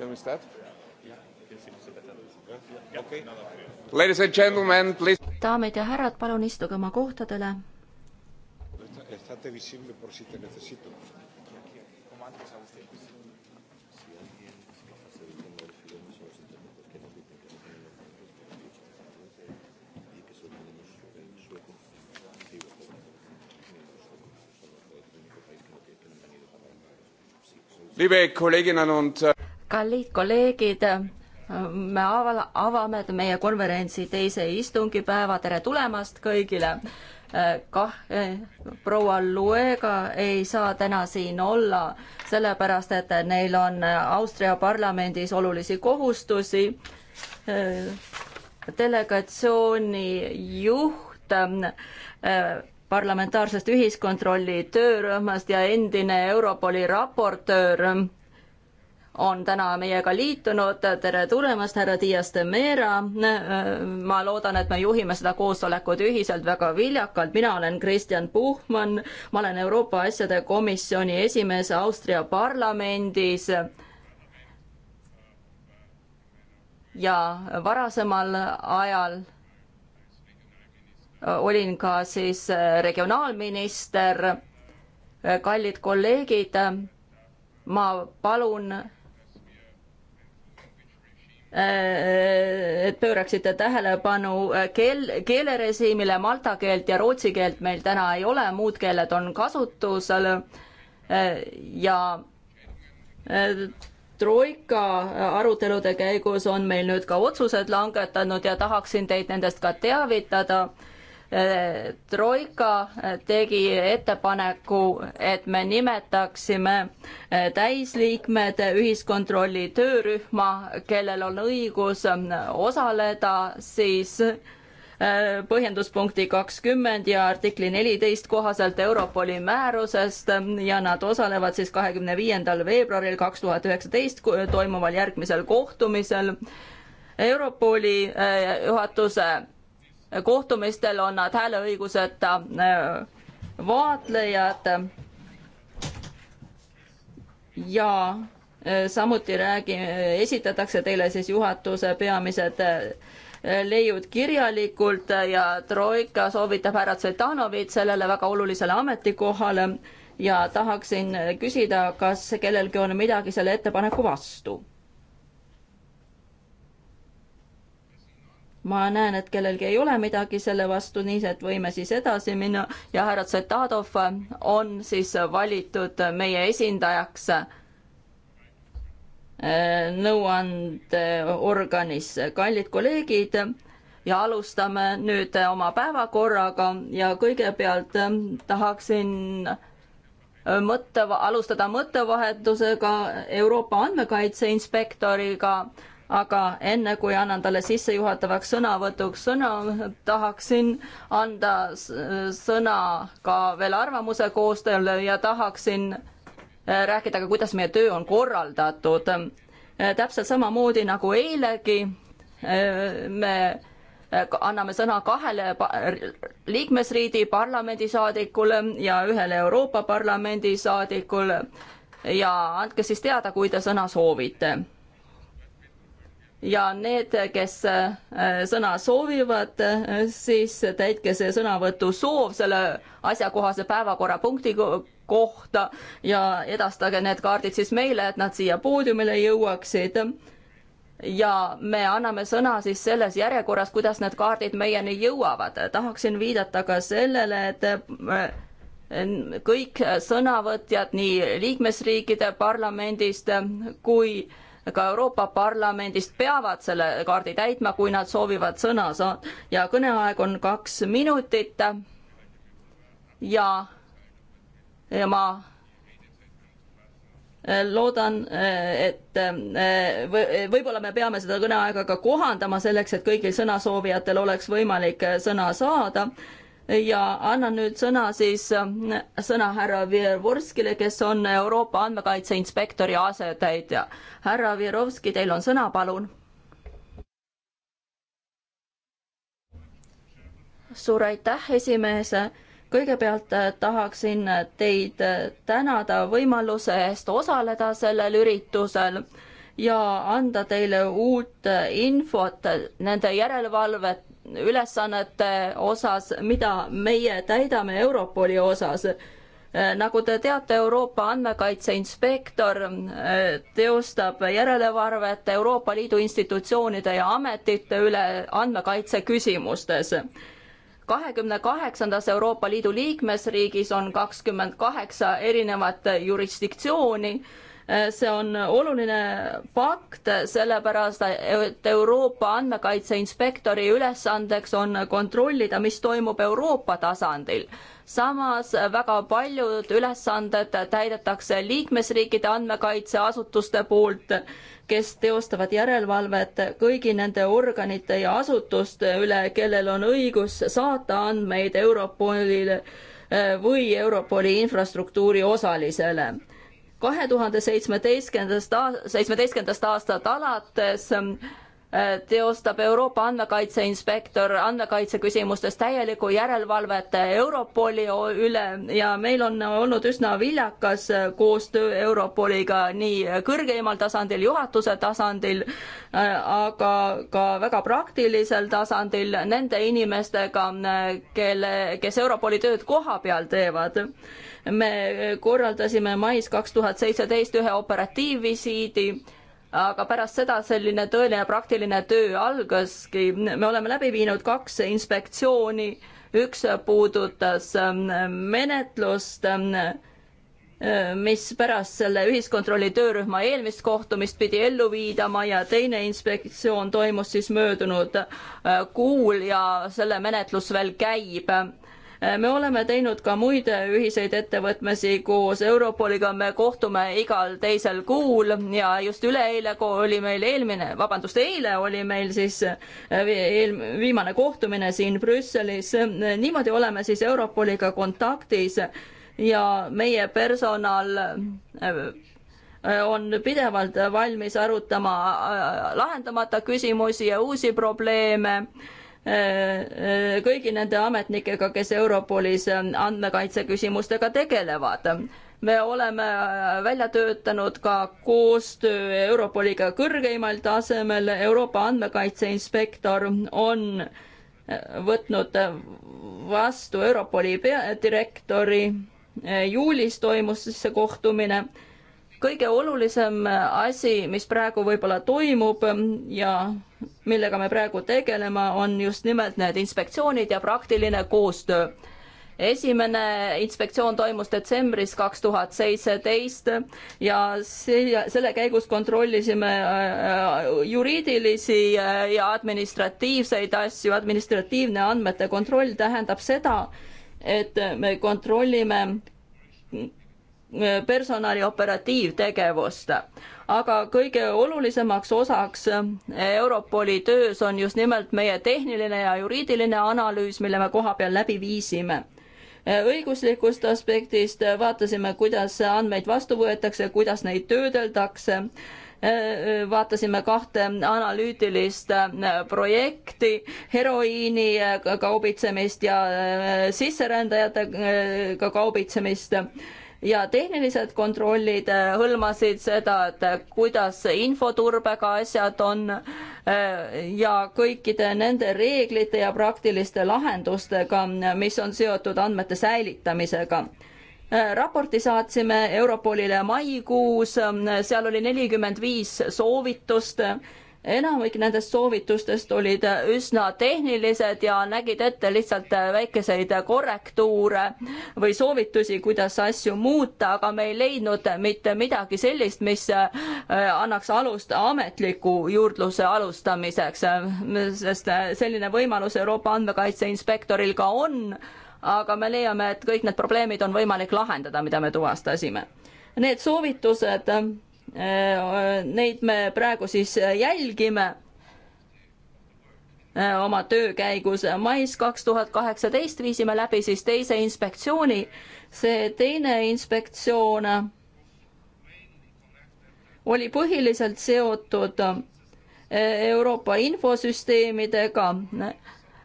Shall we start? Okay. Ladies and gentlemen, please. daamid ja härrad, palun istuge oma kohtadele. liebe Kolleginnen und kallid kolleegid, me ava-, avame meie konverentsi teise istungipäeva, tere tulemast kõigile. kah eh, proua Luega ei saa täna siin olla, sellepärast et neil on Austria parlamendis olulisi kohustusi. delegatsiooni juht eh, parlamentaarsest ühiskontrolli töörühmast ja endine Europoli raportöör on täna meiega liitunud. tere tulemast, härra Dias de Meera. ma loodan, et me juhime seda koosolekut ühiselt väga viljakalt. mina olen Kristjan Puhmann, ma olen Euroopa Asjade Komisjoni esimees Austria parlamendis ja varasemal ajal olin ka siis regionaalminister. kallid kolleegid, ma palun Äh, et pööraksite tähelepanu äh, keel, keelerežiimile, malta keelt ja rootsi keelt meil täna ei ole, muud keeled on kasutusel äh, ja troika arutelude käigus on meil nüüd ka otsused langetanud ja tahaksin teid nendest ka teavitada Troika tegi ettepaneku, et me nimetaksime eh, täisliikmed ühiskontrolli töörühma, kellel on õigus eh, osaleda siis eh, põhjenduspunkti kakskümmend ja artikli neliteist kohaselt Europoli määrusest ja nad osalevad siis kahekümne viiendal veebruaril kaks tuhat üheksateist toimuval järgmisel kohtumisel. Europoli juhatuse kohtumistel on nad hääleõiguseta äh, vaatlejad. ja äh, samuti räägi, esitatakse teile siis juhatuse peamised äh, leiud kirjalikult ja Troika soovitab härra Tsvetanovit sellele väga olulisele ametikohale ja tahaksin küsida, kas kellelgi on midagi selle ettepaneku vastu ma näen, et kellelgi ei ole midagi selle vastu, nii et võime siis edasi minna ja härra Tsvetadov on siis valitud meie esindajaks äh, nõuandeorganis. kallid kolleegid, ja alustame nüüd oma päevakorraga ja kõigepealt äh, tahaksin äh, mõtte, alustada mõttevahetusega Euroopa andmekaitse inspektoriga aga enne kui annan talle sissejuhatavaks sõnavõtuks sõna, tahaksin anda sõna ka veel arvamuse koostajale ja tahaksin äh, rääkida ka, kuidas meie töö on korraldatud. Äh, täpselt samamoodi nagu eilegi äh, me anname sõna kahele liikmesriigi parlamendisaadikule ja ühele Euroopa Parlamendi saadikule ja andke siis teada, kui te sõna soovite ja need, kes äh, sõna soovivad, äh, siis täitke see sõnavõtusoov selle asjakohase päevakorrapunkti kohta ja edastage need kaardid siis meile, et nad siia poodiumile jõuaksid. ja me anname sõna siis selles järjekorras, kuidas need kaardid meieni jõuavad. tahaksin viidata ka sellele, et äh, kõik sõnavõtjad nii liikmesriikide parlamendist kui ka Euroopa Parlamendist peavad selle kaardi täitma, kui nad soovivad sõna saada ja kõneaeg on kaks minutit. ja, ja ma eh, loodan, eh, et eh, võib-olla me peame seda kõneaega ka kohandama selleks, et kõigil sõnasoovijatel oleks võimalik sõna saada ja annan nüüd sõna siis, sõna härra Vjerovskile, kes on Euroopa Andmekaitse Inspektori asetäitja. härra Vjerovski, teil on sõna, palun. suur aitäh, esimees kõigepealt tahaksin teid tänada võimaluse eest osaleda sellel üritusel ja anda teile uut infot nende järelevalvet ülesannete osas, mida meie täidame Europoli osas. Äh, nagu te teate, Euroopa andmekaitse inspektor äh, teostab järelevalvet Euroopa Liidu institutsioonide ja ametite üle andmekaitse küsimustes kahekümne kaheksandas Euroopa Liidu liikmesriigis on kakskümmend kaheksa erinevat jurisdiktsiooni Eh, see on oluline fakt, sellepärast et Euroopa andmekaitse inspektori ülesandeks on kontrollida, mis toimub Euroopa tasandil. samas väga paljud ülesanded täidetakse liikmesriikide andmekaitseasutuste poolt, kes teostavad järelevalvet kõigi nende organite ja asutuste üle, kellel on õigus saata andmeid Europolile eh, või Europoli infrastruktuuri osalisele kahe tuhande seitsmeteistkümnendast, seitsmeteistkümnendast aastast alates ähm, äh, teostab Euroopa andmekaitse inspektor andmekaitse küsimustes täielikku järelevalvet Europoli üle ja meil on olnud üsna viljakas äh, koostöö Europoliga nii kõrgeimal tasandil, juhatuse tasandil, äh, aga ka väga praktilisel tasandil nende inimestega, kelle, kes Europoli tööd koha peal teevad me korraldasime mais kaks tuhat seitseteist ühe operatiivvisiidi, aga pärast seda selline tõeline praktiline töö algaski. me oleme läbi viinud kaks inspektsiooni, üks puudutas ähm, menetlust, ähm, mis pärast selle ühiskontrolli töörühma eelmist kohtumist pidi ellu viidama ja teine inspektsioon toimus siis möödunud äh, kuul ja selle menetlus veel käib me oleme teinud ka muid ühiseid ettevõtmisi koos Europoliga, me kohtume igal teisel kuul ja just üleeile oli meil eelmine, vabandust, eile oli meil siis äh, viimane kohtumine siin Brüsselis. niimoodi oleme siis Europoliga kontaktis ja meie personal äh, on pidevalt valmis arutama äh, lahendamata küsimusi ja uusi probleeme Äh, äh, kõigi nende ametnikega, kes Europolis äh, andmekaitse küsimustega tegelevad. me oleme välja töötanud ka koostöö Europoliga kõrgeimal tasemel, Euroopa andmekaitse inspektor on võtnud vastu Europoli peadirektori, juulis toimus siis see kohtumine kõige olulisem asi, mis praegu võib-olla toimub ja millega me praegu tegeleme, on just nimelt need inspektsioonid ja praktiline koostöö. esimene inspektsioon toimus detsembris kaks tuhat seitseteist ja see, selle käigus kontrollisime äh, äh, juriidilisi äh, ja administratiivseid asju. administratiivne andmete kontroll tähendab seda, et me kontrollime personali operatiivtegevust. aga kõige olulisemaks osaks Europoli töös on just nimelt meie tehniline ja juriidiline analüüs, mille me kohapeal läbi viisime õiguslikust aspektist vaatasime, kuidas andmeid vastu võetakse, kuidas neid töödeldakse vaatasime kahte analüütilist projekti, heroiini kaubitsemist ja sisserändajatega kaubitsemist ja tehnilised kontrollid äh, hõlmasid seda, et äh, kuidas infoturbega asjad on äh, ja kõikide nende reeglite ja praktiliste lahendustega, mis on seotud andmete säilitamisega raporti saatsime Europolile maikuus, seal oli nelikümmend viis soovitust enamik nendest soovitustest olid üsna tehnilised ja nägid ette lihtsalt väikeseid korrektuure või soovitusi, kuidas asju muuta, aga me ei leidnud mitte midagi sellist, mis äh, annaks alust ametliku juurdluse alustamiseks, sest äh, selline võimalus Euroopa Andmekaitse Inspektoril ka on, aga me leiame, et kõik need probleemid on võimalik lahendada, mida me tuvastasime. Need soovitused Äh, neid me praegu siis jälgime äh, oma töö käigus. mais kaks tuhat kaheksateist viisime läbi siis teise inspektsiooni. see teine inspektsioon oli põhiliselt seotud äh, Euroopa infosüsteemidega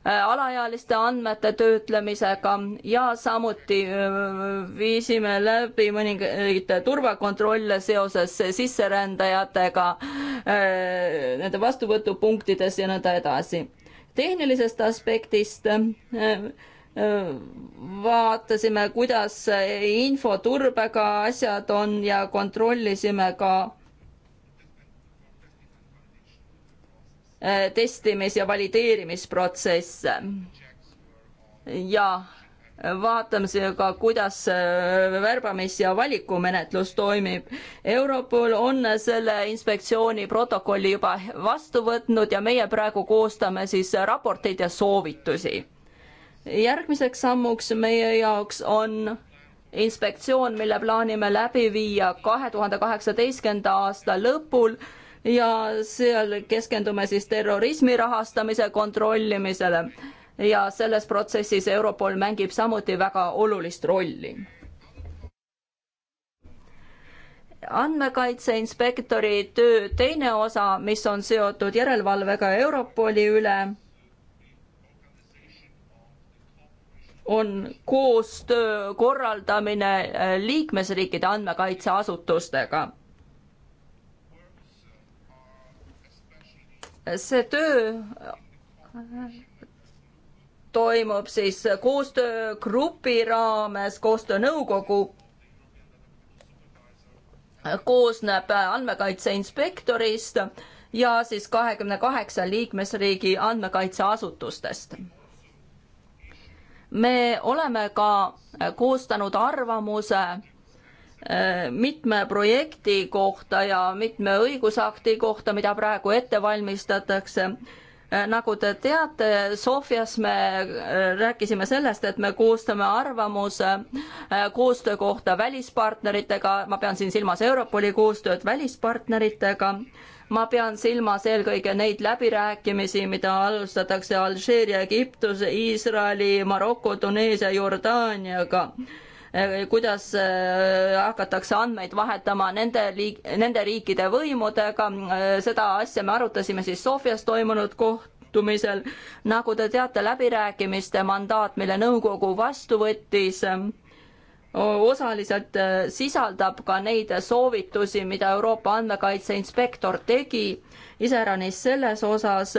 Äh, alaealiste andmete töötlemisega ja samuti äh, viisime läbi mõningaid turvakontrolle seoses sisserändajatega äh, nende vastuvõtupunktides ja nõnda edasi. tehnilisest aspektist vaatasime, kuidas infoturbega asjad on ja kontrollisime ka testimis- ja valideerimisprotsess. ja vaatame ka, kuidas äh, värbamis- ja valikumenetlus toimib. Europol on selle inspektsiooni protokolli juba vastu võtnud ja meie praegu koostame siis raporteid ja soovitusi. järgmiseks sammuks meie jaoks on inspektsioon, mille plaanime läbi viia kahe tuhande kaheksateistkümnenda aasta lõpul ja seal keskendume siis terrorismi rahastamise kontrollimisele ja selles protsessis Europol mängib samuti väga olulist rolli andmekaitse inspektori töö teine osa, mis on seotud järelevalvega Europoli üle, on koostöö korraldamine liikmesriikide andmekaitseasutustega. see töö toimub siis koostöögrupi raames, koostöönõukogu koosneb andmekaitse inspektorist ja siis kahekümne kaheksa liikmesriigi andmekaitseasutustest. me oleme ka koostanud arvamuse Äh, mitme projekti kohta ja mitme õigusakti kohta, mida praegu ette valmistatakse. Äh, nagu te teate, Sofias me äh, rääkisime sellest, et me koostame arvamuse koostöö kohta välispartneritega, ma pean siin silmas Europoli koostööd välispartneritega, ma pean silmas eelkõige neid läbirääkimisi, mida alustatakse Alžeeria, Egiptuse, Iisraeli, Maroko, Tuneesia, Jordaaniaga Äh, kuidas äh, hakatakse andmeid vahetama nende liik-, nende riikide võimudega, äh, seda asja me arutasime siis Sofias toimunud kohtumisel. nagu te teate, läbirääkimiste mandaat, mille nõukogu vastu võttis, osaliselt sisaldab ka neid soovitusi, mida Euroopa andmekaitse inspektor tegi, iseäranis selles osas,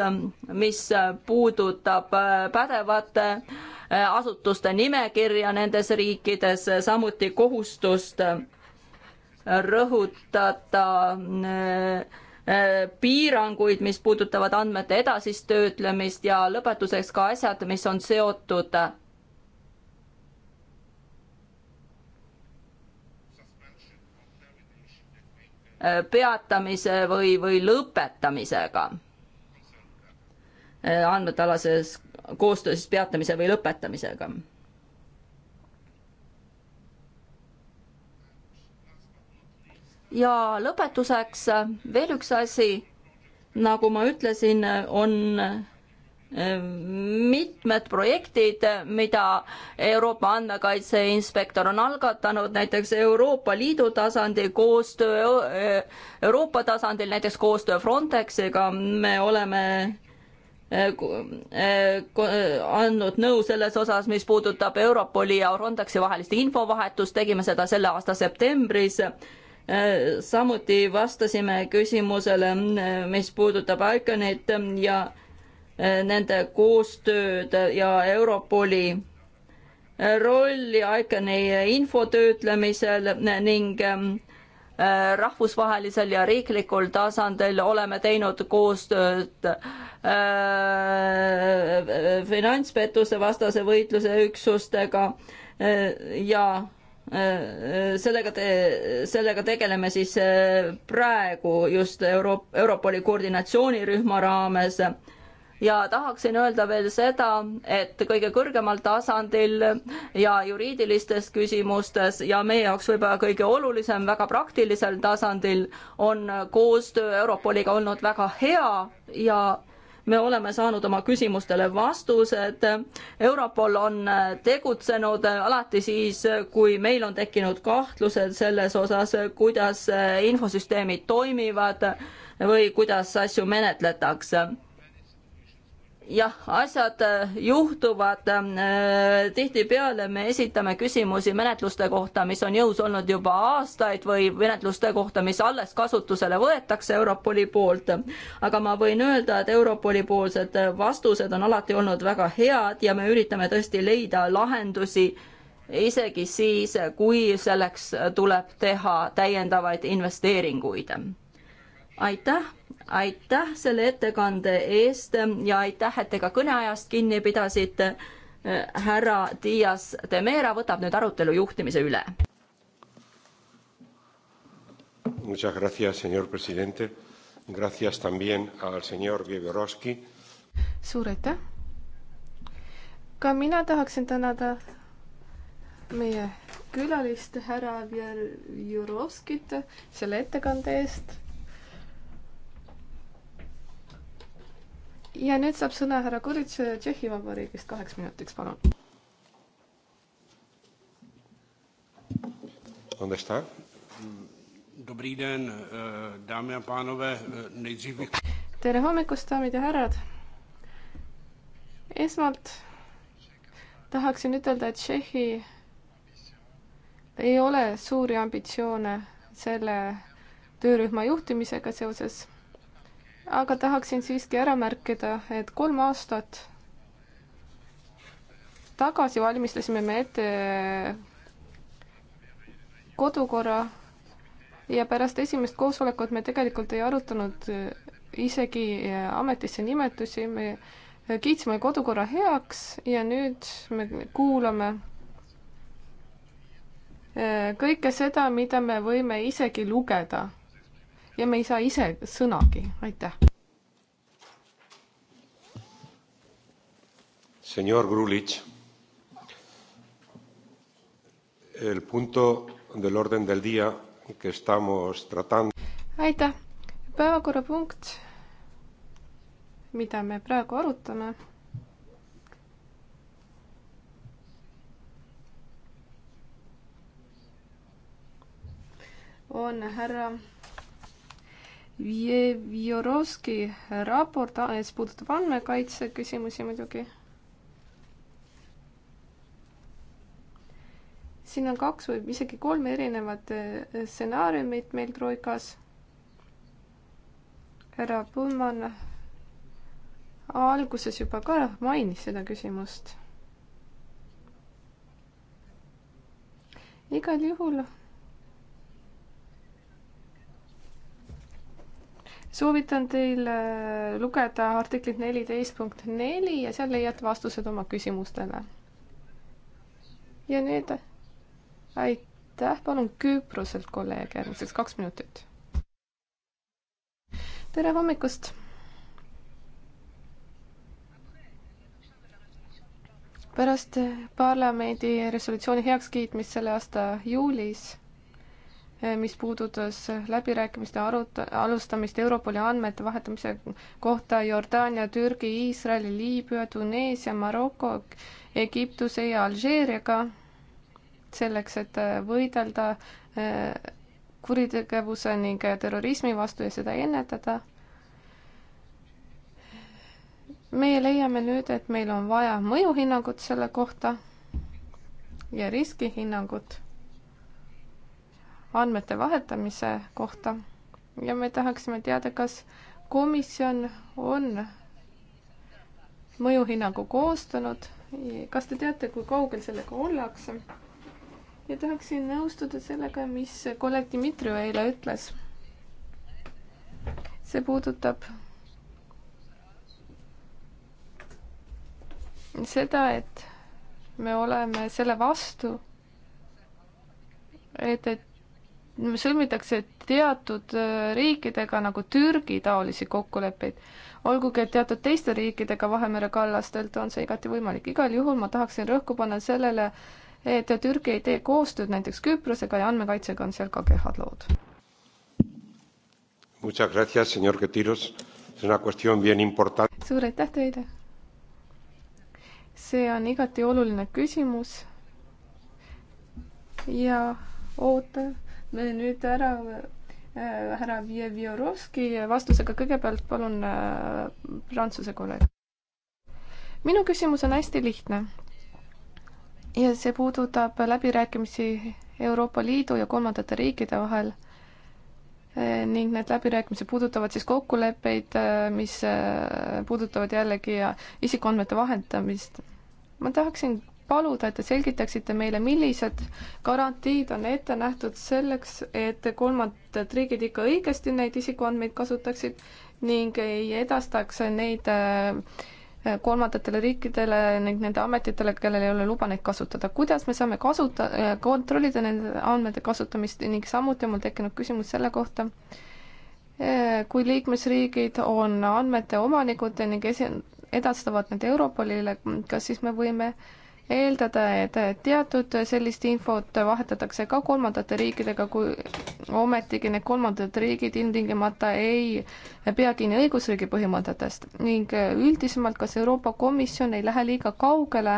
mis puudutab pädevate asutuste nimekirja nendes riikides, samuti kohustust rõhutada äh, piiranguid, mis puudutavad andmete edasist töötlemist ja lõpetuseks ka asjad, mis on seotud peatamise või, või lõpetamisega andmetealases koostöö siis peatamise või lõpetamisega. ja lõpetuseks veel üks asi, nagu ma ütlesin, on eh, mitmed projektid, mida Euroopa andmekaitse inspektor on algatanud, näiteks Euroopa Liidu tasandil koostöö, eh, Euroopa tasandil näiteks koostöö Frontexiga, me oleme Äh, äh, äh, andnud nõu selles osas, mis puudutab Europoli ja Frontexi vahelist infovahetust, tegime seda selle aasta septembris. samuti vastasime küsimusele, mis puudutab Iconit ja nende koostööd ja Europoli rolli Iconi info töötlemisel ning ähm, Äh, rahvusvahelisel ja riiklikul tasandil oleme teinud koostööd äh, finantspettuse vastase võitluse üksustega äh, ja äh, sellega te,, sellega tegeleme siis äh, praegu just Euroop-, Europoli koordinatsioonirühma raames ja tahaksin öelda veel seda, et kõige kõrgemal tasandil ja juriidilistes küsimustes ja meie jaoks võib-olla kõige olulisem väga praktilisel tasandil on koostöö Europoliga olnud väga hea ja me oleme saanud oma küsimustele vastused. Europol on tegutsenud alati siis, kui meil on tekkinud kahtlused selles osas, kuidas infosüsteemid toimivad või kuidas asju menetletakse jah, asjad äh, juhtuvad. Ähm, äh, tihtipeale me esitame küsimusi menetluste kohta, mis on jõus olnud juba aastaid või menetluste kohta, mis alles kasutusele võetakse Europoli poolt. aga ma võin öelda, et Europoli poolsed äh, vastused on alati olnud väga head ja me üritame tõesti leida lahendusi isegi siis, kui selleks tuleb teha täiendavaid investeeringuid. aitäh aitäh selle ettekande eest ja aitäh, et te ka kõneajast kinni pidasite. härra Dias de Meera võtab nüüd arutelu juhtimise üle. Muchas gracias, señor presidente. Gracias también al señor Viegorovski. suur aitäh. ka mina tahaksin tänada meie külalist härra Vjegorovskit selle ettekande eest ja nüüd saab sõna härra Kurits Tšehhi Vabariigist kaheks minutiks, palun. Eh, eh, tere hommikust, daamid ja härrad. esmalt tahaksin ütelda, et Tšehhi ei ole suuri ambitsioone selle töörühma juhtimisega seoses aga tahaksin siiski ära märkida, et kolm aastat tagasi valmistasime me ette kodukorra ja pärast esimest koosolekut me tegelikult ei arutanud isegi ametisse nimetusi, me kiitsime kodukorra heaks ja nüüd me kuulame kõike seda, mida me võime isegi lugeda ja me ei saa ise sõnagi, aitäh. Señor Grulich, el punto del orden del día que estamos tratando. aitäh, päevakorrapunkt, mida me praegu arutame on härra Vjevorovski raport, ah, mis puudutab andmekaitse küsimusi muidugi. siin on kaks või isegi kolm erinevat eh, stsenaariumit meil Troikas. härra Pullmann alguses juba ka mainis seda küsimust. igal juhul soovitan teil äh, lugeda artiklit neliteist punkt neli ja seal leiate vastused oma küsimustele. ja nüüd aitäh, palun Küproselt kolleeg järgmiseks kaks minutit. tere hommikust pärast parlamendi resolutsiooni heakskiitmist selle aasta juulis Eh, mis puudutas läbirääkimiste arut-, alustamist Europoli andmete vahetamise kohta Jordaania, Türgi, Iisraeli, Liibüa, Tuneesia, Maroko, Egiptuse ja Alžeeriaga, selleks et eh, võidelda eh, kuritegevuse ning terrorismi vastu ja seda ennetada. meie leiame nüüd, et meil on vaja mõjuhinnangut selle kohta ja riskihinnangut andmete vahetamise kohta ja me tahaksime teada, kas komisjon on mõjuhinnangu koostanud. kas te teate, kui kaugel sellega ollakse? ja tahaksin nõustuda sellega, mis kolleeg Dmitri eile ütles. see puudutab seda, et me oleme selle vastu, et, et sõlmitakse teatud äh, riikidega nagu Türgi taolisi kokkuleppeid. olgugi, et teatud teiste riikidega Vahemere kallastelt on see igati võimalik. igal juhul ma tahaksin rõhku panna sellele, et Türgi ei tee koostööd näiteks Küprosega ja andmekaitsega on seal ka kehad lood. suur aitäh teile! see on igati oluline küsimus ja ootan me nüüd ära äh, härra Vjevjorovski vastusega kõigepealt palun äh, prantsuse kolleeg. minu küsimus on hästi lihtne. ja see puudutab läbirääkimisi Euroopa Liidu ja kolmandate riikide vahel e, ning need läbirääkimised puudutavad siis kokkuleppeid, äh, mis puudutavad jällegi isikuandmete vahendamist. ma tahaksin paluda, et te selgitaksite meile, millised garantiid on ette nähtud selleks, et kolmandad riigid ikka õigesti neid isikuandmeid kasutaksid ning ei edastaks neid äh, kolmandatele riikidele ning nende ametitele, kellel ei ole luba neid kasutada. kuidas me saame kasuta-, äh, kontrollida nende andmete kasutamist ning samuti on mul tekkinud küsimus selle kohta, äh, kui liikmesriigid on andmete omanikud ning esi-, edastavad need Europolile, kas siis me võime äh, eeldada, et teatud sellist infot vahetatakse ka kolmandate riikidega, kui ometigi need kolmandad riigid ilmtingimata ei pea kinni õigusriigi põhimõtetest ning üldisemalt, kas Euroopa Komisjon ei lähe liiga kaugele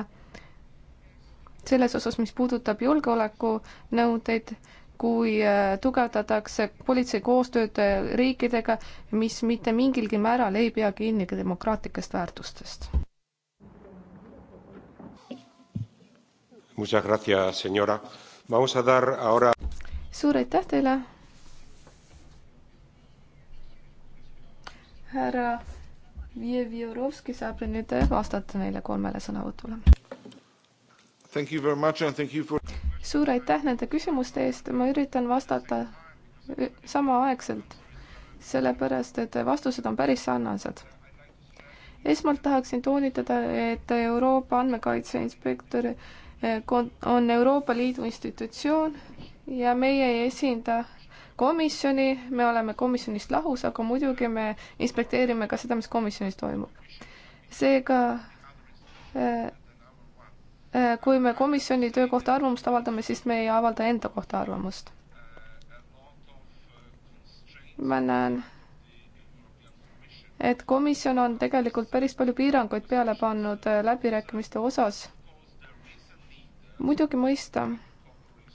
selles osas, mis puudutab julgeolekunõudeid, kui äh, tugevdatakse politsei koostööd äh, riikidega, mis mitte mingilgi määral ei pea kinni demokraatlikest väärtustest. Muchas gracias, señora. Vamos a dar ahora... suur aitäh teile. härra Vjevjorovski saab nüüd vastata neile kolmele sõnavõtule. For... suur aitäh nende küsimuste eest, ma üritan vastata samaaegselt, sellepärast et vastused on päris sarnased. esmalt tahaksin toonitada, et Euroopa andmekaitse inspektori Eh, on Euroopa Liidu institutsioon ja meie ei esinda komisjoni, me oleme komisjonist lahus, aga muidugi me inspekteerime ka seda, mis komisjonis toimub. seega eh, eh, kui me komisjoni töö kohta arvamust avaldame, siis me ei avalda enda kohta arvamust. ma näen, et komisjon on tegelikult päris palju piiranguid peale pannud läbirääkimiste osas muidugi mõista,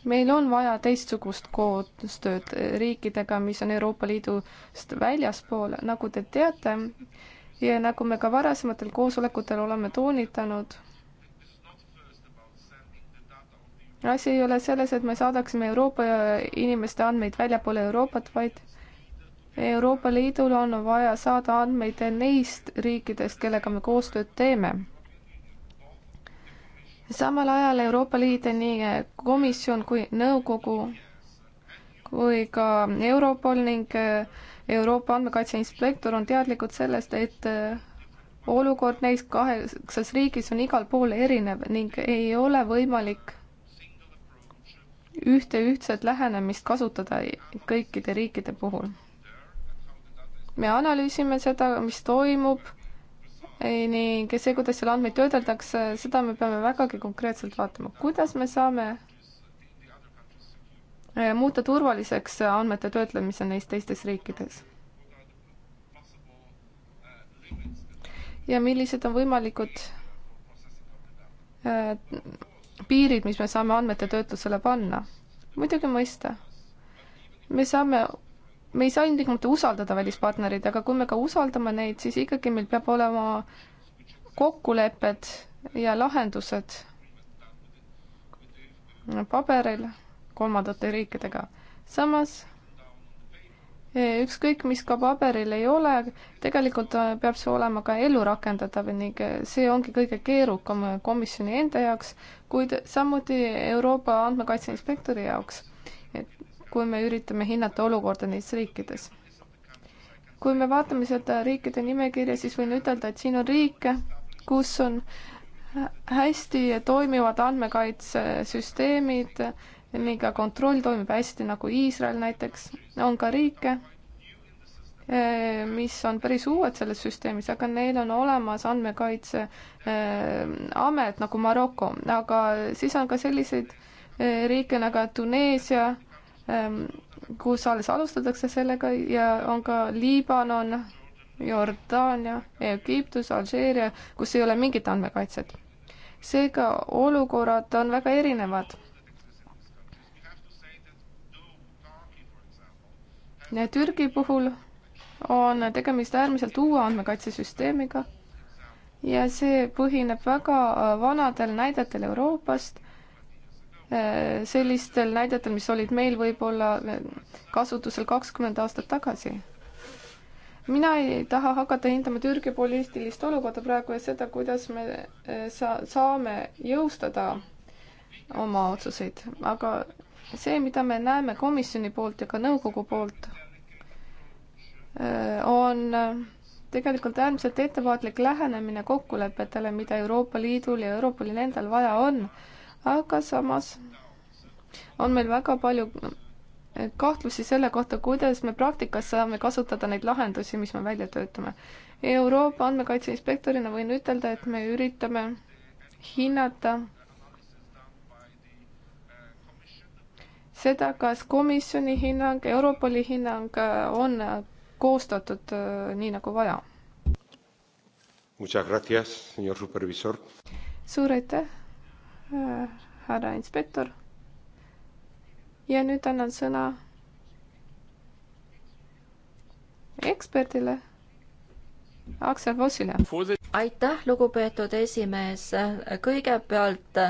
meil on vaja teistsugust koostööd riikidega, mis on Euroopa Liidust väljaspool, nagu te teate ja nagu me ka varasematel koosolekutel oleme toonitanud, asi ei ole selles, et me saadaksime Euroopa inimeste andmeid väljapoole Euroopat, vaid Euroopa Liidul on vaja saada andmeid neist riikidest, kellega me koostööd teeme samal ajal Euroopa Liit, nii komisjon kui nõukogu kui ka Europol ning eh, Euroopa andmekaitse inspektor on teadlikud sellest, et eh, olukord neis kaheksas riigis on igal pool erinev ning ei ole võimalik ühte ühtset lähenemist kasutada kõikide riikide puhul. me analüüsime seda, mis toimub ning see, kuidas seal andmeid töödeldakse, seda me peame vägagi konkreetselt vaatama. kuidas me saame äh, muuta turvaliseks andmete töötlemise neis teistes riikides? ja millised on võimalikud äh, piirid, mis me saame andmete töötlusele panna? muidugi mõista. me saame me ei saa ilmtingimata usaldada välispartnereid, aga kui me ka usaldame neid, siis ikkagi meil peab olema kokkulepped ja lahendused paberil kolmandate riikidega. samas eh, ükskõik, mis ka paberil ei ole, tegelikult eh, peab see olema ka ellurakendatav ning eh, see ongi kõige keerukam komisjoni enda jaoks, kuid samuti Euroopa Andmekaitse Inspektori jaoks kui me üritame hinnata olukorda neis riikides. kui me vaatame seda riikide nimekirja, siis võin ütelda, et siin on riike, kus on hästi toimivad andmekaitsesüsteemid ning ka kontroll toimib hästi, nagu Iisrael näiteks, on ka riike, eh, mis on päris uued selles süsteemis, aga neil on olemas andmekaitseamet eh, nagu Maroko, aga siis on ka selliseid eh, riike nagu Tuneesia, Ehm, kus alles alustatakse sellega ja on ka Liibanon, Jordaania, Egiptus, Alžeeria, kus ei ole mingit andmekaitset. seega olukorrad on väga erinevad. Türgi puhul on tegemist äärmiselt uue andmekaitsesüsteemiga ja see põhineb väga vanadel näidetel Euroopast Äh, sellistel näidetel, mis olid meil võib-olla äh, kasutusel kakskümmend aastat tagasi. mina ei taha hakata hindama Türgi poliitilist olukorda praegu ja seda, kuidas me äh, sa-, saame jõustada oma otsuseid, aga see, mida me näeme komisjoni poolt ja ka nõukogu poolt, on tegelikult äärmiselt ettevaatlik lähenemine kokkulepetele, mida Euroopa Liidul ja Europolil endal vaja on aga samas on meil väga palju eh, kahtlusi selle kohta, kuidas me praktikas saame kasutada neid lahendusi, mis me välja töötame. Euroopa andmekaitse inspektorina võin ütelda, et me üritame hinnata seda, kas komisjoni hinnang, Europoli hinnang eh, on koostatud eh, nii, nagu vaja. suur aitäh Äh, härra inspektor. ja nüüd annan sõna eksperdile Aksel Vossile. aitäh, lugupeetud esimees, kõigepealt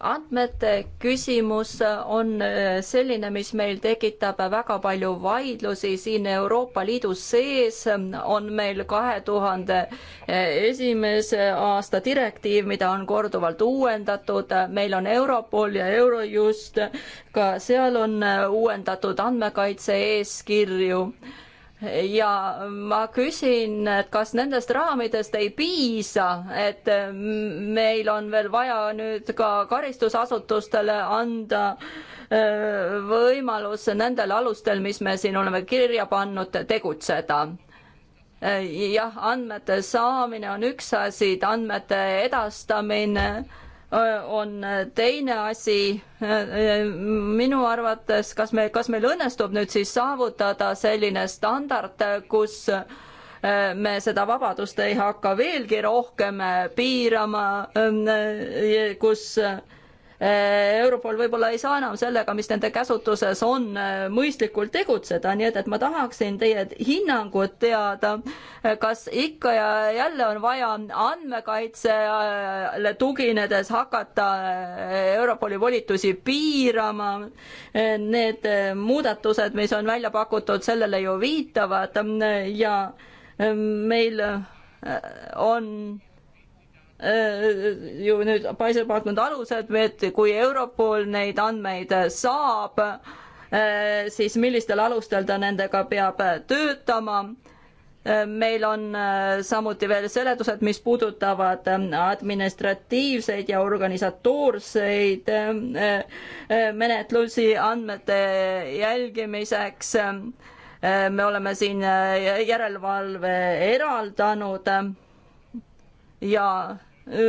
andmete küsimus on äh, selline, mis meil tekitab väga palju vaidlusi siin Euroopa Liidu sees, on meil kahe tuhande esimese aasta direktiiv, mida on korduvalt uuendatud, meil on Europol ja Eurojust, ka seal on äh, uuendatud andmekaitse eeskirju ja ma küsin, et kas nendest raamidest ei piisa, et meil on veel vaja nüüd ka karistusasutustele anda äh, võimalus nendel alustel, mis me siin oleme kirja pannud, tegutseda äh, jah, andmete saamine on üks asi, andmete edastamine on teine asi minu arvates, kas me, kas meil õnnestub nüüd siis saavutada selline standard, kus me seda vabadust ei hakka veelgi rohkem äh, piirama, kus Äh, Europol võib-olla ei saa enam sellega, mis nende käsutuses on, äh, mõistlikult tegutseda, nii et, et ma tahaksin teie hinnangut teada, äh, kas ikka ja jälle on vaja andmekaitsele tuginedes hakata Europoli volitusi piirama. Need muudatused, mis on välja pakutud, sellele ju viitavad ja meil on Äh, ju nüüd paisel pandud alused, et kui Europol neid andmeid saab, äh, siis millistel alustel ta nendega peab töötama. Äh, meil on samuti veel seletused, mis puudutavad administratiivseid ja organisatoorseid menetlusi andmete jälgimiseks. me oleme siin järelevalve eraldanud ja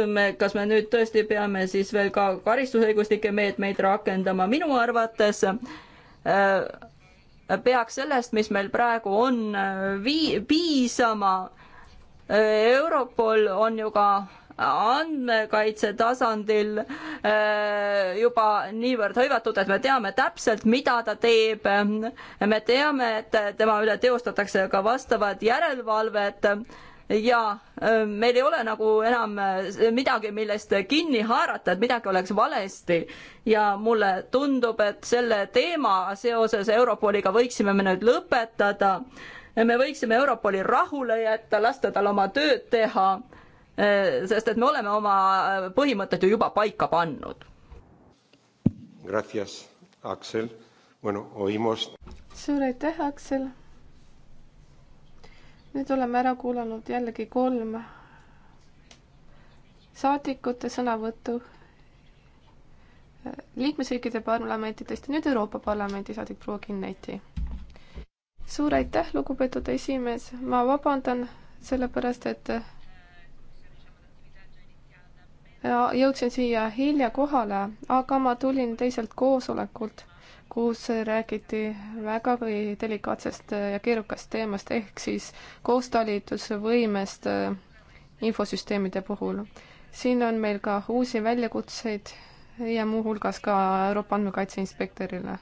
me, kas me nüüd tõesti peame siis veel ka karistusõiguslikke meetmeid rakendama, minu arvates äh, peaks sellest, mis meil praegu on, äh, vii-, piisama. Äh, Europol on ju ka andmekaitse tasandil juba niivõrd hõivatud, et me teame täpselt, mida ta teeb. me teame, et tema üle teostatakse ka vastavat järelevalvet ja meil ei ole nagu enam midagi, millest kinni haarata, et midagi oleks valesti. ja mulle tundub, et selle teema seoses Europoliga võiksime me nüüd lõpetada. me võiksime Europoli rahule jätta, lasta tal oma tööd teha, sest et me oleme oma põhimõtted ju juba paika pannud. Gracias, Aksel. Bueno, oímos. suur aitäh, Aksel nüüd oleme ära kuulanud jällegi kolm saadikute sõnavõttu liikmesriikide parlamentidest ja nüüd Euroopa Parlamendi saadik proua Kinneti. suur aitäh, lugupeetud esimees, ma vabandan sellepärast, et ja jõudsin siia hilja kohale, aga ma tulin teiselt koosolekult kus räägiti vägagi delikaatsest ja keerukast teemast ehk siis koostalitusvõimest äh, infosüsteemide puhul. siin on meil ka uusi väljakutseid ja muuhulgas ka Euroopa Andmekaitse Inspektorile.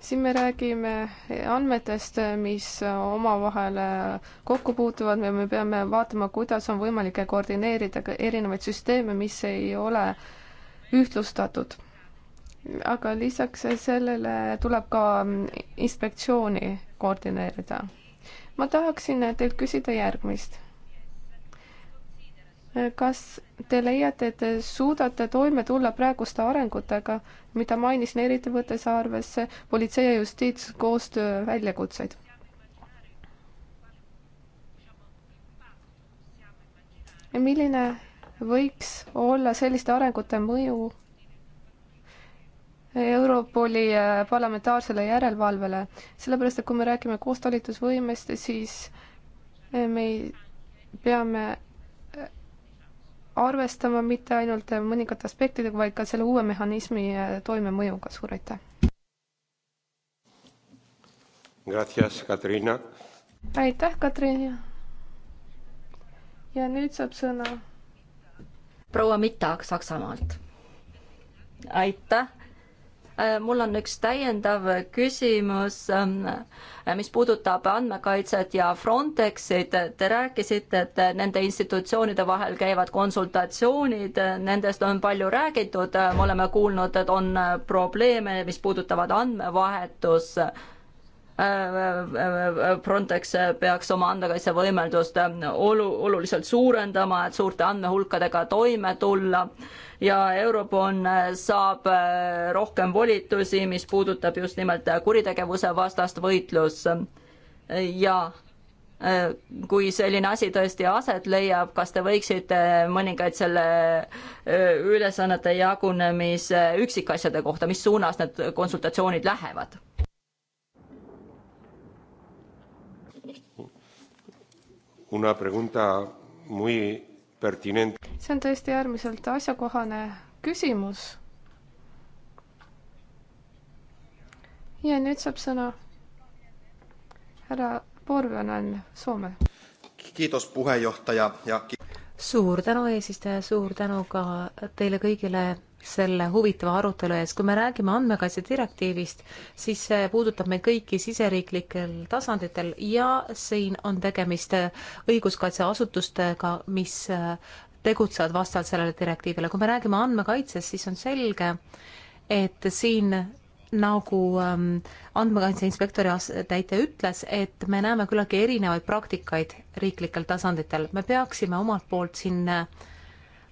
siin me räägime andmetest, mis omavahel äh, kokku puutuvad ja me peame vaatama, kuidas on võimalik koordineerida erinevaid süsteeme, mis ei ole ühtlustatud aga lisaks sellele tuleb ka inspektsiooni koordineerida. ma tahaksin teilt küsida järgmist. kas te leiate, et te suudate toime tulla praeguste arengutega, mida mainisin, eriti võttes arvesse politsei ja justiitskoostöö väljakutseid? milline võiks olla selliste arengute mõju Europoli äh, parlamentaarsele järelevalvele, sellepärast et kui me räägime koostalitusvõimest, siis äh, me peame äh, arvestama mitte ainult mõningate aspektidega, vaid ka selle uue mehhanismi toimemõjuga, suur aitäh! aitäh, Katriin! ja nüüd saab sõna proua Mittag Saksamaalt. aitäh! Äh, mul on üks täiendav küsimus, ähm, äh, mis puudutab andmekaitset ja Frontexit. Te rääkisite, et nende institutsioonide vahel käivad konsultatsioonid, nendest on palju räägitud, me oleme kuulnud, et on äh, probleeme, mis puudutavad andmevahetust Frontex peaks oma andmekaitsevõimeldust olu, oluliselt suurendama, et suurte andmehulkadega toime tulla ja Europol saab rohkem volitusi, mis puudutab just nimelt kuritegevuse vastast võitlust. ja äh, kui selline asi tõesti aset leiab, kas te võiksite mõningaid selle äh, ülesannete jagunemise üksikasjade kohta, mis suunas need konsultatsioonid lähevad? una pregunta muy pertinente. see on tõesti äärmiselt asjakohane küsimus. ja nüüd saab sõna härra Porvanen Soome. kiitos, puhejuhataja ja. suur tänu, eesistuja, suur tänu ka teile kõigile selle huvitava arutelu ees. kui me räägime andmekaitse direktiivist, siis see puudutab meid kõiki siseriiklikel tasanditel ja siin on tegemist õiguskaitseasutustega, mis äh, tegutsevad vastavalt sellele direktiivile. kui me räägime andmekaitsest, siis on selge, et siin nagu ähm, andmekaitse inspektori täitja ütles, et me näeme küllaltki erinevaid praktikaid riiklikel tasanditel. me peaksime omalt poolt siin äh,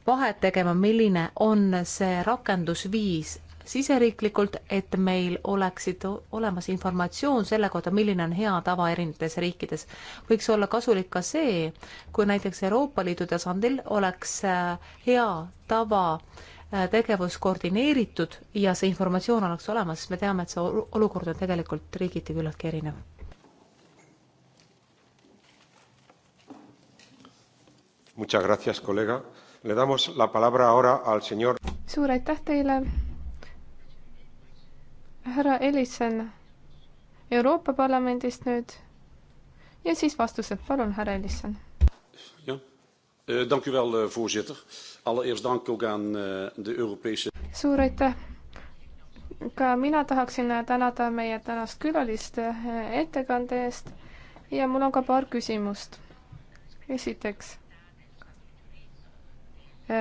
vahet tegema, milline on see rakendusviis siseriiklikult, et meil oleksid olemas informatsioon selle kohta, milline on hea tava erinevates riikides. võiks olla kasulik ka see, kui näiteks Euroopa Liidu tasandil oleks äh, hea tava äh, tegevus koordineeritud ja see informatsioon oleks olemas, sest me teame, et see olukord on tegelikult riigiti küllaltki erinev. Muchas gracias, kolleega Le damos la palabra ahora al señor. suur aitäh teile, härra Ellison Euroopa Parlamendist nüüd ja siis vastused, palun, härra Ellison. jah, eh, tänku veel, eh, voorzitter. Allereerst dank ook aan eh, de Europese. suur aitäh ka mina tahaksin tänada meie tänast külalist ettekande eest ja mul on ka paar küsimust. esiteks,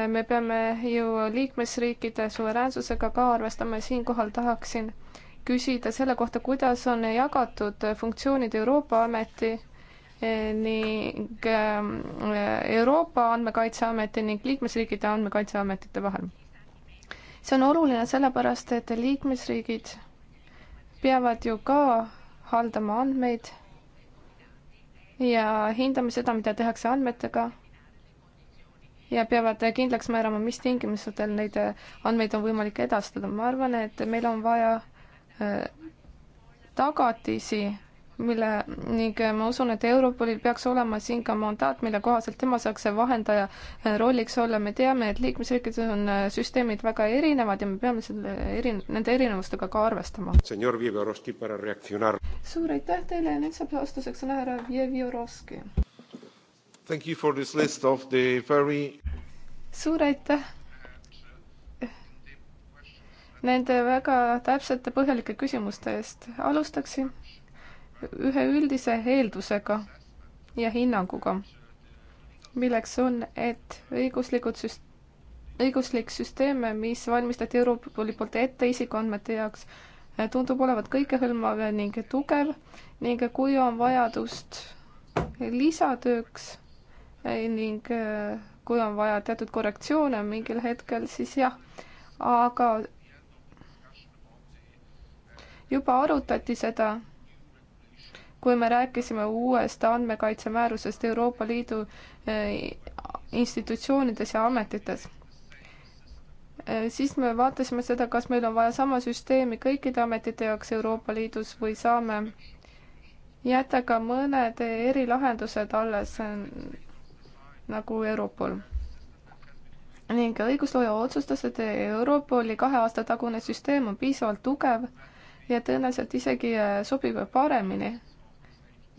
me peame ju liikmesriikide suveräänsusega ka arvestama ja siinkohal tahaksin küsida selle kohta, kuidas on jagatud funktsioonid Euroopa Ameti eh, ning eh, Euroopa Andmekaitseameti ning liikmesriikide andmekaitseametite vahel. see on oluline sellepärast, et liikmesriigid peavad ju ka haldama andmeid ja hindame seda, mida tehakse andmetega ja peavad kindlaks määrama, mis tingimustel neid andmeid on võimalik edastada. ma arvan, et meil on vaja äh, tagatisi, mille ning ma usun, et Europolil peaks olema siin ka mandaat, mille kohaselt tema saaks vahendaja äh, rolliks olla. me teame, et liikmesriikides on äh, süsteemid väga erinevad ja me peame selle eri, nende erinevustega ka arvestama. suur aitäh teile ja nüüd saab vastuseks sõna härra Jevjorovski. Thank you for this list of the very suur aitäh nende väga täpsete põhjalike küsimuste eest. alustaksin ühe üldise eeldusega ja hinnanguga, milleks on, et õiguslikud süst-, õiguslik süsteem, mis valmistati Europoli poolt ette isikuandmete jaoks, tundub olevat kõikehõlmav ning tugev ning kui on vajadust lisatööks ning äh, kui on vaja teatud korrektsioone mingil hetkel, siis jah, aga juba arutati seda, kui me rääkisime uuest andmekaitsemäärusest Euroopa Liidu äh, institutsioonides ja ametites. Äh, siis me vaatasime seda, kas meil on vaja sama süsteemi kõikide ametite jaoks Euroopa Liidus või saame jätta ka mõned erilahendused alles nagu Europol ning õiguslooja otsustas, et Europoli kahe aasta tagune süsteem on piisavalt tugev ja tõenäoliselt isegi äh, sobib paremini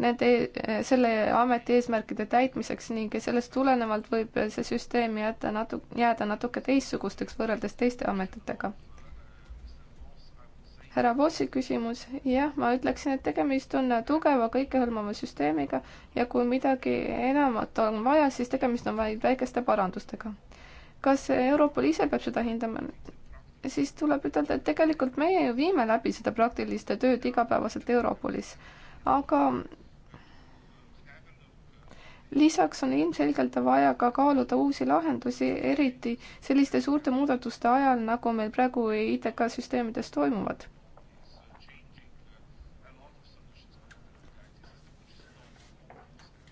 nende, e-, selle ameti eesmärkide täitmiseks ning sellest tulenevalt võib see süsteem jätta natu-, jääda natuke teistsugusteks võrreldes teiste ametitega härra Vossi küsimus, jah, ma ütleksin, et tegemist on tugeva kõikehõlmava süsteemiga ja kui midagi enamat on vaja, siis tegemist on vaid väikeste parandustega. kas Europol ise peab seda hindama? siis tuleb ütelda, et tegelikult meie ju viime läbi seda praktilist tööd igapäevaselt Europolis, aga lisaks on ilmselgelt vaja ka kaaluda uusi lahendusi, eriti selliste suurte muudatuste ajal, nagu meil praegu ITK süsteemides toimuvad.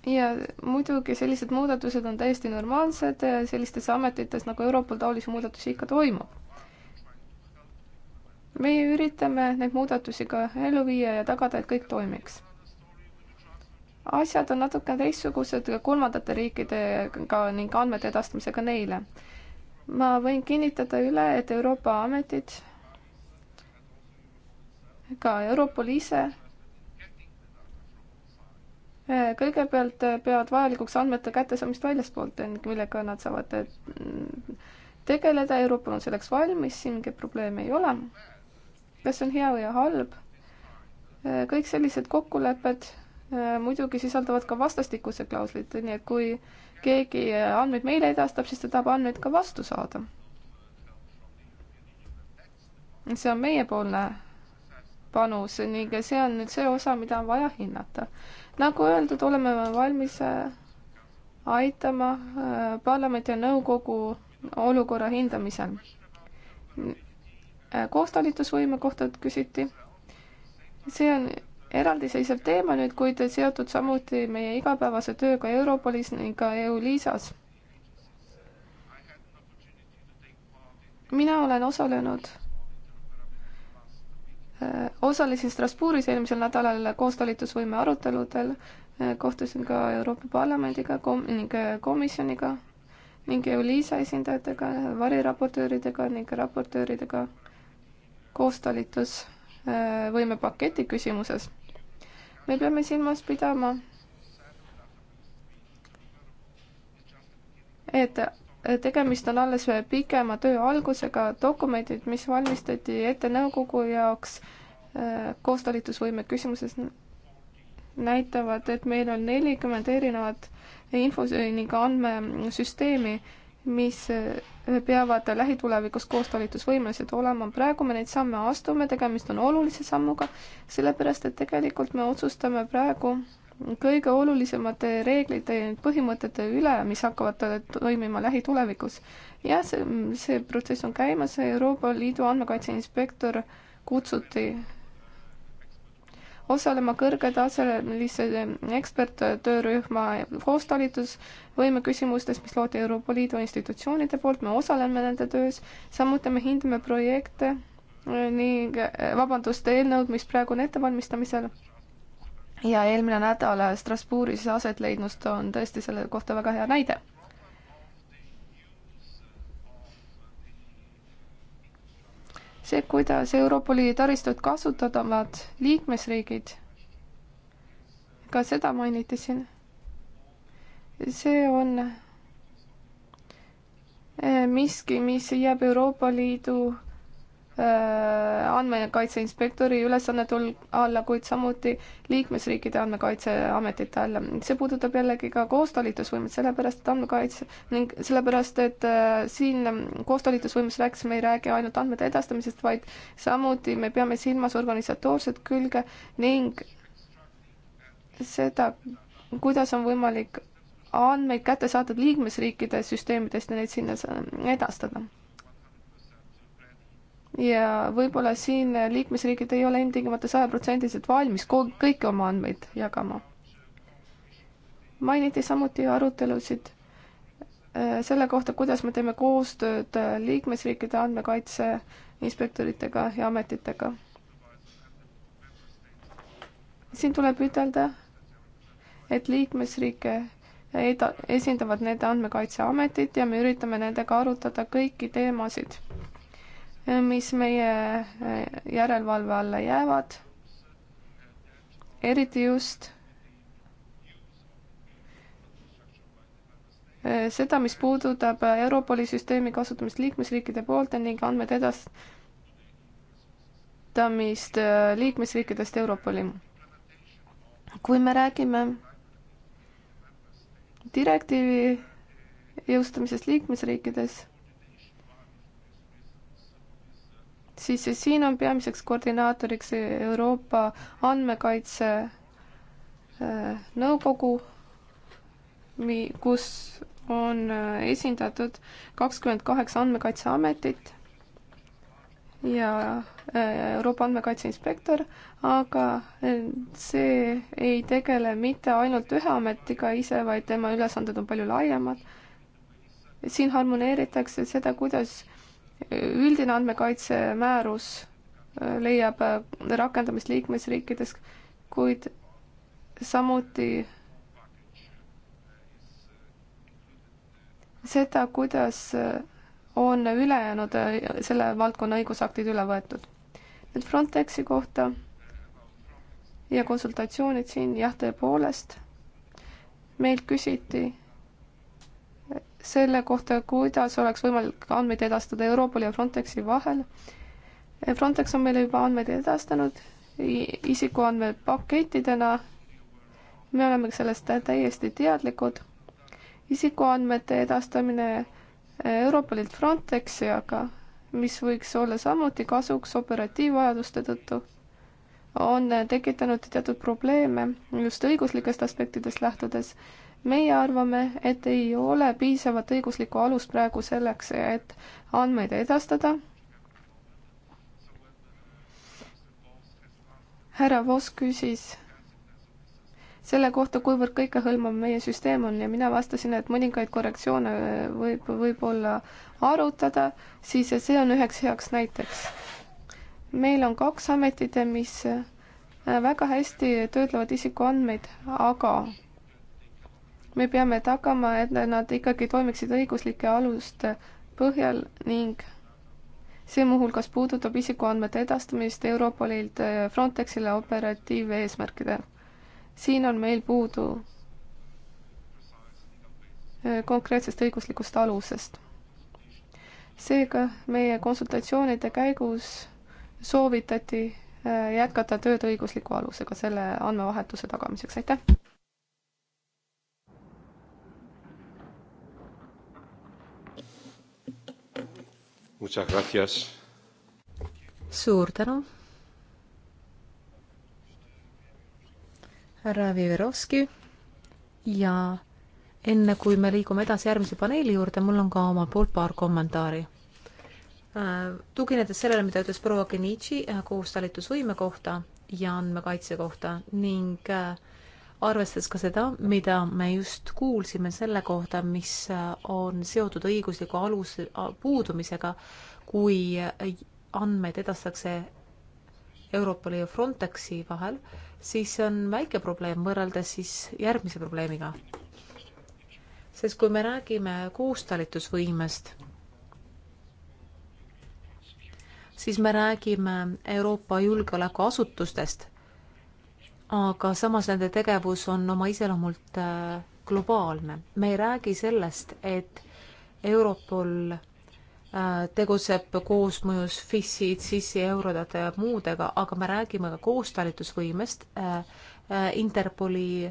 ja muidugi sellised muudatused on täiesti normaalsed sellistes ametites nagu Europol taolisi muudatusi ikka toimub. meie üritame neid muudatusi ka ellu viia ja tagada, et kõik toimiks. asjad on natuke teistsugused kolmandate riikidega ning andmete edastamisega neile. ma võin kinnitada üle, et Euroopa ametid, ka Europol ise kõigepealt äh, peavad vajalikuks andmete kättesaamist väljaspoolt, millega nad saavad äh, mm, tegeleda, Euroopa on selleks valmis, siin mingeid probleeme ei ole. kas see on hea või halb? Äh, kõik sellised kokkulepped muidugi sisaldavad ka vastastikuse klauslit, nii et kui keegi andmeid meile edastab, siis ta tahab andmeid ka vastu saada. see on meiepoolne panus ning see on nüüd see osa, mida on vaja hinnata nagu öeldud, oleme valmis äh, aitama äh, parlamendi ja nõukogu olukorra hindamisel. Äh, koostalitusvõime kohta küsiti. see on eraldiseisev teema nüüd, kuid seotud samuti meie igapäevase tööga Europolis ning ka EU-Liisas. mina olen osalenud Äh, osalesin Strasbourgis eelmisel nädalal koostalitusvõime aruteludel, äh, kohtusin ka Euroopa Parlamendiga kom-, ning äh, komisjoniga ning Euliisa esindajatega, variraportööridega ning raportööridega koostalitusvõimepaketi küsimuses. me peame silmas pidama, et tegemist on alles ühe pikema töö algusega, dokumendid, mis valmistati ette nõukogu jaoks äh, koostalitusvõime küsimuses, näitavad, et meil on nelikümmend erinevat infos- ning andmesüsteemi, mis äh, peavad lähitulevikus koostalitusvõimelised olema. praegu me neid samme astume, tegemist on olulise sammuga, sellepärast et tegelikult me otsustame praegu kõige olulisemate reeglite ja põhimõtete üle, mis hakkavad toimima lähitulevikus. jah, see, see protsess on käimas, Euroopa Liidu andmekaitse inspektor kutsuti osalema kõrgetasemelise eksperttöörühma koostalitusvõime küsimustes, mis loodi Euroopa Liidu institutsioonide poolt, me osaleme nende töös, samuti me hindame projekte ning, vabandust, eelnõud, mis praegu on ettevalmistamisel ja eelmine nädal Strasbourgis aset leidnust on tõesti selle kohta väga hea näide. see, kuidas Euroopa Liidu taristut kasutavad liikmesriigid, ka seda mainiti siin, see on eh, miski, mis jääb Euroopa Liidu Äh, andmekaitse inspektori ülesannete alla, kuid samuti liikmesriikide andmekaitseametite alla. see puudutab jällegi ka koostalitusvõimet, sellepärast et andmekaitse ning sellepärast, et äh, siin koostalitusvõimes rääkides me ei räägi ainult andmete edastamisest, vaid samuti me peame silmas organisatoorset külge ning seda, kuidas on võimalik andmeid kätte saada liikmesriikide süsteemidest ja neid sinna edastada ja võib-olla siin liikmesriigid ei ole ilmtingimata sajaprotsendiliselt valmis kõiki oma andmeid jagama. mainiti samuti arutelusid äh, selle kohta, kuidas me teeme koostööd äh, liikmesriikide andmekaitse inspektoritega ja ametitega. siin tuleb ütelda, et liikmesriike esindavad need andmekaitseametid ja me üritame nendega arutada kõiki teemasid mis meie äh, järelevalve alla jäävad. eriti just äh, seda, mis puudutab Europoli süsteemi kasutamist liikmesriikide poolt ning andmed edastamist äh, liikmesriikidest Europoli. kui me räägime direktiivi jõustamisest liikmesriikides siis siin on peamiseks koordinaatoriks Euroopa Andmekaitse äh, Nõukogu, kus on äh, esindatud kakskümmend kaheksa andmekaitseametit ja äh, Euroopa Andmekaitse Inspektor, aga see ei tegele mitte ainult ühe ametiga ise, vaid tema ülesanded on palju laiemad. siin harmoneeritakse seda, kuidas üldine andmekaitsemäärus äh, leiab äh, rakendamist liikmesriikides, kuid samuti seda, kuidas äh, on ülejäänud selle valdkonna õigusaktid üle võetud. nüüd Frontexi kohta ja konsultatsioonid siin, jah, tõepoolest, meilt küsiti selle kohta, kuidas oleks võimalik andmeid edastada Europoli ja Frontexi vahel. Frontex on meile juba andmeid edastanud isikuandmepakettidena. me oleme sellest täiesti teadlikud. isikuandmete edastamine Europolilt Frontexi aga, mis võiks olla samuti kasuks operatiivvajaduste tõttu, on tekitanud teatud probleeme just õiguslikest aspektidest lähtudes meie arvame, et ei ole piisavat õiguslikku alust praegu selleks, et andmeid edastada. härra Voss küsis selle kohta, kuivõrd kõikehõlmav meie süsteem on ja mina vastasin, et mõningaid korrektsioone võib võib-olla arutada, siis see on üheks heaks näiteks. meil on kaks ametit, mis väga hästi töötlevad isikuandmeid, aga me peame tagama, et nad ikkagi toimiksid õiguslike aluste põhjal ning see muuhulgas puudutab isikuandmete edastamist Europolilt Frontexile operatiiveesmärkidel. siin on meil puudu äh, konkreetsest õiguslikust alusest. seega meie konsultatsioonide käigus soovitati äh, jätkata tööd õigusliku alusega selle andmevahetuse tagamiseks, aitäh! suur tänu. härra Viverovski ja enne kui me liigume edasi järgmise paneeli juurde, mul on ka omalt poolt paar kommentaari. Äh, tuginedes sellele, mida ütles proua Genichi äh, koostalitusvõime kohta ja andmekaitse kohta ning äh, arvestades ka seda, mida me just kuulsime selle kohta, mis on seotud õigusliku alus puudumisega, kui andmeid edastatakse Europoli ja Frontexi vahel, siis see on väike probleem võrreldes siis järgmise probleemiga. sest kui me räägime koostalitusvõimest, siis me räägime Euroopa julgeolekuasutustest aga samas nende tegevus on oma iseloomult äh, globaalne. me ei räägi sellest, et Europol äh, tegutseb koosmõjus FIS-id, sissi, eurodate ja muudega, aga me räägime ka koostalitusvõimest äh, Interpoli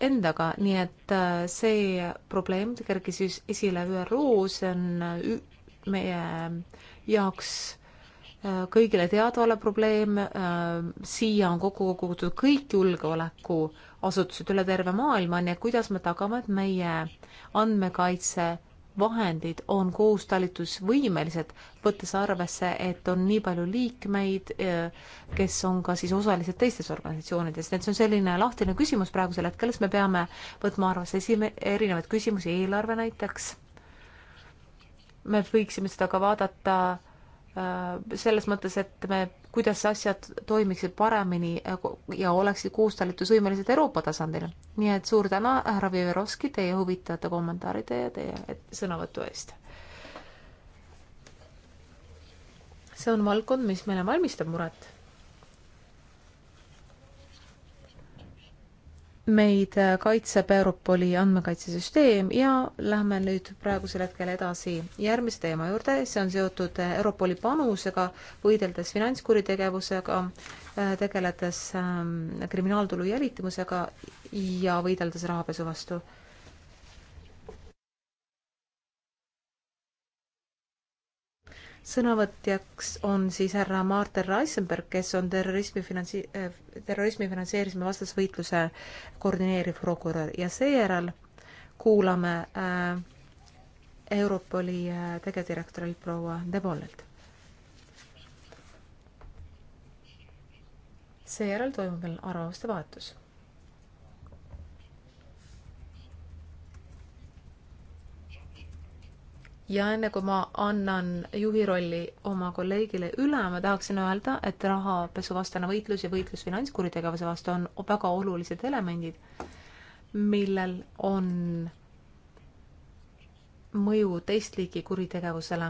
endaga, nii et see probleem kerkis esile ÜRO-s, see on meie jaoks kõigile teadaolev probleem, äh, siia on kokku kogutud kõik julgeolekuasutused üle terve maailma, nii et kuidas me tagame, et meie andmekaitsevahendid on koostalitusvõimelised, võttes arvesse, et on nii palju liikmeid, äh, kes on ka siis osalised teistes organisatsioonides, nii et see on selline lahtine küsimus praegusel hetkel, sest me peame võtma arvesse esime-, erinevaid küsimusi, eelarve näiteks, me võiksime seda ka vaadata Äh, selles mõttes, et me, kuidas asjad toimiksid paremini äh, ja oleksid koostalitusvõimelised Euroopa tasandil. nii et suur tänu, härra Vjeverovski, teie huvitavate kommentaaride ja teie sõnavõtu eest. see on valdkond, mis meile valmistab muret meid kaitseb Europoli andmekaitsesüsteem ja lähme nüüd praegusel hetkel edasi järgmise teema juurde, see on seotud Europoli panusega võideldes finantskuritegevusega, tegeledes ähm, kriminaaltulu jälitamisega ja võideldes rahapesu vastu sõnavõtjaks on siis härra Maarten Reisenberg, kes on terrorismi finantsi-, eh, terrorismi finantseerimise vastase võitluse koordineeriv prokurör ja seejärel kuulame äh, Europoli äh, tegevdirektorilt proua Debollelt. seejärel toimub meil arvamuste vahetus ja enne kui ma annan juhi rolli oma kolleegile üle, ma tahaksin öelda, et rahapesuvastane võitlus ja võitlus finantskuritegevuse vastu on väga olulised elemendid, millel on mõju teist liiki kuritegevusele,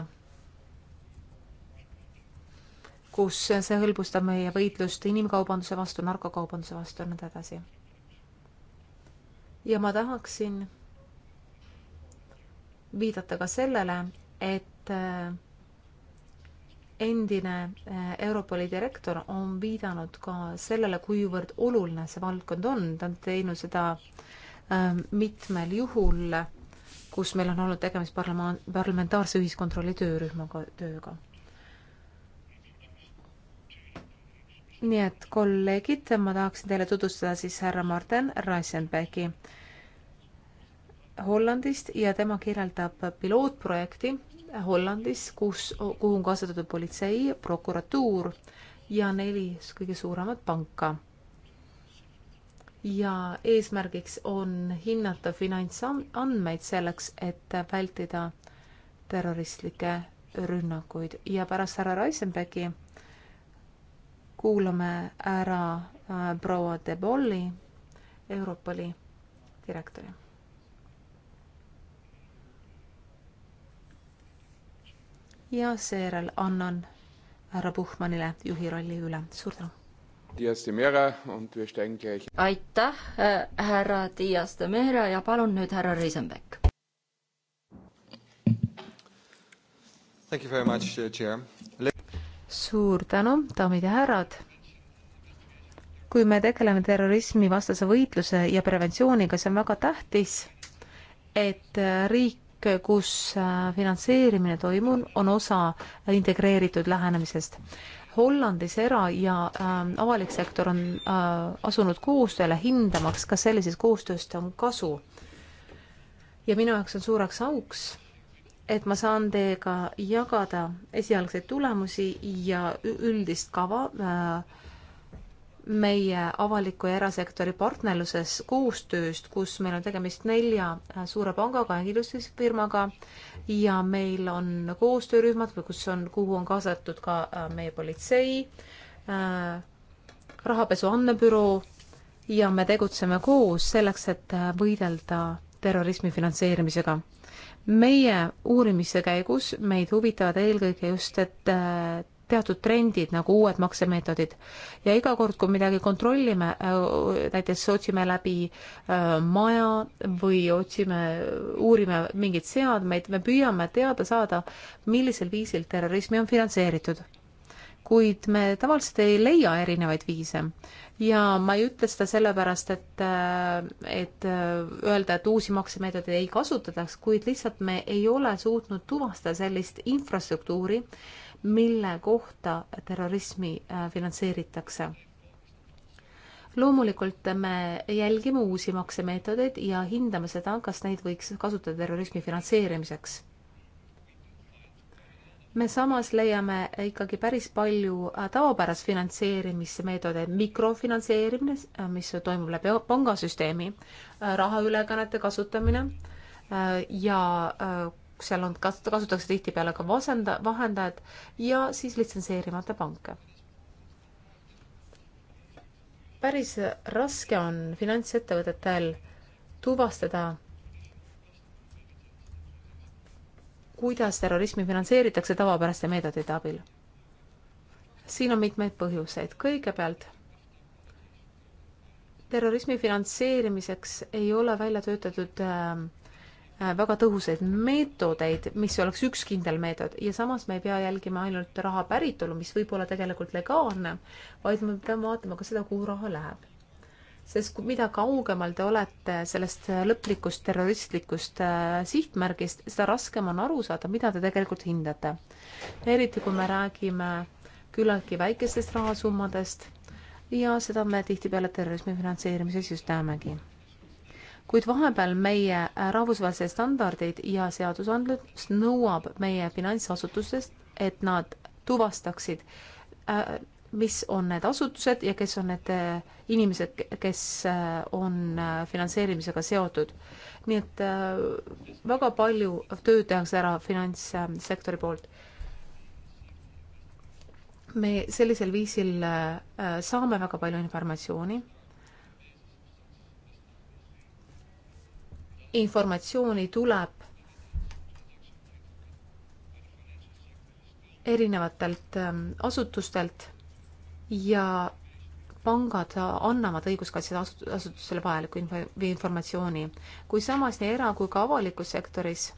kus see hõlbustab meie võitlust inimkaubanduse vastu, narkokaubanduse vastu ja nõnda edasi. ja ma tahaksin viidata ka sellele, et äh, endine äh, Europoli direktor on viidanud ka sellele, kuivõrd oluline see valdkond on, ta on teinud seda äh, mitmel juhul, kus meil on olnud tegemist parlama-, parlamentaarse ühiskontrolli töörühmaga, tööga. nii et kolleegid, ma tahaksin teile tutvustada siis härra Martin Reisenbergi Hollandist ja tema kirjeldab pilootprojekti Hollandis, kus, kuhu on kaasatud politsei, prokuratuur ja neli kõige suuremat panka. ja eesmärgiks on hinnata finantsandmeid selleks, et vältida terroristlikke rünnakuid ja pärast härra Reisenbecki kuulame ära äh, proua De Bolli, Europoli direktori. ja seejärel annan härra Puhmanile juhi rolli üle. suur tänu! aitäh, äh, härra Dias de Mera ja palun nüüd härra Riisenbeck. Uh, suur tänu, daamid ja härrad. kui me tegeleme terrorismivastase võitluse ja preventsiooniga, see on väga tähtis, et riik kõik, kus äh, finantseerimine toimub, on osa integreeritud lähenemisest. Hollandis era- ja äh, avalik sektor on äh, asunud koostööle hindamaks, kas sellisest koostööst on kasu. ja minu jaoks on suureks auks, et ma saan teiega jagada esialgseid tulemusi ja üldist kava äh, meie avaliku ja erasektori partnerluses koostööst, kus meil on tegemist nelja äh, suure pangaga ja kindlustusfirmaga ja meil on koostöörühmad või kus on, kuhu on kaasatud ka äh, meie politsei äh,, rahapesu andmebüroo ja me tegutseme koos selleks, et äh, võidelda terrorismi finantseerimisega. meie uurimise käigus meid huvitavad eelkõige just, et teatud trendid nagu uued maksemeetodid ja iga kord, kui midagi kontrollime, äh, näiteks otsime läbi äh, maja või otsime, uurime mingeid seadmeid, me püüame teada saada, millisel viisil terrorismi on finantseeritud. kuid me tavaliselt ei leia erinevaid viise ja ma ei ütle seda sellepärast, et, äh, et öelda, et uusi maksemeetodeid ei kasutataks, kuid lihtsalt me ei ole suutnud tuvastada sellist infrastruktuuri, mille kohta terrorismi äh, finantseeritakse. loomulikult me jälgime uusi maksemeetodeid ja hindame seda, kas neid võiks kasutada terrorismi finantseerimiseks. me samas leiame ikkagi päris palju äh, tavapärast finantseerimismeetodeid, mikrofinantseerimine, äh, mis toimub läbi pangasüsteemi, rahaülekannete kasutamine ja seal on, kasutatakse tihtipeale ka vasenda, vahendajad ja siis litsenseerimata panke. päris raske on finantsettevõtetel tuvastada, kuidas terrorismi finantseeritakse tavapäraste meetodite abil. siin on mitmeid põhjuseid, kõigepealt terrorismi finantseerimiseks ei ole välja töötatud äh, Äh, väga tõhusaid meetodeid, mis oleks üks kindel meetod ja samas me ei pea jälgima ainult raha päritolu, mis võib olla tegelikult legaalne, vaid me peame vaatama ka seda, kuhu raha läheb. sest mida kaugemal te olete sellest lõplikust terroristlikust äh, sihtmärgist, seda raskem on aru saada, mida te tegelikult hindate. eriti kui me räägime küllaltki väikestest rahasummadest ja seda me tihtipeale terrorismi finantseerimises just näemegi kuid vahepeal meie äh, rahvusvahelised standardid ja seadusandlus nõuab meie finantsasutustest, et nad tuvastaksid, äh, mis on need asutused ja kes on need äh, inimesed, kes on finantseerimisega seotud. nii et väga palju tööd tehakse ära finantssektori poolt me sellisel viisil saame väga palju informatsiooni informatsiooni tuleb erinevatelt ähm, asutustelt ja pangad annavad õiguskaitseasutustele vajaliku info või informatsiooni. kui samas nii era- kui ka avalikus sektoris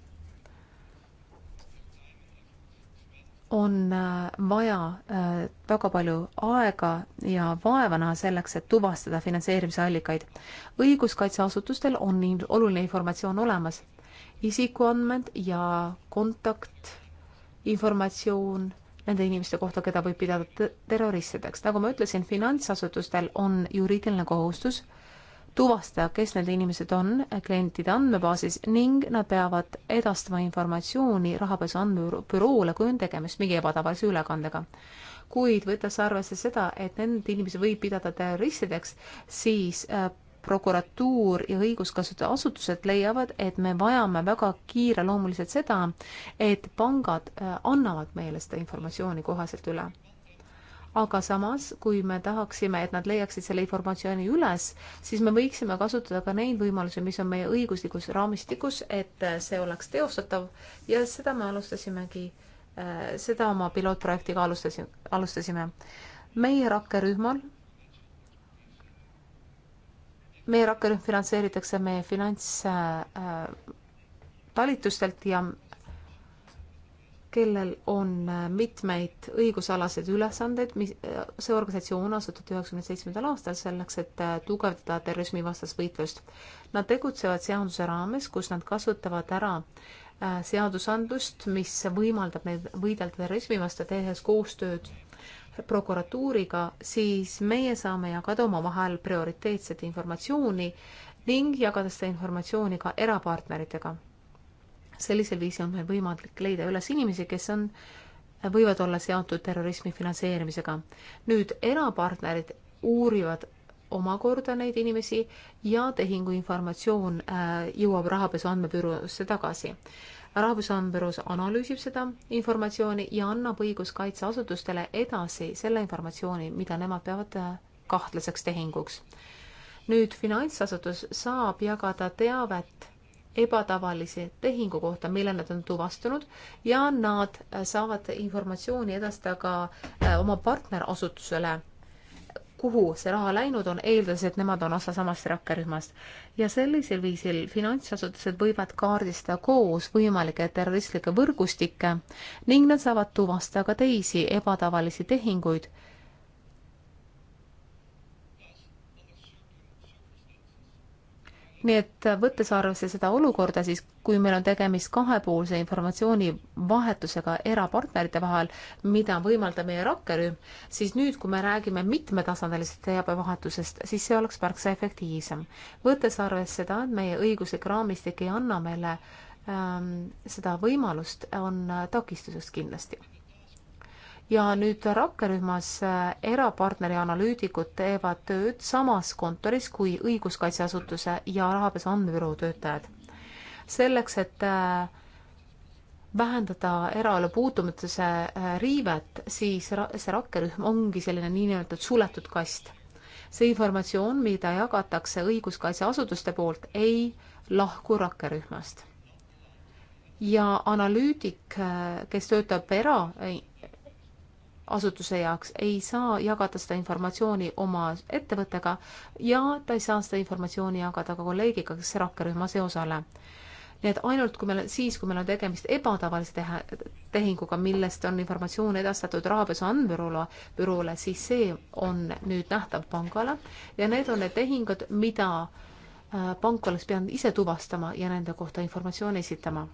on äh, vaja äh, väga palju aega ja vaeva näha selleks, et tuvastada finantseerimise allikaid. õiguskaitseasutustel on nii oluline informatsioon olemas, isikuandmed ja kontaktinformatsioon nende inimeste kohta, keda võib pidada terroristideks. nagu ma ütlesin, finantsasutustel on juriidiline kohustus äh, tuvastada, kes need inimesed on klientide andmebaasis ning nad peavad edastama informatsiooni rahapesu andmebüroole, kui on tegemist mingi ebatavalise ülekandega. kuid võttes arvesse seda, et neid inimesi võib pidada terroristideks, siis äh, prokuratuur ja õiguskasutusasutused leiavad, et me vajame väga kiireloomuliselt seda, et pangad äh, annavad meile seda informatsiooni kohaselt üle aga samas, kui me tahaksime, et nad leiaksid selle informatsiooni üles, siis me võiksime kasutada ka neid võimalusi, mis on meie õiguslikus raamistikus, et äh, see oleks teostatav ja seda me alustasimegi, äh, seda oma pilootprojektiga alustasin, alustasime. meie rakkerühmal, meie rakkerühm finantseeritakse meie finants äh, talitustelt ja kellel on äh, mitmeid õigusalaseid ülesandeid, mis, äh, see organisatsioon asutati üheksakümne seitsmendal aastal selleks, et äh, tugevdada terrorismivastast võitlust. Nad tegutsevad seaduse raames, kus nad kasutavad ära seadusandlust, mis võimaldab neil võidelda terrorismi vastu, tehes koostööd prokuratuuriga, siis meie saame jagada omavahel prioriteetset informatsiooni ning jagada seda informatsiooni ka erapartneritega sellisel viisil on meil võimalik leida üles inimesi, kes on, võivad olla seotud terrorismi finantseerimisega. nüüd erapartnerid uurivad omakorda neid inimesi ja tehinguinformatsioon äh, jõuab rahapesu andmebüroosse tagasi. rahapesu andmebüroos analüüsib seda informatsiooni ja annab õiguskaitseasutustele edasi selle informatsiooni, mida nemad peavad äh, kahtlaseks tehinguks. nüüd finantsasutus saab jagada teavet ebatavalise tehingu kohta, mille nad on tuvastanud ja nad äh, saavad informatsiooni edastada ka äh, oma partnerasutusele, kuhu see raha läinud on, eeldades, et nemad on osa samast rakkerühmast. ja sellisel viisil finantsasutused võivad kaardistada koos võimalikke terroristlikke võrgustikke ning nad saavad tuvastada ka teisi ebatavalisi tehinguid nii et võttes arvesse seda olukorda, siis kui meil on tegemist kahepoolse informatsioonivahetusega erapartnerite vahel, mida võimaldab meie rakkerühm, siis nüüd, kui me räägime mitmetasandilisest teabevahetusest, siis see oleks märksa efektiivsem. võttes arvesse seda, et meie õiguslik raamistik ei anna meile ähm, seda võimalust, on takistuseks kindlasti ja nüüd rakkerühmas äh, erapartneri analüütikud teevad tööd samas kontoris kui õiguskaitseasutuse ja rahapesu andmebüroo töötajad. selleks, et äh, vähendada eraelu puutumatuse äh, riivet, siis see rakkerühm ongi selline niinimetatud suletud kast. see informatsioon, mida jagatakse õiguskaitseasutuste poolt, ei lahku rakkerühmast. ja analüütik, kes töötab era- asutuse jaoks ei saa jagada seda informatsiooni oma ettevõttega ja ta ei saa seda informatsiooni jagada ka kolleegiga, kes rakkerühmas ei osale. nii et ainult kui meil, siis kui meil on tegemist ebatavalise tehe, tehinguga, millest on informatsioon edastatud rahapesu andmebüroole, büroole, siis see on nüüd nähtav pangale ja need on need tehingud, mida äh, pank oleks pidanud ise tuvastama ja nende kohta informatsiooni esitama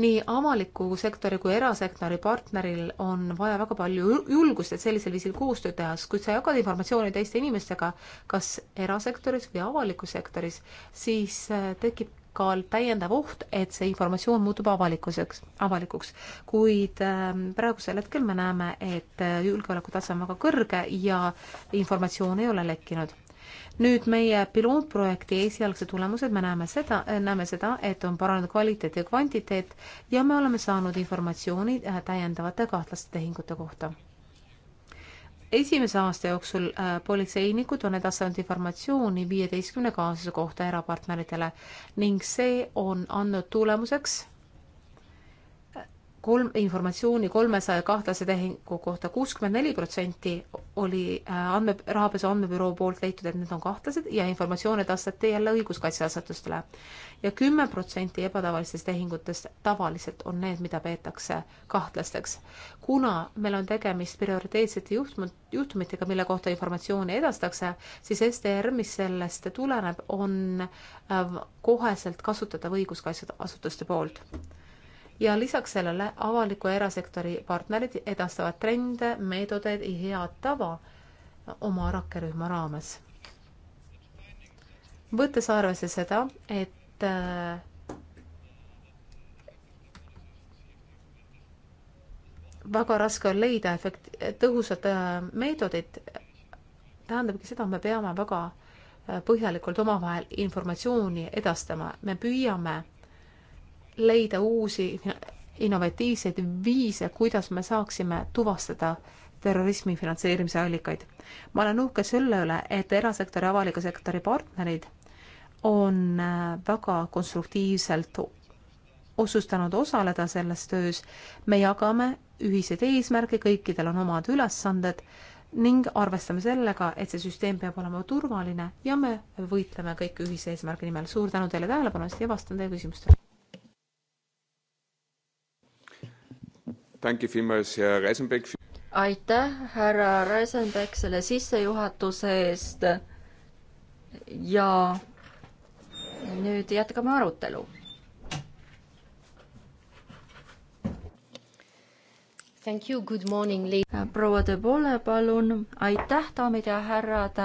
nii avaliku sektori kui erasektori partneril on vaja väga palju julgust, et sellisel viisil koostööd teha, sest kui sa jagad informatsiooni teiste inimestega, kas erasektoris või avalikus sektoris, siis äh, tekib ka täiendav oht, et see informatsioon muutub avalikuseks, avalikuks. kuid ähm, praegusel hetkel me näeme, et äh, julgeoleku tase on väga kõrge ja informatsioon ei ole lekkinud nüüd meie pilootprojekti esialgsed tulemused, me näeme seda, näeme seda, et on paranenud kvaliteet ja kvantiteet ja me oleme saanud informatsiooni äh, täiendavate kahtlaste tehingute kohta. esimese aasta jooksul äh, politseinikud on edastanud informatsiooni viieteistkümne kaasuse kohta erapartneritele ning see on andnud tulemuseks kolm, informatsiooni kolmesaja kahtlase tehingu kohta kuuskümmend neli protsenti oli äh, andme, rahapesu andmebüroo poolt leitud, et need on kahtlased ja informatsioon edastati jälle õiguskaitseasutustele ja. ja kümme protsenti ebatavalistest tehingutest tavaliselt on need, mida peetakse kahtlasteks. kuna meil on tegemist prioriteetsete juhtm-, juhtumitega, mille kohta informatsiooni edastatakse, siis STR, mis sellest tuleneb, on äh, koheselt kasutatav õiguskaitseasutuste poolt ja lisaks sellele avaliku ja erasektori partnerid edastavad trende, meetodeid ja head tava oma rakkerühma raames. võttes arvesse seda, et äh, väga raske on leida efekt-, tõhusat äh, meetodit, tähendabki seda, me peame väga äh, põhjalikult omavahel informatsiooni edastama, me püüame leida uusi innovatiivseid viise, kuidas me saaksime tuvastada terrorismi finantseerimise allikaid. ma olen uhke selle üle, et erasektori ja avaliku sektori partnerid on äh, väga konstruktiivselt otsustanud osaleda selles töös. me jagame ühiseid eesmärke, kõikidel on omad ülesanded ning arvestame sellega, et see süsteem peab olema turvaline ja me võitleme kõik ühise eesmärgi nimel. suur tänu teile tähelepanu eest ja vastan teie küsimustele. aitäh, härra Reisenbeck, selle sissejuhatuse eest. ja nüüd jätkame arutelu. Thank you, good morning, lady. proua De Pole, palun. aitäh, daamid ja härrad.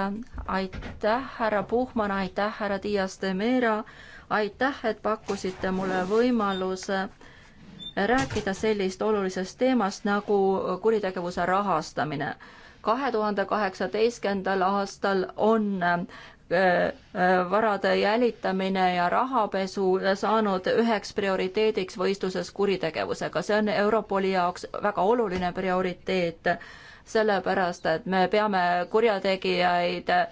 aitäh, härra Puhman, aitäh, härra Dias de Mera. aitäh, et pakkusite mulle võimaluse rääkida sellist olulisest teemast nagu kuritegevuse rahastamine. kahe tuhande kaheksateistkümnendal aastal on äh, äh, varade jälitamine ja rahapesu saanud üheks prioriteediks võistluses kuritegevusega. see on Europoli jaoks väga oluline prioriteet, sellepärast et me peame kurjategijaid äh,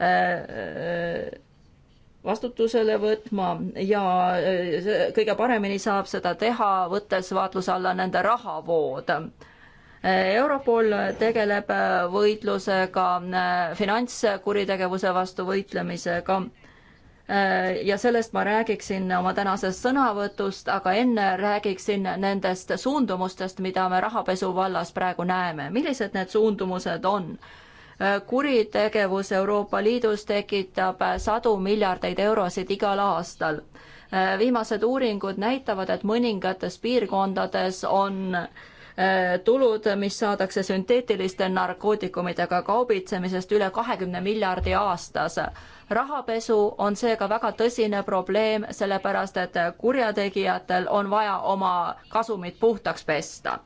äh vastutusele võtma ja eh, kõige paremini saab seda teha, võttes vaatluse alla nende rahavood. Eh, Europol tegeleb eh, võitlusega, finantskuritegevuse vastu võitlemisega ja sellest ma räägiksin oma tänasest sõnavõtust, aga enne räägiksin nendest suundumustest, mida me rahapesu vallas praegu näeme. millised need suundumused on? Äh, kuritegevus Euroopa Liidus tekitab äh, sadu miljardeid eurosid igal aastal. Äh, viimased uuringud näitavad, et mõningates piirkondades on tulud, mis saadakse sünteetiliste narkootikumidega kaubitsemisest üle kahekümne miljardi aastas. rahapesu on seega väga tõsine probleem, sellepärast et kurjategijatel on vaja oma kasumid puhtaks pesta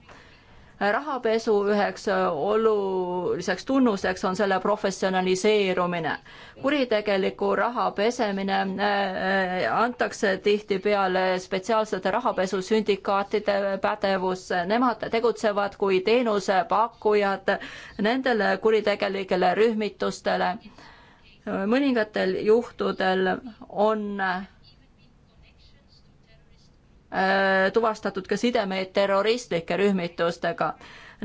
rahapesu üheks äh, oluliseks tunnuseks on selle professionaliseerumine. kuritegeliku raha pesemine äh, äh, antakse tihtipeale spetsiaalsete rahapesusündikaatide pädevusse, nemad tegutsevad kui teenusepakkujad nendele kuritegelikele rühmitustele mõningatel juhtudel on Äh, tuvastatud ka sidemeid terroristlike rühmitustega.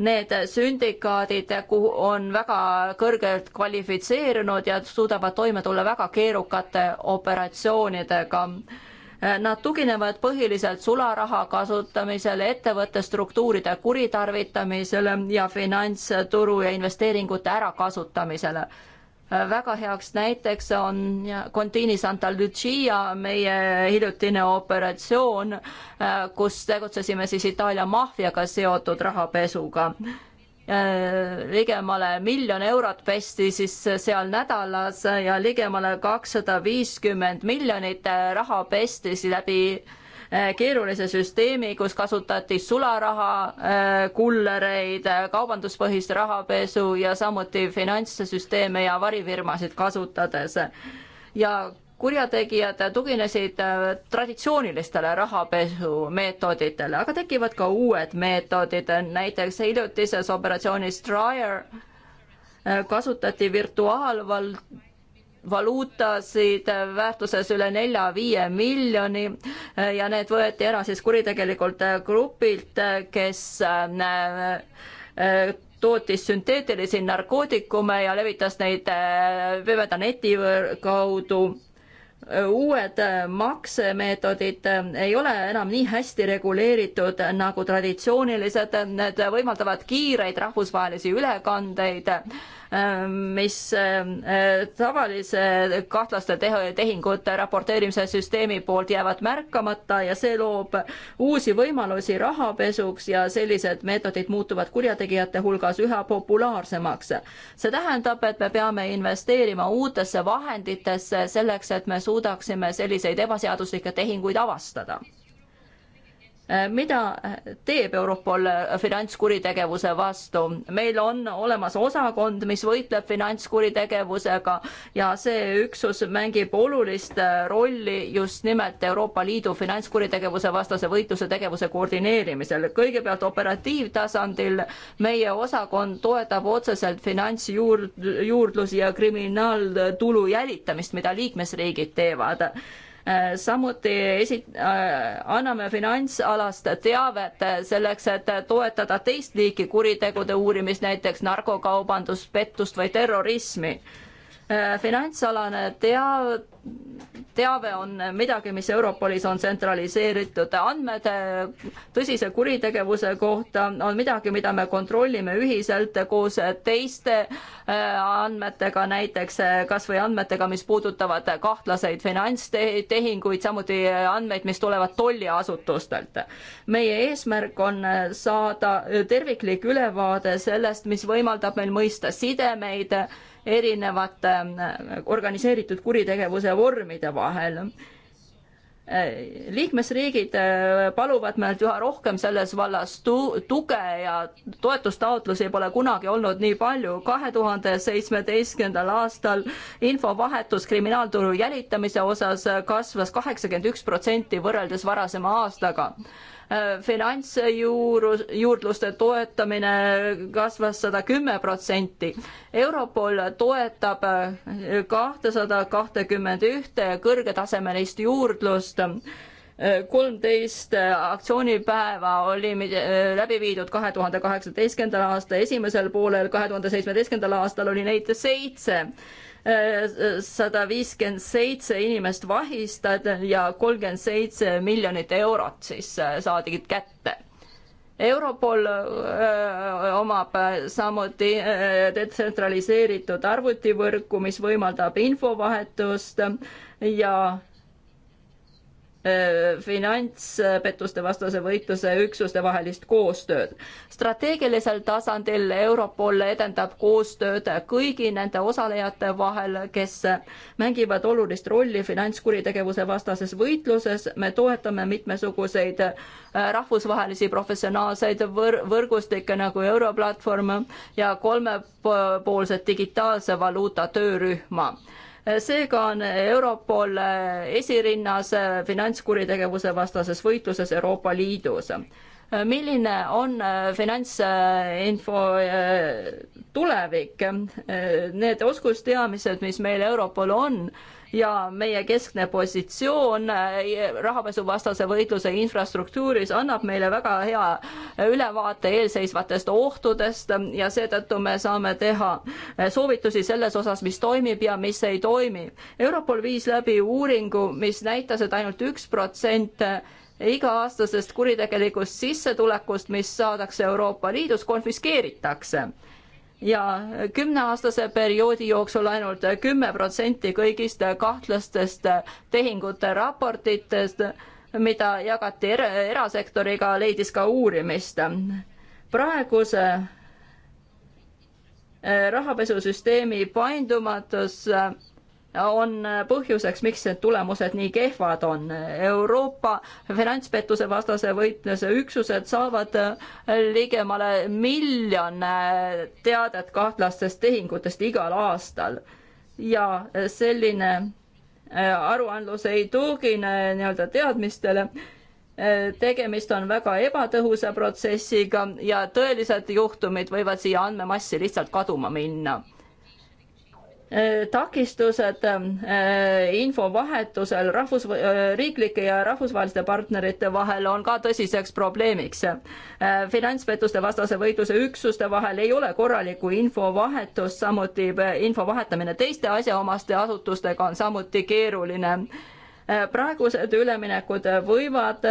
Need sündikaadid, kuhu on väga kõrgelt kvalifitseerunud ja suudavad toime tulla väga keerukate operatsioonidega äh, Nad tuginevad põhiliselt sularaha kasutamisele, ettevõtte struktuuride kuritarvitamisele ja finantsturu ja investeeringute ärakasutamisele. Äh, väga heaks näiteks on Contini Santa Lucia, meie hiljutine operatsioon, äh, kus tegutsesime siis Itaalia maffiaga seotud rahapesuga. Äh, ligemale miljon eurot pesti siis seal nädalas ja ligemale kakssada viiskümmend miljonit raha pesti läbi Äh, keerulise süsteemi, kus kasutati sularaha, äh, kullereid, äh, kaubanduspõhist rahapesu ja samuti finantssüsteeme ja varifirmasid kasutades. ja kurjategijad tuginesid traditsioonilistele rahapesumeetoditele, aga tekivad ka uued meetodid, näiteks hiljutises operatsioonis Trier kasutati virtuaalval-, valuutasid väärtuses üle nelja-viie miljoni eh, ja need võeti ära siis kuritegelikult eh, grupilt, eh, kes tootis sünteetilisi narkootikume ja levitas neid pimeda neti kaudu uued maksemeetodid ei ole enam nii hästi reguleeritud nagu traditsioonilised, need võimaldavad kiireid rahvusvahelisi ülekandeid Ehm, mis ehm, eh, tavalise kahtlaste tehingute raporteerimise süsteemi poolt jäävad märkamata ja see loob uusi võimalusi rahapesuks ja sellised meetodid muutuvad kurjategijate hulgas üha populaarsemaks. see tähendab, et me peame investeerima uutesse vahenditesse selleks, et me suudaksime selliseid ebaseaduslikke tehinguid avastada Äh, mida äh, teeb Europol äh, finantskuritegevuse vastu? meil on olemas osakond, mis võitleb finantskuritegevusega ja see üksus mängib olulist rolli just nimelt Euroopa Liidu finantskuritegevuse vastase võitluse tegevuse koordineerimisel. kõigepealt operatiivtasandil meie osakond toetab otseselt finantsjuurdlusi ja kriminaaltulu jälitamist, mida liikmesriigid teevad samuti esi-, äh, anname finantsalast teavet selleks, et toetada teist liiki kuritegude uurimist, näiteks narkokaubandust, pettust või terrorismi Äh, finantsalane tea-, teave on midagi, mis Europolis on tsentraliseeritud, andmed äh, tõsise kuritegevuse kohta on midagi, mida me kontrollime ühiselt koos teiste äh, andmetega, näiteks kas või andmetega, mis puudutavad kahtlaseid finantstehinguid, samuti andmeid, mis tulevad tolliasutustelt. meie eesmärk on saada terviklik ülevaade sellest, mis võimaldab meil mõista sidemeid erinevate äh, organiseeritud kuritegevuse vormide vahel äh, liikmesriigid äh, paluvad meilt üha rohkem selles vallas tu tuge ja toetustaotlusi pole kunagi olnud nii palju. kahe tuhande seitsmeteistkümnendal aastal infovahetus kriminaalturu jälitamise osas kasvas kaheksakümmend üks protsenti võrreldes varasema aastaga Äh, finantsjuuru, juurdluste toetamine kasvas sada kümme protsenti. Europol toetab äh, kahtesada kahtekümmend ühte kõrgetasemelist juurdlust äh, kolmteist aktsioonipäeva oli läbi viidud kahe tuhande kaheksateistkümnendal aasta esimesel poolel, kahe tuhande seitsmeteistkümnendal aastal oli neid seitse sada viiskümmend seitse inimest vahistati ja kolmkümmend seitse miljonit eurot siis äh, saadi kätte. Europol öö, äh, omab samuti äh, detsentraliseeritud arvutivõrku, mis võimaldab infovahetust ja Äh, finantspettuste vastase võitluse üksuste vahelist koostööd. strateegilisel tasandil Europol edendab koostööd kõigi nende osalejate vahel, kes mängivad olulist rolli finantskuritegevuse vastases võitluses. me toetame mitmesuguseid äh, rahvusvahelisi professionaalseid võr võrgustikke nagu Europlatvorm ja kolmepoolset digitaalse valuuta töörühma seega on Europol esirinnas finantskuritegevuse vastases võitluses Euroopa Liidus. milline on finantsinfo äh, tulevik? Äh, need oskusteadmised, mis meil Europol on, ja meie keskne positsioon eh, rahapesuvastase võitluse infrastruktuuris annab meile väga hea ülevaate eelseisvatest ohtudest ja seetõttu me saame teha eh, soovitusi selles osas, mis toimib ja mis ei toimi. Europol viis läbi uuringu, mis näitas, et ainult üks protsent eh, iga-aastasest kuritegelikust sissetulekust, mis saadakse Euroopa Liidus, konfiskeeritakse ja kümneaastase perioodi jooksul ainult kümme protsenti kõigist kahtlastest tehingute raportitest, mida jagati era, erasektoriga, leidis ka uurimist. praeguse eh, rahapesusüsteemi paindumatus on põhjuseks, miks need tulemused nii kehvad on. Euroopa finantspettuse vastase võitluse üksused saavad ligemale miljon teadet kahtlastest tehingutest igal aastal ja selline äh, aruandlus ei tugine nii-öelda teadmistele äh, tegemist on väga ebatõhusa protsessiga ja tõelised juhtumid võivad siia andmemassi lihtsalt kaduma minna. Äh, takistused äh, infovahetusel rahvus, äh, riiklike ja rahvusvaheliste partnerite vahel on ka tõsiseks probleemiks. finantspettuste vastase võitluse üksuste vahel ei ole korralikku infovahetust, samuti info vahetamine teiste asjaomaste asutustega on samuti keeruline praegused üleminekud võivad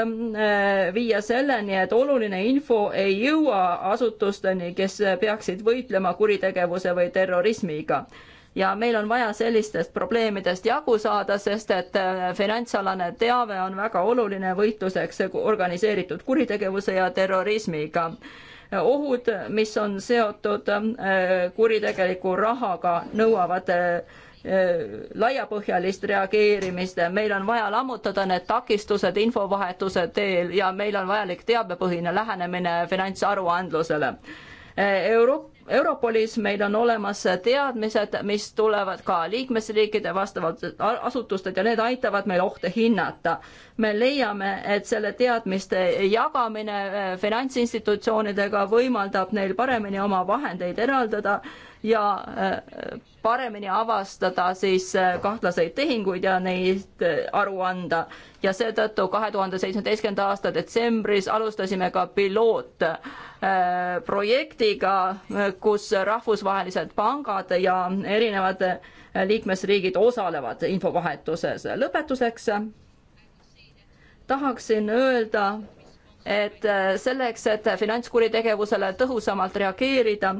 viia selleni, et oluline info ei jõua asutusteni, kes peaksid võitlema kuritegevuse või terrorismiga ja meil on vaja sellistest probleemidest jagu saada, sest et äh, finantsalane teave on väga oluline võitluseks organiseeritud kuritegevuse ja terrorismiga ohud, mis on seotud äh, kuritegeliku rahaga, nõuavad äh, laiapõhjalist reageerimist, meil on vaja lammutada need takistused infovahetuse teel ja meil on vajalik teabepõhine lähenemine finantsaruandlusele Euroopa Europolis meil on olemas teadmised, mis tulevad ka liikmesriikide vastavalt asutustelt ja need aitavad meil ohte hinnata. me leiame, et selle teadmiste jagamine eh, finantsinstitutsioonidega võimaldab neil paremini oma vahendeid eraldada ja äh, paremini avastada siis äh, kahtlaseid tehinguid ja neid äh, aru anda. ja seetõttu kahe tuhande seitsmeteistkümnenda aasta detsembris alustasime ka pilootprojektiga, kus rahvusvahelised pangad ja erinevad liikmesriigid osalevad infovahetuses. lõpetuseks tahaksin öelda, et selleks, et finantskuritegevusele tõhusamalt reageerida,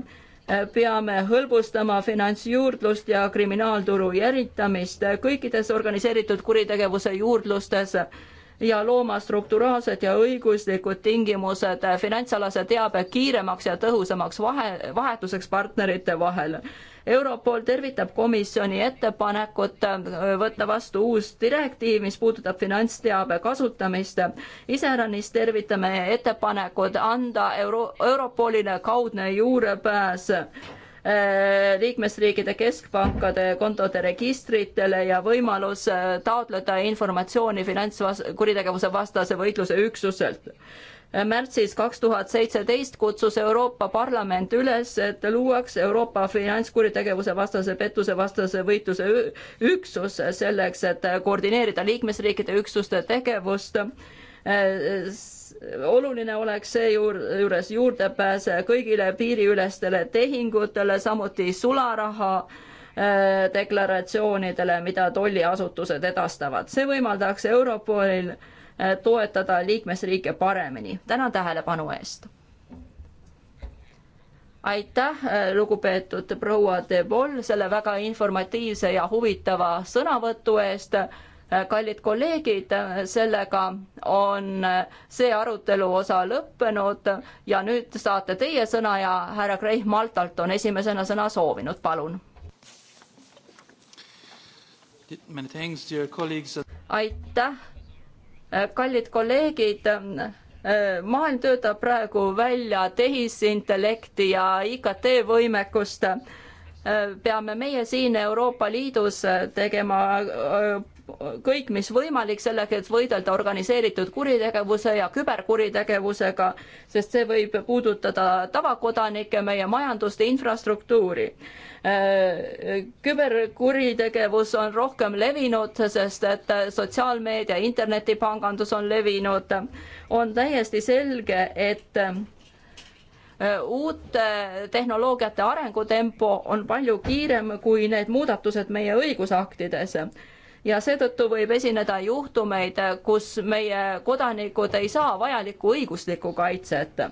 Äh, peame hõlbustama finantsjuurdlust ja kriminaalturu järitamist kõikides organiseeritud kuritegevuse juurdlustes ja looma strukturaalsed ja õiguslikud tingimused finantsalase teabe kiiremaks ja tõhusamaks vahe, vahetuseks partnerite vahel Europol tervitab komisjoni ettepanekut äh, võtta vastu uus direktiiv, mis puudutab finantsteabe kasutamist. iseäranis tervitame ettepanekut anda Euro Europolile kaudne juurepääs äh, liikmesriikide keskpankade kontode registritele ja võimalus äh, taotleda informatsiooni finantskuritegevuse vastase võitluse üksuselt märtsis kaks tuhat seitseteist kutsus Euroopa Parlament üles, et luuakse Euroopa finantskuritegevuse vastase, pettuse vastase võitluse üksus selleks, et koordineerida liikmesriikide üksuste tegevust oluline oleks seejuures juur, juurdepääs kõigile piiriülestele tehingutele, samuti sularaha äh, deklaratsioonidele, mida tolliasutused edastavad. see võimaldaks Europolil Äh, toetada liikmesriike paremini. tänan tähelepanu eest! aitäh, äh, lugupeetud proua De Vol selle väga informatiivse ja huvitava sõnavõtu eest. Äh, kallid kolleegid, sellega on see arutelu osa lõppenud ja nüüd saate teie sõna ja härra Kreih Maltalt on esimesena sõna soovinud, palun. aitäh kallid kolleegid, maailm töötab praegu välja tehisintellekti ja IKT võimekust peame meie siin Euroopa Liidus tegema kõik, mis võimalik sellega, et võidelda organiseeritud kuritegevuse ja küberkuritegevusega, sest see võib puudutada tavakodanikke, meie majandust ja infrastruktuuri. Äh, küberkuritegevus on rohkem levinud, sest et sotsiaalmeedia, internetipangandus on levinud. on täiesti selge, et äh, uute tehnoloogiate arengutempo on palju kiirem kui need muudatused meie õigusaktides ja seetõttu võib esineda juhtumeid, kus meie kodanikud ei saa vajalikku õiguslikku kaitset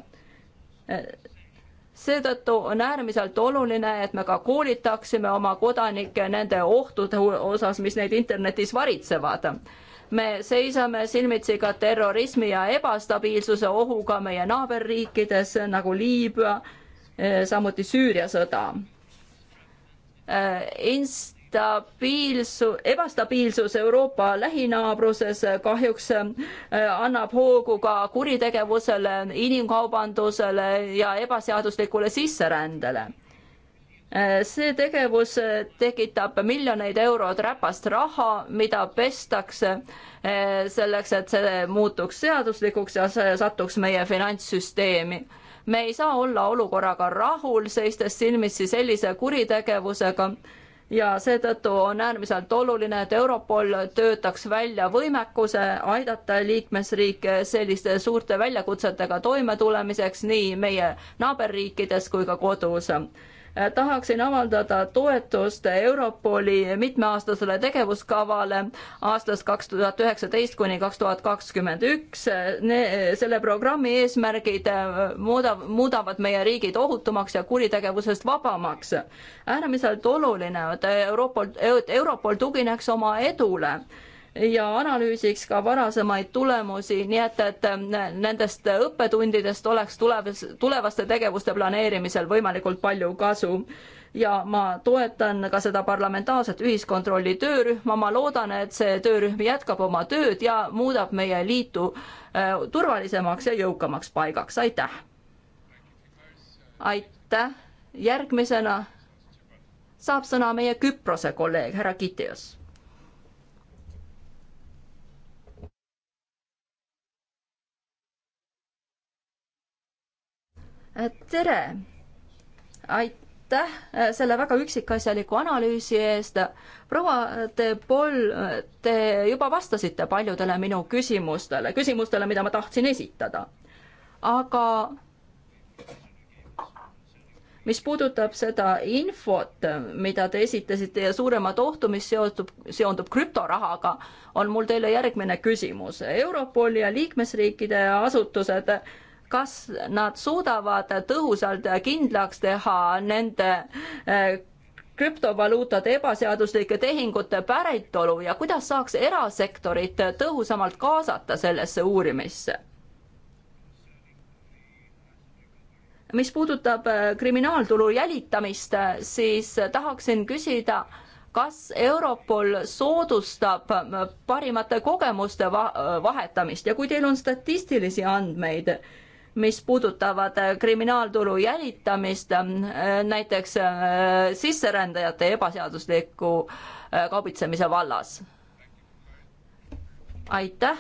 seetõttu on äärmiselt oluline, et me ka koolitaksime oma kodanikke nende ohtude osas, mis neid internetis varitsevad. me seisame silmitsi ka terrorismi ja ebastabiilsuse ohuga meie naaberriikides nagu Liibüa, samuti Süüria sõda. Inst-, stabiilsu, ebastabiilsus Euroopa lähinaabruses kahjuks äh, annab hoogu ka kuritegevusele, inimkaubandusele ja ebaseaduslikule sisserändele. Äh, see tegevus tekitab miljoneid eurod räpast raha, mida pestakse äh, selleks, et see muutuks seaduslikuks ja see satuks meie finantssüsteemi me ei saa olla olukorraga rahul, seistes silmitsi sellise kuritegevusega ja seetõttu on äärmiselt oluline, et Europol töötaks välja võimekuse aidata liikmesriike selliste suurte väljakutsetega toimetulemiseks nii meie naaberriikides kui ka kodus Äh, tahaksin avaldada toetust Europoli mitmeaastasele tegevuskavale aastast kaks tuhat üheksateist kuni kaks tuhat kakskümmend üks. Äh, selle programmi eesmärgid äh, muudav, muudavad meie riigid ohutumaks ja kuritegevusest vabamaks. äärmiselt oluline, et Europol, Europol tugineks oma edule ja analüüsiks ka varasemaid tulemusi, nii et, et äh, nendest õppetundidest oleks tulevas, tulevaste tegevuste planeerimisel võimalikult palju kasu. ja ma toetan ka seda parlamentaarset ühiskontrolli töörühma, ma loodan, et see töörühm jätkab oma tööd ja muudab meie liitu äh, turvalisemaks ja jõukamaks paigaks, aitäh! aitäh, järgmisena saab sõna meie Küprose kolleeg härra Kitios Äh, tere! aitäh äh, selle väga üksikasjaliku analüüsi eest. proua De Paul, te juba vastasite paljudele minu küsimustele, küsimustele, mida ma tahtsin esitada. aga mis puudutab seda infot, mida te esitasite ja suuremat ohtu, mis seostub, seondub krüptorahaga, on mul teile järgmine küsimus. Europol ja liikmesriikide asutused kas nad suudavad tõhusalt kindlaks teha nende eh, krüptovaluutade ebaseaduslike tehingute päritolu ja kuidas saaks erasektorit tõhusamalt kaasata sellesse uurimisse? mis puudutab eh, kriminaaltulu jälitamist, siis tahaksin küsida, kas Europol soodustab eh, parimate kogemuste vahetamist ja kui teil on statistilisi andmeid, mis puudutavad äh, kriminaaltulu jälitamist, äh, näiteks äh, sisserändajate ebaseadusliku kaubitsemise vallas. aitäh.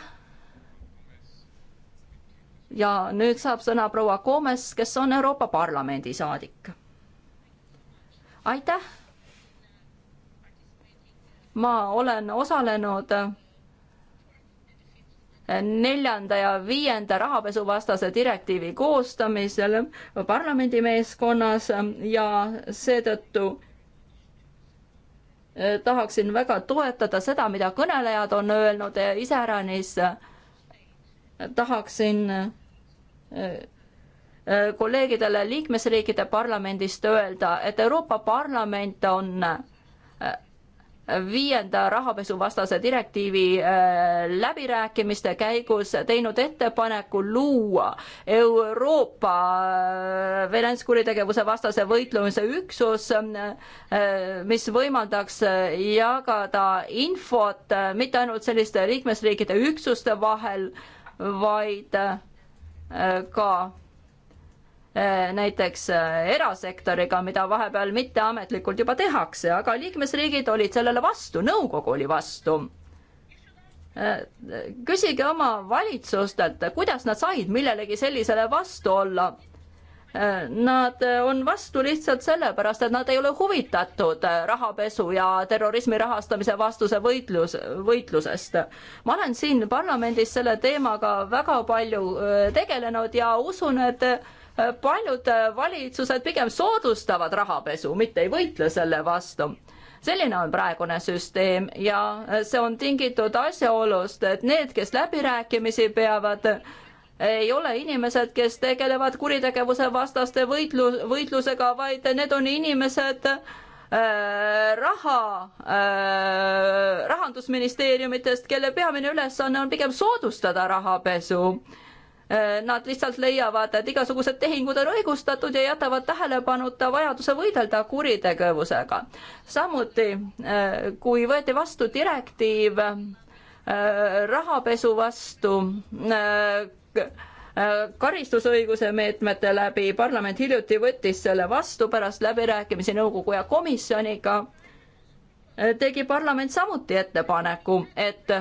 ja nüüd saab sõna proua Gomes, kes on Euroopa Parlamendi saadik. aitäh. ma olen osalenud neljanda ja viienda rahapesuvastase direktiivi koostamisel parlamendimeeskonnas ja seetõttu eh, tahaksin väga toetada seda, mida kõnelejad on öelnud, iseäranis eh, tahaksin eh, kolleegidele liikmesriikide parlamendist öelda, et Euroopa Parlament on viienda rahapesuvastase direktiivi äh, läbirääkimiste käigus teinud ettepaneku luua Euroopa äh, finantskuritegevuse vastase võitlemise üksus, äh, mis võimaldaks jagada infot mitte ainult selliste liikmesriikide üksuste vahel, vaid ka Eh, näiteks eh, erasektoriga, mida vahepeal mitteametlikult juba tehakse, aga liikmesriigid olid sellele vastu, nõukogu oli vastu. Eh, küsige oma valitsustelt, kuidas nad said millelegi sellisele vastu olla. Nad on vastu lihtsalt sellepärast, et nad ei ole huvitatud rahapesu ja terrorismi rahastamise vastuse võitlus, võitlusest. ma olen siin parlamendis selle teemaga väga palju tegelenud ja usun, et paljud äh, valitsused pigem soodustavad rahapesu, mitte ei võitle selle vastu selline on praegune süsteem ja äh, see on tingitud asjaolust, et need, kes läbirääkimisi peavad, ei ole inimesed, kes tegelevad kuritegevuse vastaste võitlu-, võitlusega, vaid need on inimesed äh,, raha äh,, rahandusministeeriumitest, kelle peamine ülesanne on pigem soodustada rahapesu Äh, nad lihtsalt leiavad, et igasugused tehingud on õigustatud ja jätavad tähelepanuta vajaduse võidelda kuritegevusega. samuti, äh, kui võeti vastu direktiiv äh, rahapesu vastu karistusõiguse meetmete läbi, parlament hiljuti võttis selle vastu pärast läbirääkimisi nõukogu ja komisjoniga, tegi parlament samuti ettepaneku, et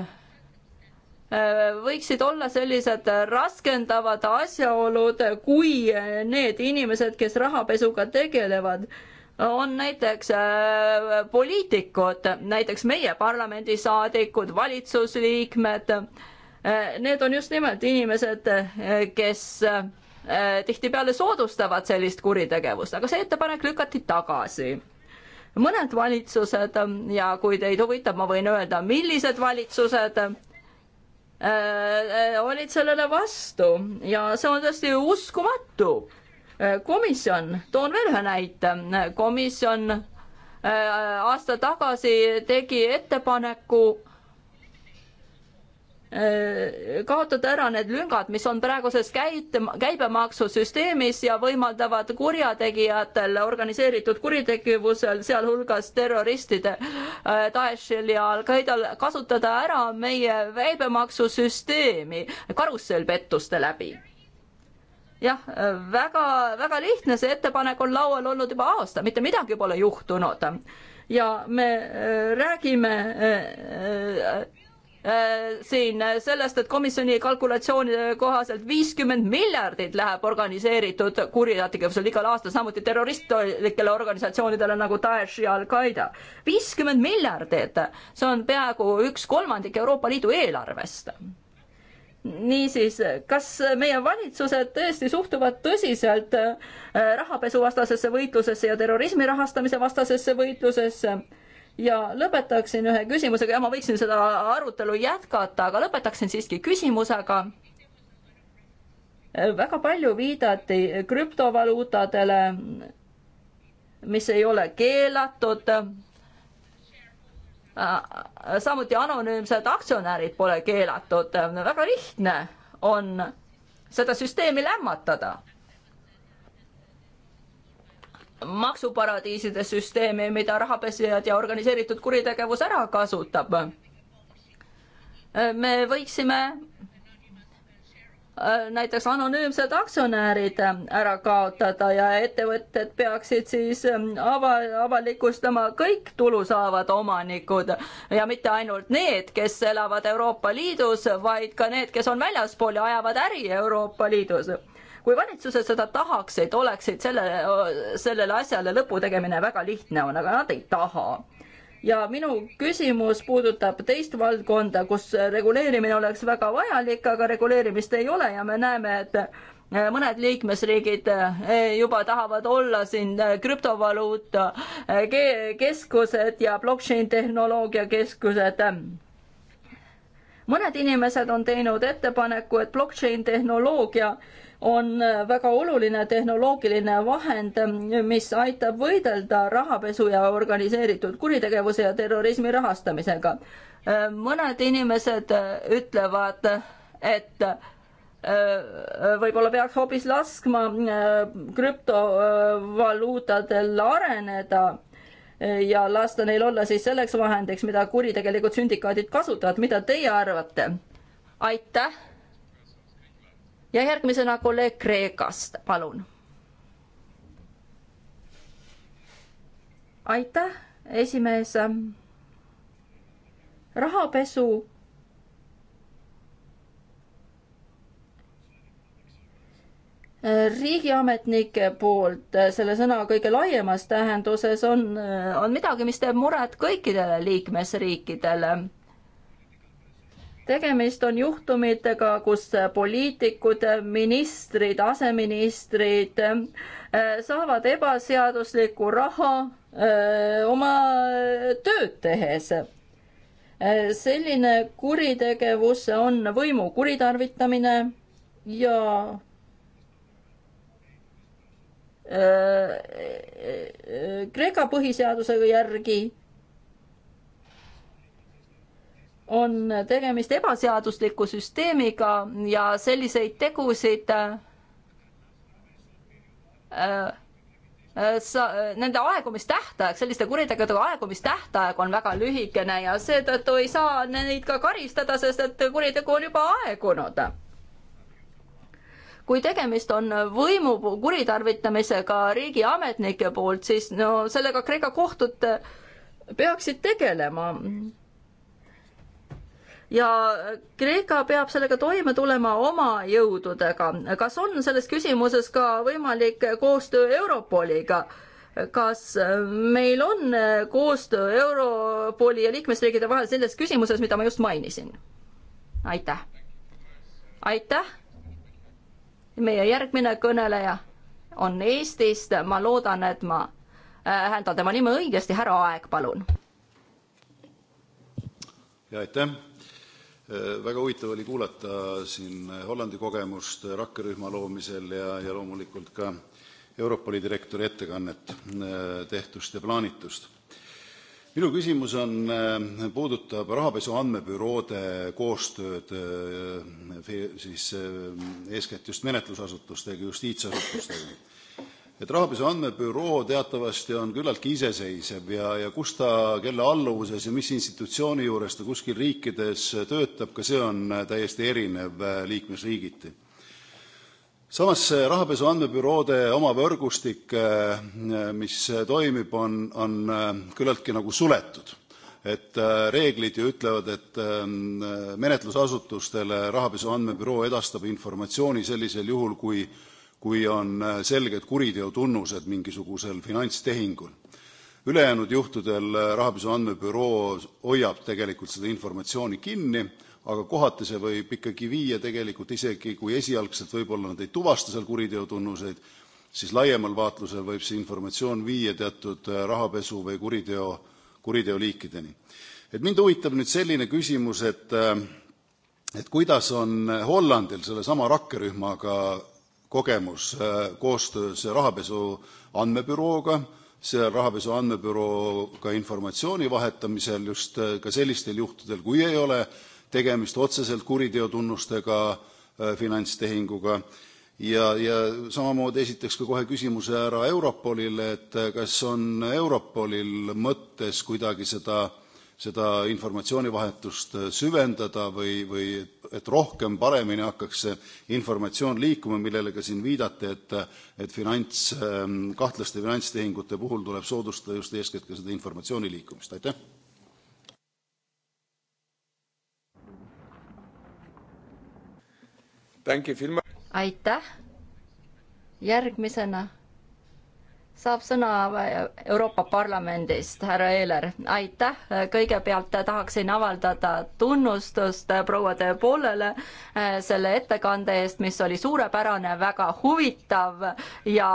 võiksid olla sellised raskendavad asjaolud, kui need inimesed, kes rahapesuga tegelevad, on näiteks äh, poliitikud, näiteks meie parlamendisaadikud, valitsusliikmed. Äh, need on just nimelt inimesed, äh, kes tihtipeale soodustavad sellist kuritegevust, aga see ettepanek lükati tagasi mõned valitsused ja kui teid huvitab, ma võin öelda, millised valitsused Äh, äh, olid sellele vastu ja see on tõesti uskumatu. Äh, komisjon, toon veel ühe näite, komisjon aasta tagasi tegi ettepaneku kaotada ära need lüngad, mis on praeguses käit-, käibemaksusüsteemis ja võimaldavad kurjategijatel organiseeritud kuritegevusel, sealhulgas terroristide äh, Daeshil ja Al-Qaedal, kasutada ära meie käibemaksusüsteemi karussellpettuste läbi jah, väga-väga lihtne, see ettepanek on laual olnud juba aasta, mitte midagi pole juhtunud. ja me äh, räägime äh, Äh, siin äh, sellest, et komisjoni kalkulatsioonide kohaselt viiskümmend miljardit läheb organiseeritud kurjategevusel igal aastal, samuti terroristlikele organisatsioonidele nagu Daesh ja Al-Qaeda. viiskümmend miljardit, see on peaaegu üks kolmandik Euroopa Liidu eelarvest niisiis, kas meie valitsused tõesti suhtuvad tõsiselt äh, rahapesuvastasesse võitlusesse ja terrorismi rahastamise vastasesse võitlusesse? ja lõpetaksin ühe küsimusega ja ma võiksin seda arutelu jätkata, aga lõpetaksin siiski küsimusega. väga palju viidati krüptovaluutadele, mis ei ole keelatud. samuti anonüümsed aktsionärid pole keelatud, väga lihtne on seda süsteemi lämmatada maksuparadiiside süsteemi, mida rahapesijad ja organiseeritud kuritegevus ära kasutab. me võiksime äh, näiteks anonüümsed aktsionärid ära kaotada ja ettevõtted peaksid siis ähm, ava-, avalikustama kõik tulu saavad omanikud ja mitte ainult need, kes elavad Euroopa Liidus, vaid ka need, kes on väljaspool ja ajavad äri Euroopa Liidus kui valitsused seda tahaksid, oleksid selle, sellele asjale lõpu tegemine väga lihtne on, aga nad ei taha ja minu küsimus puudutab teist valdkonda, kus reguleerimine oleks väga vajalik, aga reguleerimist ei ole ja me näeme, et eh, mõned liikmesriigid eh, juba tahavad olla siin eh, krüptovaluuta keskused ja blockchain tehnoloogia keskused. mõned inimesed on teinud ettepaneku, et blockchain tehnoloogia on väga oluline tehnoloogiline vahend, mis aitab võidelda rahapesu ja organiseeritud kuritegevuse ja terrorismi rahastamisega. mõned inimesed ütlevad, et äh, võib-olla peaks hoopis laskma äh, krüptovaluutadel areneda ja lasta neil olla siis selleks vahendiks, mida kuritegelikud sündikaadid kasutavad, mida teie arvate? aitäh ja järgmisena kolleeg Kreekast, palun. aitäh, esimees. rahapesu riigiametnike poolt selle sõna kõige laiemas tähenduses on, on midagi, mis teeb muret kõikidele liikmesriikidele tegemist on juhtumitega, kus poliitikud, ministrid, aseministrid äh, saavad ebaseaduslikku raha äh, oma tööd tehes. Äh, selline kuritegevus on võimu kuritarvitamine ja Kreeka põhiseaduse järgi on tegemist ebaseadusliku süsteemiga ja selliseid tegusid äh, äh sa, nende aegumistähtaeg, selliste kuritegude aegumistähtaeg on väga lühikene ja seetõttu ei saa neid ka karistada, sest et kuritegu on juba aegunud. kui tegemist on võimu kuritarvitamisega riigiametnike poolt, siis no sellega Kreeka kohtud peaksid tegelema ja Kreeka peab sellega toime tulema oma jõududega. kas on selles küsimuses ka võimalik koostöö Europoliga? kas meil on koostöö Europoli ja liikmesriikide vahel selles küsimuses, mida ma just mainisin? aitäh. aitäh. meie järgmine kõneleja on Eestist, ma loodan, et ma äh, hääldan tema nime õigesti, härra Aeg, palun. aitäh Äh, väga huvitav oli kuulata äh, Hollandi kogemust äh, rakkerühma loomisel ja loomulikult ka Europoli direktori ettekannet tehtust ja plaanitust. minu küsimus puudutab rahapesu andmebüroode koostööd eeskätt just menetlusasutustega, justiitsasutustega. Rahapesu Andmebüroo teatavasti on küllaltki iseseisev ja kus ta, kelle alluvuses ja mis institutsiooni juures ta kuskil riikides töötab, ka see on täiesti erinev äh, liikmesriigiti. samas see äh, rahapesu andmebüroode oma võrgustik, äh, mis toimib, on, on küllaltki nagu suletud et reeglid ju ütlevad, et ähm, menetlusasutustele rahapesu andmebüroo edastab informatsiooni sellisel juhul, kui kui on äh, selged kuriteotunnused mingisugusel finantstehingul. ülejäänud juhtudel äh, rahapesu andmebüroo hoiab tegelikult seda informatsiooni kinni, aga kohati see võib ikkagi viia tegelikult isegi, kui esialgselt võib-olla nad ei tuvasta seal kuriteotunnuseid, siis laiemal vaatlusel võib see informatsioon viia teatud äh, rahapesu või kuriteo, kuriteoliikideni. et mind huvitab nüüd selline küsimus, et et kuidas on Hollandil sellesama rakkerühmaga kogemus äh, koostöös rahapesu andmebürooga, seal rahapesu andmebürooga informatsiooni vahetamisel just äh, ka sellistel juhtudel, kui ei ole tegemist otseselt kuriteotunnustega äh, finantstehinguga, ja, ja samamoodi esitaks ka kohe küsimuse ära Europolile, et kas on Europolil mõttes kuidagi seda seda informatsioonivahetust äh, süvendada või, või et rohkem, paremini hakkaks see informatsioon liikuma, millele ka siin viidati, et et finants, ähm, kahtlaste finantstehingute puhul tuleb soodustada just eeskätt ka seda informatsiooni liikumist, aitäh! aitäh! järgmisena saab sõna äh, Euroopa Parlamendist, härra Eeler, aitäh, kõigepealt tahaksin avaldada tunnustust äh, proua De Poolele äh, selle ettekande eest, mis oli suurepärane, väga huvitav ja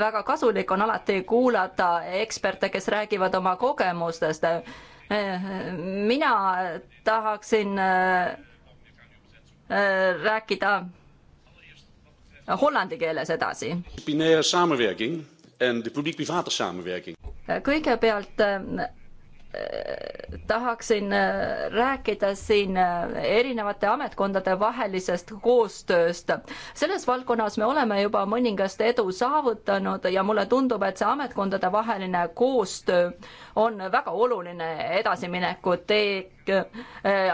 väga kasulik on alati kuulata eksperte, kes räägivad oma kogemustest. mina tahaksin rääkida hollandi keeles edasi en de publiek-private samenwerking. Eh, kõigepealt eh, eh, tahaksin rääkida siin erinevate ametkondade vahelisest koostööst. selles valdkonnas me oleme juba mõningast edu saavutanud ja mulle tundub, et see ametkondade vaheline koostöö on väga oluline edasimineku tee.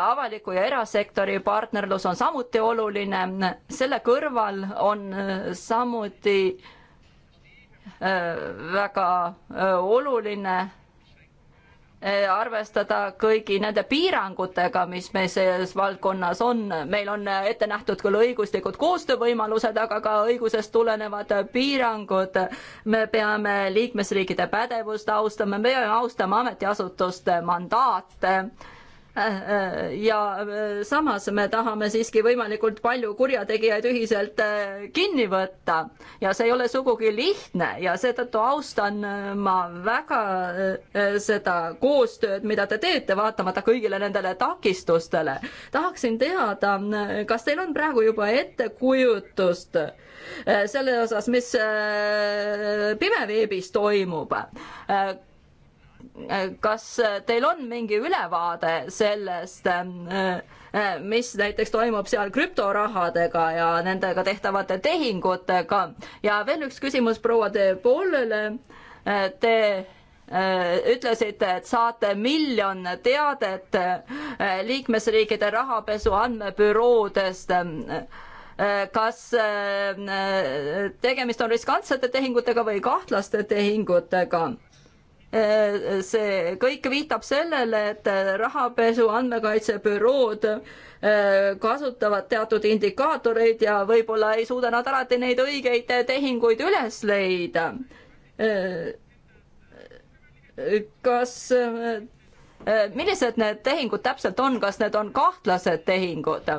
avaliku ja erasektori partnerlus on samuti oluline, selle kõrval on samuti Äh, väga äh, oluline äh, arvestada kõigi nende piirangutega, mis meil selles valdkonnas on. meil on ette nähtud küll õiguslikud koostöövõimalused, aga ka õigusest tulenevad piirangud. me peame liikmesriikide pädevust austama, me peame austama ametiasutuste mandaate ja äh, samas me tahame siiski võimalikult palju kurjategijaid ühiselt äh, kinni võtta ja see ei ole sugugi lihtne ja seetõttu austan äh, ma väga seda koostööd, mida te teete, vaatamata kõigile nendele takistustele. tahaksin teada, kas teil on praegu juba ettekujutust selle osas, mis pimeveebis toimub? kas teil on mingi ülevaade sellest, ähm, äh, mis näiteks toimub seal krüptorahadega ja nendega tehtavate tehingutega ja veel üks küsimus proua De Paulele. Äh, te äh, ütlesite, et saate miljon teadet liikmesriikide rahapesu andmebüroodest ähm, kas tegemist on riskantsete tehingutega või kahtlaste tehingutega. Äh, see kõik viitab sellele, et rahapesu andmekaitsebürood äh, kasutavad teatud indikaatoreid ja võib-olla ei suuda nad alati neid õigeid tehinguid üles leida. Äh, kas, millised need tehingud täpselt on, kas need on kahtlased tehingud?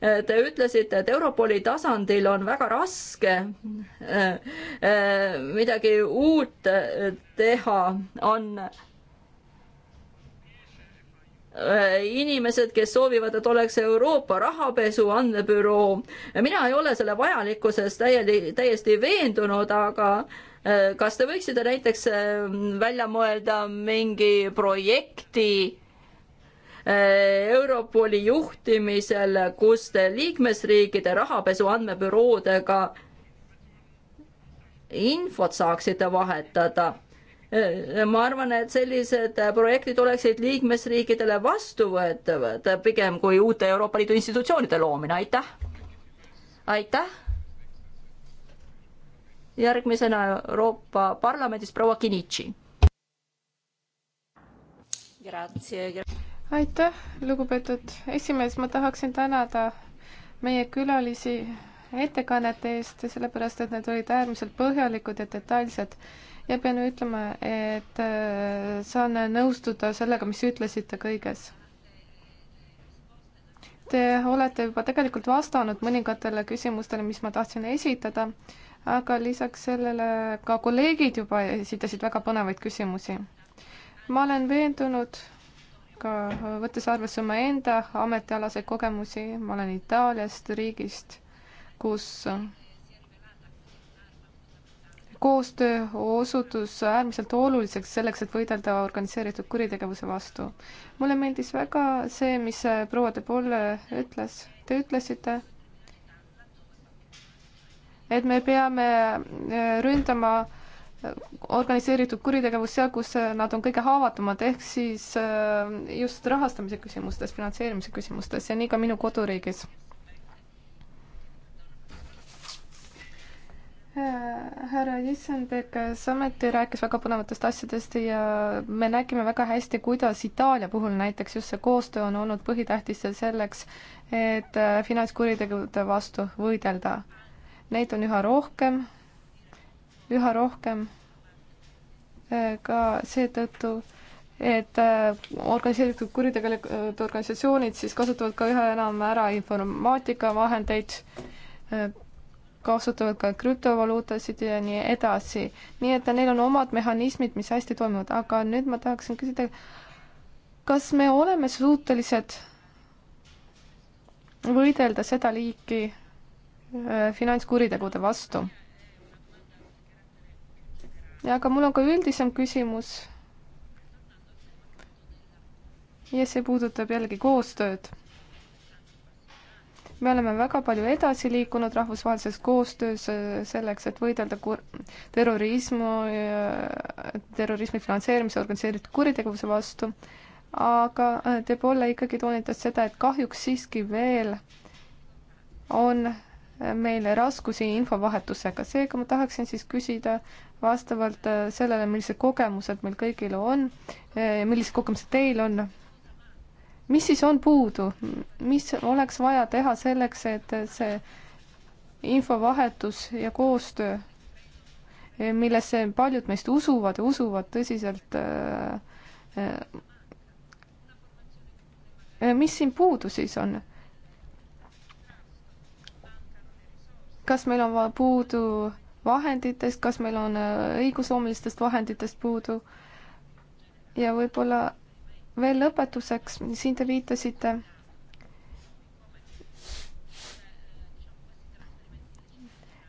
Te ütlesite, et Europoli tasandil on väga raske äh, äh, midagi uut äh, teha, on inimesed, kes soovivad, et oleks Euroopa rahapesu andmebüroo. mina ei ole selle vajalikkuses täieli, täiesti veendunud, aga kas te võiksite näiteks välja mõelda mingi projekti, Äh, Europoli juhtimisel, kus liikmesriikide rahapesu andmebüroodega infot saaksite vahetada äh, ma arvan, et sellised projektid oleksid liikmesriikidele vastuvõetavad pigem kui uute Euroopa Liidu institutsioonide loomine, aitäh. aitäh. järgmisena Euroopa Parlamendis proua Kinitši aitäh, lugupeetud esimees, ma tahaksin tänada meie külalisi ettekannete eest, sellepärast et need olid äärmiselt põhjalikud ja detailsed ja pean ütlema, et äh, saan nõustuda sellega, mis ütlesite kõiges. Te olete juba tegelikult vastanud mõningatele küsimustele, mis ma tahtsin esitada, aga lisaks sellele ka kolleegid juba esitasid väga põnevaid küsimusi. ma olen veendunud, ka äh, võttes arvesse oma enda ametialaseid kogemusi, ma olen Itaaliast, riigist, kus äh, koostöö osutus äärmiselt oluliseks selleks, et võidelda organiseeritud kuritegevuse vastu. mulle meeldis väga see, mis äh, proua de Polle ütles. Te ütlesite, et me peame ründama äh, organiseeritud kuritegevus seal, kus äh, nad on kõige haavatavamad, ehk siis äh, just rahastamise küsimustes, finantseerimise küsimustes ja nii ka minu koduriigis. Äh, härra Jissenberg samuti rääkis väga põnevatest asjadest ja me nägime väga hästi, kuidas Itaalia puhul näiteks just see koostöö on olnud põhitähtis selleks, et finantskuritegude vastu võidelda. Neid on üha rohkem üha rohkem äh, ka seetõttu, et äh, organiseeritud kuritegelikud äh, organisatsioonid siis kasutavad ka üha enam ära informaatikavahendeid, kasutavad ka krüptovaluutasid ja nii edasi. nii et neil on omad mehhanismid, mis hästi toimivad, aga nüüd ma tahaksin küsida, kas me oleme suutelised võidelda seda liiki finantskuritegude vastu? aga mul on ka üldisem küsimus. ja see puudutab jällegi koostööd. me oleme väga palju edasi liikunud rahvusvahelises koostöös äh, selleks, et võidelda kur-, terrorismu, terrorismi finantseerimise, organiseeritud kuritegevuse vastu, aga äh, De Paule ikkagi toonitas seda, et kahjuks siiski veel on äh, meil raskusi infovahetusega, seega ma tahaksin siis küsida, vastavalt äh, sellele, millised kogemused meil kõigil on, äh, millised kogemused teil on. mis siis on puudu, mis oleks vaja teha selleks, et see infovahetus ja koostöö, äh, millesse paljud meist usuvad ja usuvad tõsiselt, mis siin puudu siis on? kas meil on puudu vahenditest, kas meil on äh, õigusloomilistest vahenditest puudu. ja võib-olla veel lõpetuseks, siin te viitasite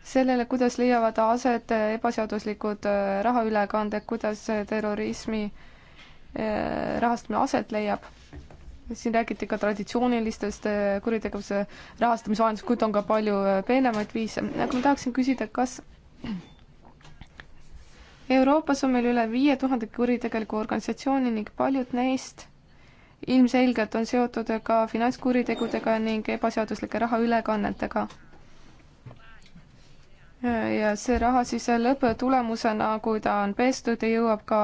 sellele, kuidas leiavad aset äh, ebaseaduslikud äh, rahaülekanded, kuidas terrorismi rahastamine aset leiab. siin räägiti ka traditsioonilistest kuritegevuse rahastamisvahendusest, kuid on ka palju peenemaid viise, aga ma tahaksin küsida, kas Euroopas on meil üle viie tuhande kuritegeliku organisatsiooni ning paljud neist ilmselgelt on seotud ka finantskuritegudega ning ebaseaduslike rahaülekannetega. ja see raha siis lõpptulemusena, kui ta on pestud, jõuab ka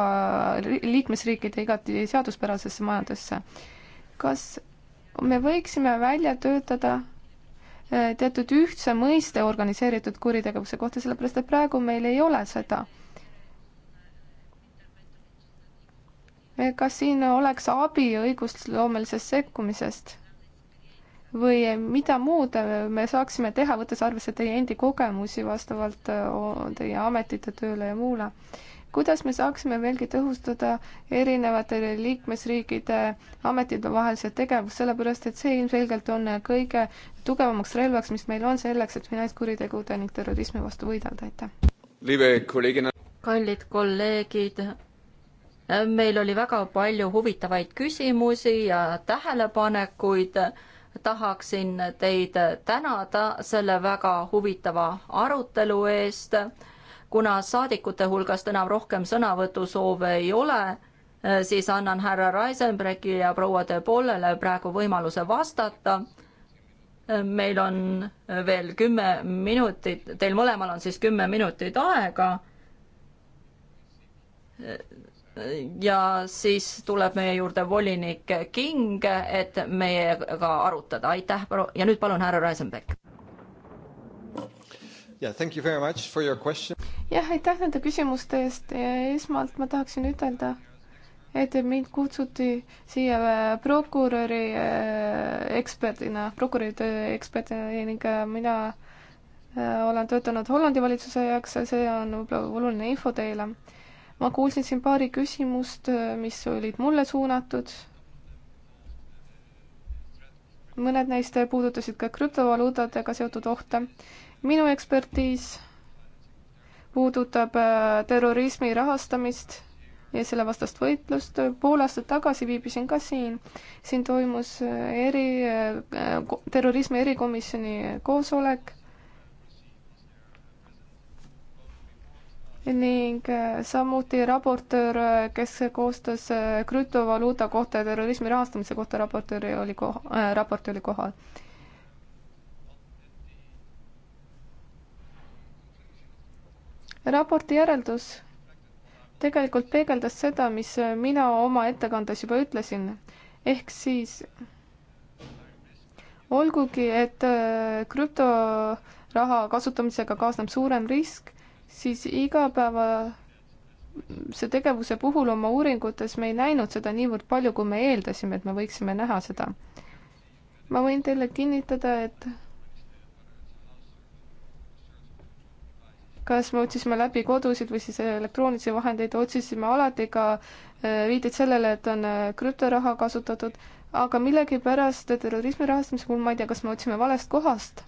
liikmesriikide igati seaduspärasesse majandusse. kas me võiksime välja töötada Äh, teatud ühtse mõiste organiseeritud kuritegevuse kohta, sellepärast et praegu meil ei ole seda. Äh, kas siin oleks abi õigusloomelisest sekkumisest? või mida muud me saaksime teha, võttes arvesse teie endi kogemusi vastavalt äh, teie ametite tööle ja muule? kuidas me saaksime veelgi tõhustada erinevate liikmesriikide ametite vahelise tegevust, sellepärast et see ilmselgelt on kõige tugevamaks relvaks, mis meil on selleks, et finantskuritegude ning terrorismi vastu võidelda, aitäh! kallid kolleegid, meil oli väga palju huvitavaid küsimusi ja tähelepanekuid tahaksin teid tänada selle väga huvitava arutelu eest kuna saadikute hulgast enam rohkem sõnavõtusoove ei ole, eh, siis annan härra Reisenbrecki ja proua De Pollele praegu võimaluse vastata. Eh, meil on eh, veel kümme minutit, teil mõlemal on siis kümme minutit aega. ja siis tuleb meie juurde volinik King, et meiega arutada, aitäh, ja nüüd palun härra Reisenbeck jah, aitäh nende küsimuste eest. esmalt ma tahaksin ütelda, et mind kutsuti siia äh, prokuröri äh, eksperdina, prokuröride eksperdina ning äh, mina olen töötanud Hollandi valitsuse jaoks, see on võib-olla oluline info teile. ma kuulsin siin paari küsimust, mis olid mulle suunatud mõned neist puudutasid ka krüptovaluutadega seotud ohte minu ekspertiis puudutab äh, terrorismi rahastamist ja selle vastast võitlust. pool aastat tagasi viibisin ka siin. siin toimus äh, eri, äh, terrorismi erikomisjoni koosolek. ning samuti raportöör, kes koostas krüptovaluuta kohta ja terrorismi rahastamise kohta raportööri oli koha äh,, raporti oli kohal raporti järeldus tegelikult peegeldas seda, mis mina oma ettekandes juba ütlesin, ehk siis olgugi, et äh, krüptoraha kasutamisega kaasneb suurem risk, siis igapäevase tegevuse puhul oma uuringutes me ei näinud seda niivõrd palju, kui me eeldasime, et me võiksime näha seda. ma võin teile kinnitada, et kas me otsisime läbi kodusid või siis elektroonilisi vahendeid, otsisime alati ka äh, viiteid sellele, et on äh, krüptoraha kasutatud, aga millegipärast terrorismi rahastamise puhul ma ei tea, kas me otsime valest kohast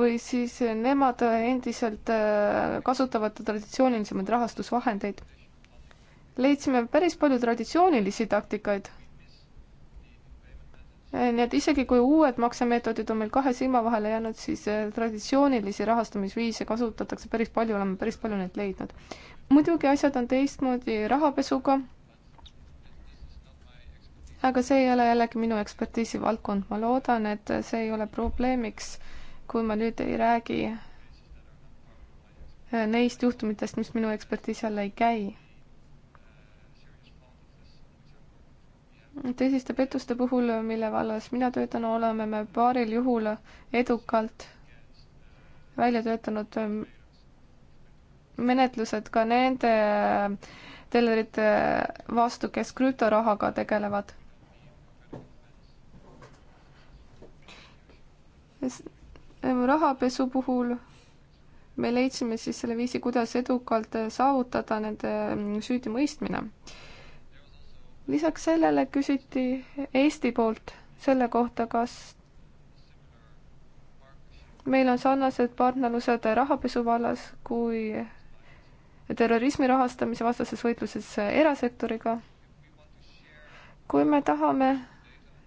või siis nemad endiselt äh, kasutavad traditsioonilisemaid rahastusvahendeid. leidsime päris palju traditsioonilisi taktikaid Äh, nii et isegi kui uued maksemeetodid on meil kahe silma vahele jäänud, siis äh, traditsioonilisi rahastamisviise kasutatakse päris palju, oleme päris palju neid leidnud. muidugi asjad on teistmoodi rahapesuga, aga see ei ole jällegi minu ekspertiisi valdkond, ma loodan, et see ei ole probleemiks, kui ma nüüd ei räägi äh, neist juhtumitest, mis minu ekspertiisi alla ei käi tõsiste pettuste puhul, mille vallas mina töötan, oleme me paaril juhul edukalt välja töötanud ähm, menetlused ka nende äh, tellerite vastu, kes krüptorahaga tegelevad. Ähm, rahapesu puhul me leidsime siis selle viisi, kuidas edukalt äh, saavutada nende mm, süüdimõistmine lisaks sellele küsiti Eesti poolt selle kohta, kas meil on sarnased partnerlused rahapesu vallas kui terrorismi rahastamise vastases võitluses erasektoriga. kui me tahame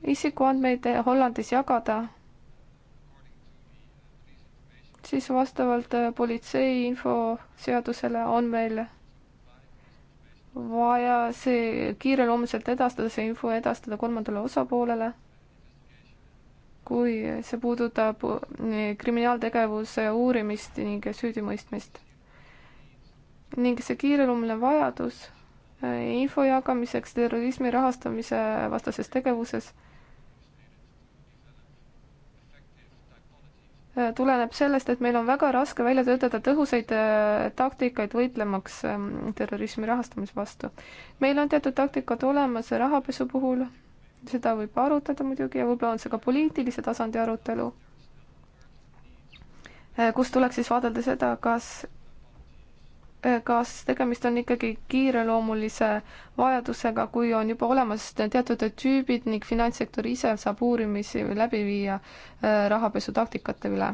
isikuandmeid Hollandis jagada, siis vastavalt politsei infoseadusele on meil vaja see kiireloomuliselt edastada, see info edastada kolmandale osapoolele. kui see puudutab eh, kriminaaltegevuse uurimist ning süüdimõistmist. ning see kiireloomuline vajadus eh, info jagamiseks terrorismi rahastamise vastases tegevuses tuleneb sellest, et meil on väga raske välja töötada tõhusaid äh, taktikaid võitlemaks ähm, terrorismi rahastamise vastu. meil on teatud taktikad olemas rahapesu puhul, seda võib arutada muidugi ja võib-olla on see ka poliitilise tasandi arutelu, äh, kus tuleks siis vaadelda seda, kas Äh, kas tegemist on ikkagi kiireloomulise vajadusega, kui on juba olemas teatud tüübid ning finantssektor ise saab uurimisi läbi viia äh, rahapesutaktikate üle.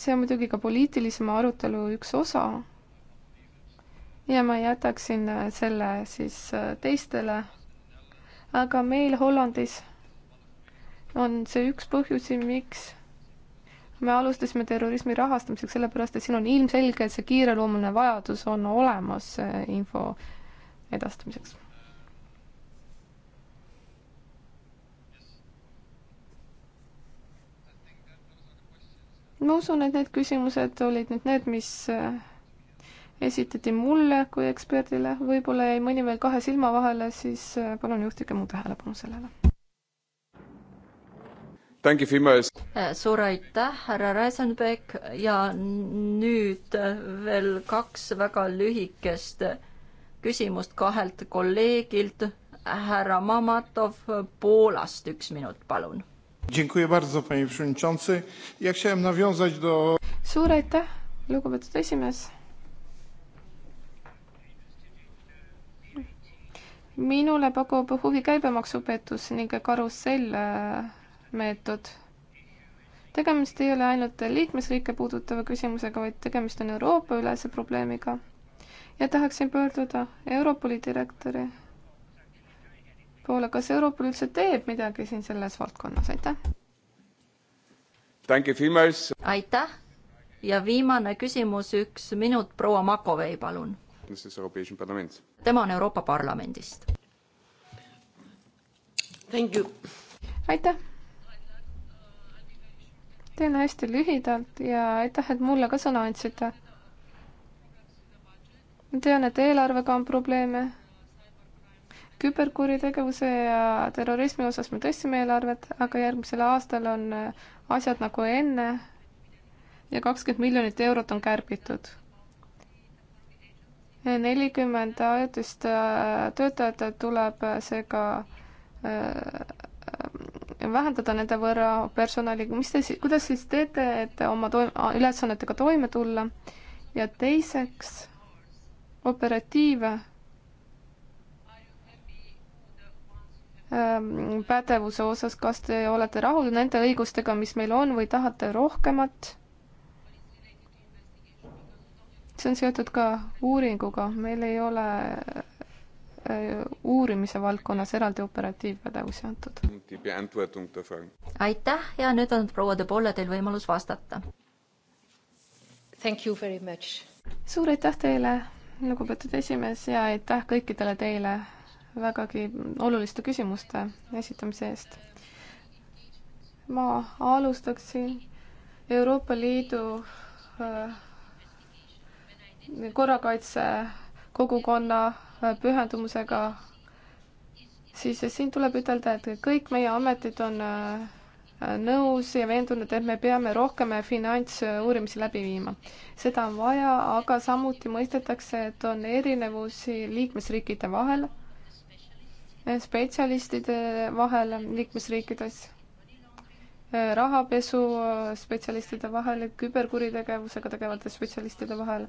see on muidugi ka poliitilisema arutelu üks osa. ja ma jätaksin äh, selle siis teistele. aga meil Hollandis on see üks põhjusi, miks me alustasime terrorismi rahastamiseks sellepärast, et siin on ilmselge, et see kiireloomuline vajadus on olemas eh, info edastamiseks. ma usun, et need küsimused olid nüüd need, mis eh, esitati mulle kui eksperdile, võib-olla jäi mõni veel kahe silma vahele, siis eh, palun juhtige mu tähelepanu sellele. Äh, suur aitäh, härra Reisenbeck ja nüüd äh, veel kaks väga lühikest küsimust kahelt kolleegilt. härra Mamatov Poolast, üks minut, palun. suur aitäh, lugupeetud esimees minule pakub huvi käibemaksupettus ning karussell meetod. tegemist ei ole ainult liikmesriike puudutava küsimusega, vaid tegemist on Euroopa-ülese probleemiga. ja tahaksin pöörduda Europoli direktori poole, kas Europol üldse teeb midagi siin selles valdkonnas, aitäh! aitäh ja viimane küsimus, üks minut, proua Makovei, palun. tema on Euroopa Parlamendist. aitäh! teen hästi lühidalt ja aitäh, et mulle ka sõna andsite. tean, et eelarvega on probleeme. küberkuritegevuse ja terrorismi osas me tõstsime eelarvet, aga järgmisel aastal on asjad nagu enne ja kakskümmend miljonit eurot on kärbitud. nelikümmend ajutist töötajat tuleb seega äh, vähendada nende võrra personali, mis te, kuidas siis teete, et oma toim-, ülesannetega toime tulla ja teiseks operatiive ähm, pädevuse osas, kas te olete rahul nende õigustega, mis meil on või tahate rohkemat? see on seotud ka uuringuga, meil ei ole Äh, uurimise valdkonnas eraldi operatiivpädevusi antud. aitäh ja nüüd on proua De Polle teil võimalus vastata. suur aitäh teile, lugupeetud esimees ja aitäh kõikidele teile vägagi oluliste küsimuste esitamise eest. ma alustaksin Euroopa Liidu äh, korrakaitse kogukonna pühendumusega, siis siin tuleb ütelda, et kõik meie ametid on äh, nõus ja veendunud, et me peame rohkem finantsuurimisi läbi viima. seda on vaja, aga samuti mõistetakse, et on erinevusi liikmesriikide vahel, spetsialistide vahel liikmesriikides, äh, rahapesu äh, spetsialistide vahel, küberkuritegevusega tegelevate spetsialistide vahel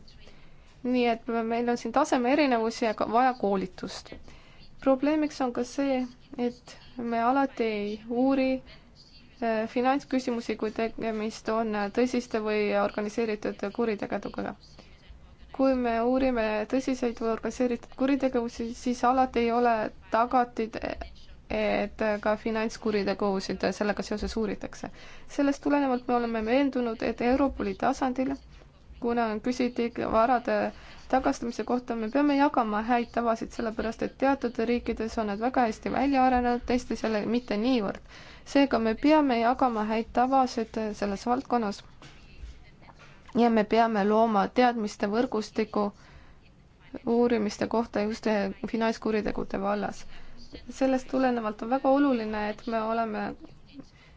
nii et meil on siin taseme erinevusi ja vaja koolitust. probleemiks on ka see, et me alati ei uuri äh, finantsküsimusi, kui tegemist on äh, tõsiste või organiseeritud kuritegevusega. kui me uurime tõsiseid või organiseeritud kuritegevusi, siis alati ei ole tagatid, et ka finantskuritegusid sellega seoses uuritakse. sellest tulenevalt me oleme veendunud, et Europoli tasandil kuna küsiti varade tagastamise kohta, me peame jagama häid tavasid, sellepärast et teatud riikides on need väga hästi välja arenenud, teistes jälle mitte niivõrd. seega me peame jagama häid tavasid selles valdkonnas. ja me peame looma teadmiste võrgustiku uurimiste kohta just eh, finantskuritegude vallas. sellest tulenevalt on väga oluline, et me oleme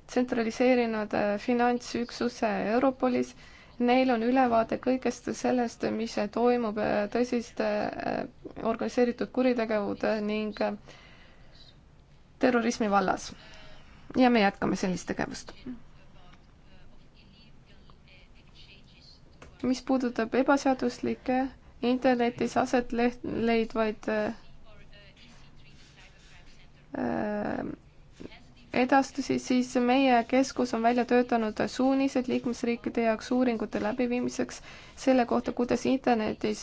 tsentraliseerinud eh, finantsüksuse Europolis Neil on ülevaade kõigest sellest, mis toimub äh, tõsiste äh, organiseeritud kuritegevude ning äh, terrorismi vallas. ja me jätkame sellist tegevust. mis puudutab ebaseaduslikke internetis aset leidvaid äh, edastasid, siis meie keskus on välja töötanud suunised liikmesriikide jaoks uuringute läbiviimiseks selle kohta, kuidas internetis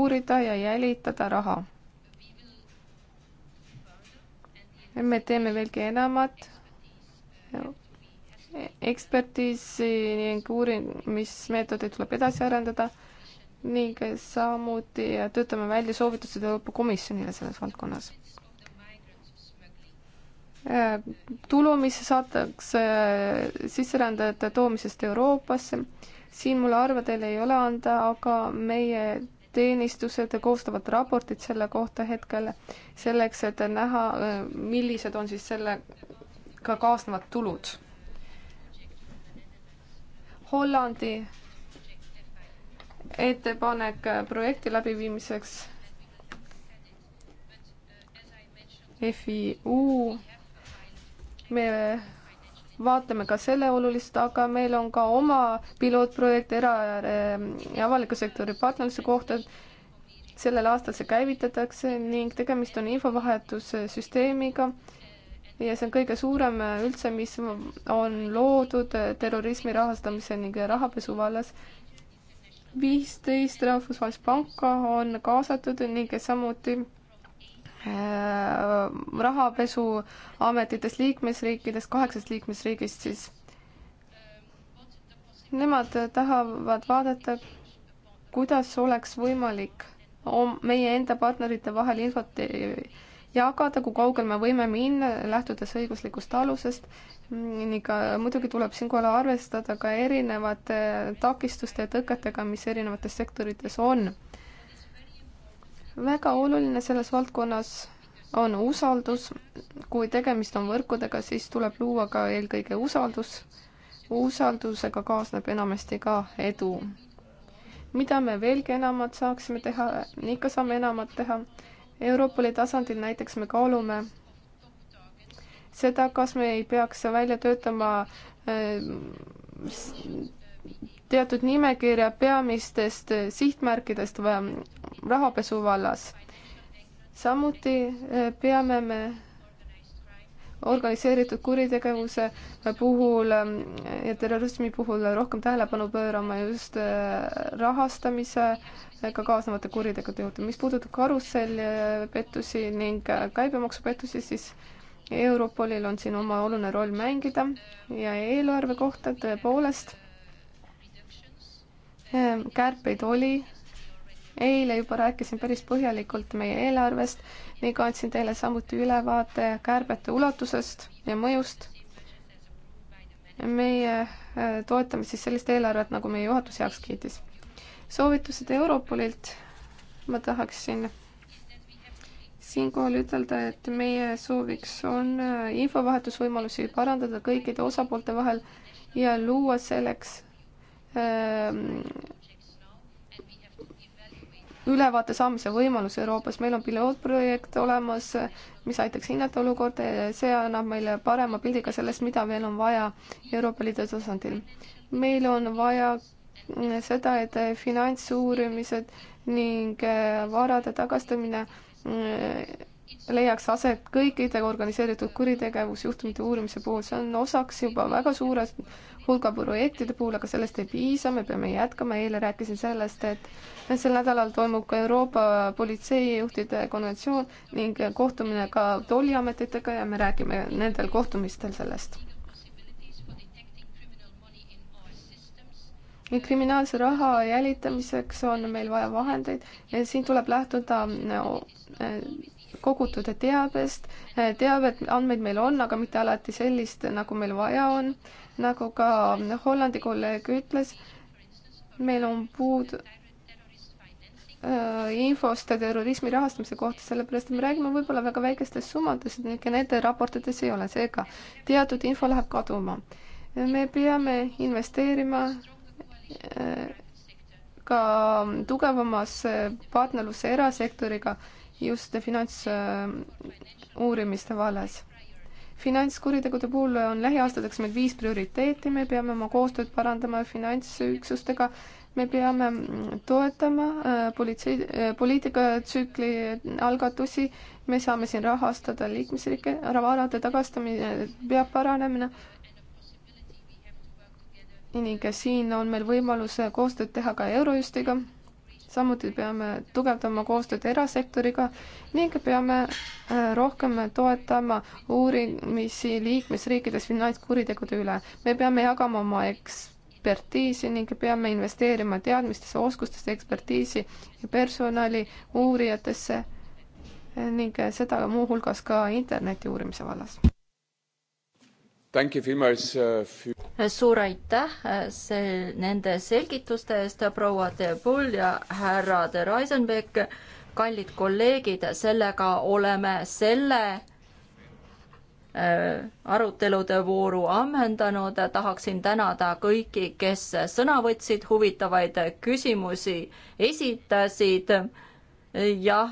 uurida ja jälitada raha. me teeme veelgi enamat ekspertiisi ning uurimismeetodeid tuleb edasi arendada ning samuti töötame välja soovitused Euroopa Komisjonile selles valdkonnas tulu, mis saadakse sisserändajate toomisest Euroopasse. siin mul arve teile ei ole anda, aga meie teenistused koostavad raportit selle kohta hetkel, selleks et näha, millised on siis sellega ka kaasnevad tulud. Hollandi ettepanek projekti läbiviimiseks FIU me vaatame ka selle olulist, aga meil on ka oma pilootprojekt era- ja avaliku sektori partnerluse kohta. sellel aastal see käivitatakse ning tegemist on infovahetussüsteemiga ja see on kõige suurem üldse, mis on loodud terrorismi rahastamise ning rahapesu vallas. viisteist rahvusvahelist panka on kaasatud ning samuti Äh, rahapesu ametitest liikmesriikidest, kaheksast liikmesriigist siis. Nemad tahavad vaadata, kuidas oleks võimalik meie enda partnerite vahel infot e-, jagada, kui kaugel me võime minna, lähtudes õiguslikust alusest mm, ning muidugi tuleb siinkohal arvestada ka erinevate takistuste ja tõketega, mis erinevates sektorites on väga oluline selles valdkonnas on usaldus. kui tegemist on võrkudega, siis tuleb luua ka eelkõige usaldus. usaldusega kaasneb enamasti ka edu. mida me veelgi enamat saaksime teha, ikka saame enamat teha. Euroopa Liidu tasandil näiteks me kaalume seda, kas me ei peaks välja töötama äh, teatud nimekirja peamistest sihtmärkidest rahapesu vallas. samuti eh, peame me organiseeritud kuritegevuse puhul eh, ja terrorismi puhul rohkem tähelepanu pöörama just eh, rahastamisega ka kaasnevate kuritegude juurde. mis puudutab karussellpettusi ning käibemaksupettusi, siis Europolil on siin oma oluline roll mängida ja eelarve kohta tõepoolest Ehm, kärpeid oli. eile juba rääkisin päris põhjalikult meie eelarvest ning andsin teile samuti ülevaate kärbete ulatusest ja mõjust. meie äh, toetame siis sellist eelarvet, nagu meie juhatus heaks kiitis. soovitused Europolilt ma tahaksin siinkohal ütelda, et meie sooviks on äh, infovahetusvõimalusi parandada kõikide osapoolte vahel ja luua selleks Ehm, ülevaate saamise võimalus Euroopas, meil on pilootprojekt olemas, mis aitaks hinnata olukorda ja see annab meile parema pildi ka sellest, mida veel on vaja Euroopa Liidu tasandil. meil on vaja seda, et finantsuurimised ning eh, varade tagastamine mm, leiaks aset kõikide organiseeritud kuritegevusjuhtumite uurimise puhul, see on osaks juba väga suurest hulga projektide puhul, aga sellest ei piisa, me peame jätkama, eile rääkisin sellest, et sel nädalal toimub ka Euroopa politseijuhtide konventsioon ning kohtumine ka tolliametitega ja me räägime nendel kohtumistel sellest. kriminaalse raha jälitamiseks on meil vaja vahendeid, siin tuleb lähtuda no, kogutud teabest. teavet, andmeid meil on, aga mitte alati sellist, nagu meil vaja on. nagu ka Hollandi kolleeg ütles, meil on puudu äh, infost terrorismi rahastamise kohta, sellepärast et me räägime võib-olla väga väikestest summadest, niisugune nende raportites ei ole, seega teatud info läheb kaduma. me peame investeerima äh, ka tugevamasse äh, partnerlusse erasektoriga just finantsuurimiste äh, vallas. finantskuritegude puhul on lähiaastateks meil viis prioriteeti, me peame oma koostööd parandama finantsüksustega, me peame mm, toetama äh, politsei, äh, poliitikatsükli algatusi, me saame siin rahastada liikmesriike, varade tagastamine peab paranema, ning siin on meil võimalus koostööd teha ka Eurojustiga samuti peame tugevdama koostööd erasektoriga ning peame äh, rohkem toetama uurimisi liikmesriikides finantskuritegude üle. me peame jagama oma ekspertiisi ning peame investeerima teadmistesse, oskustesse, ekspertiisi ja personali uurijatesse ning seda muuhulgas ka interneti uurimise vallas. Uh, äh, suur aitäh äh, see, nende selgituste eest, äh, proua De Pull ja härra De Reisenbeck. kallid kolleegid, sellega oleme selle arutelude vooru ammendanud. tahaksin tänada kõiki, kes sõna võtsid, huvitavaid küsimusi esitasid jah,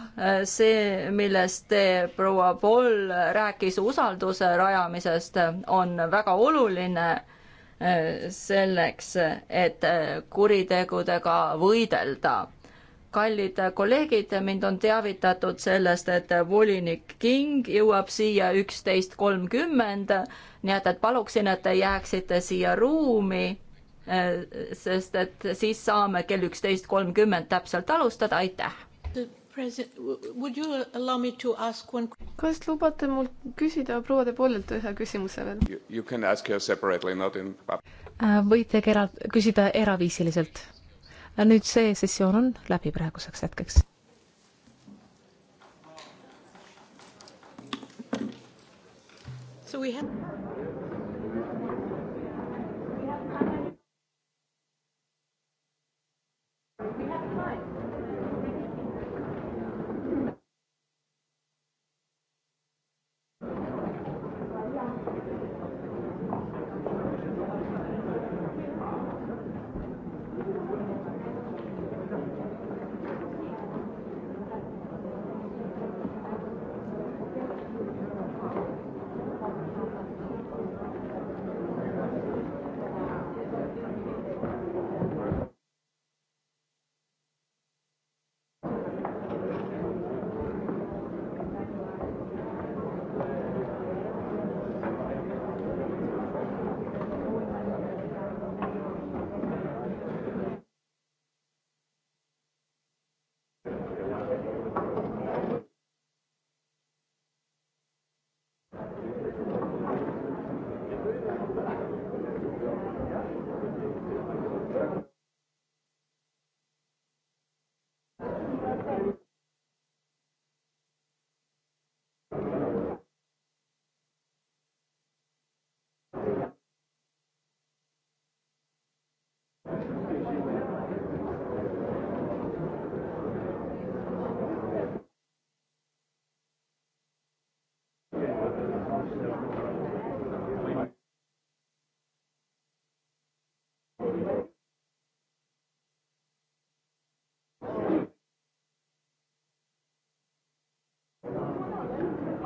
see, millest te, proua Poll, rääkis usalduse rajamisest, on väga oluline eh, selleks, et eh, kuritegudega võidelda. kallid kolleegid, mind on teavitatud sellest, et volinik King jõuab siia üksteist kolmkümmend, nii et, et paluksin, et te jääksite siia ruumi, eh, sest et siis saame kell üksteist kolmkümmend täpselt alustada, aitäh! kas lubate mul küsida proua De Polilt ühe küsimuse veel? In... Äh, võite kera-, küsida eraviisiliselt. Äh, nüüd see sessioon on läbi praeguseks hetkeks So we have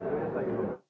Thank you.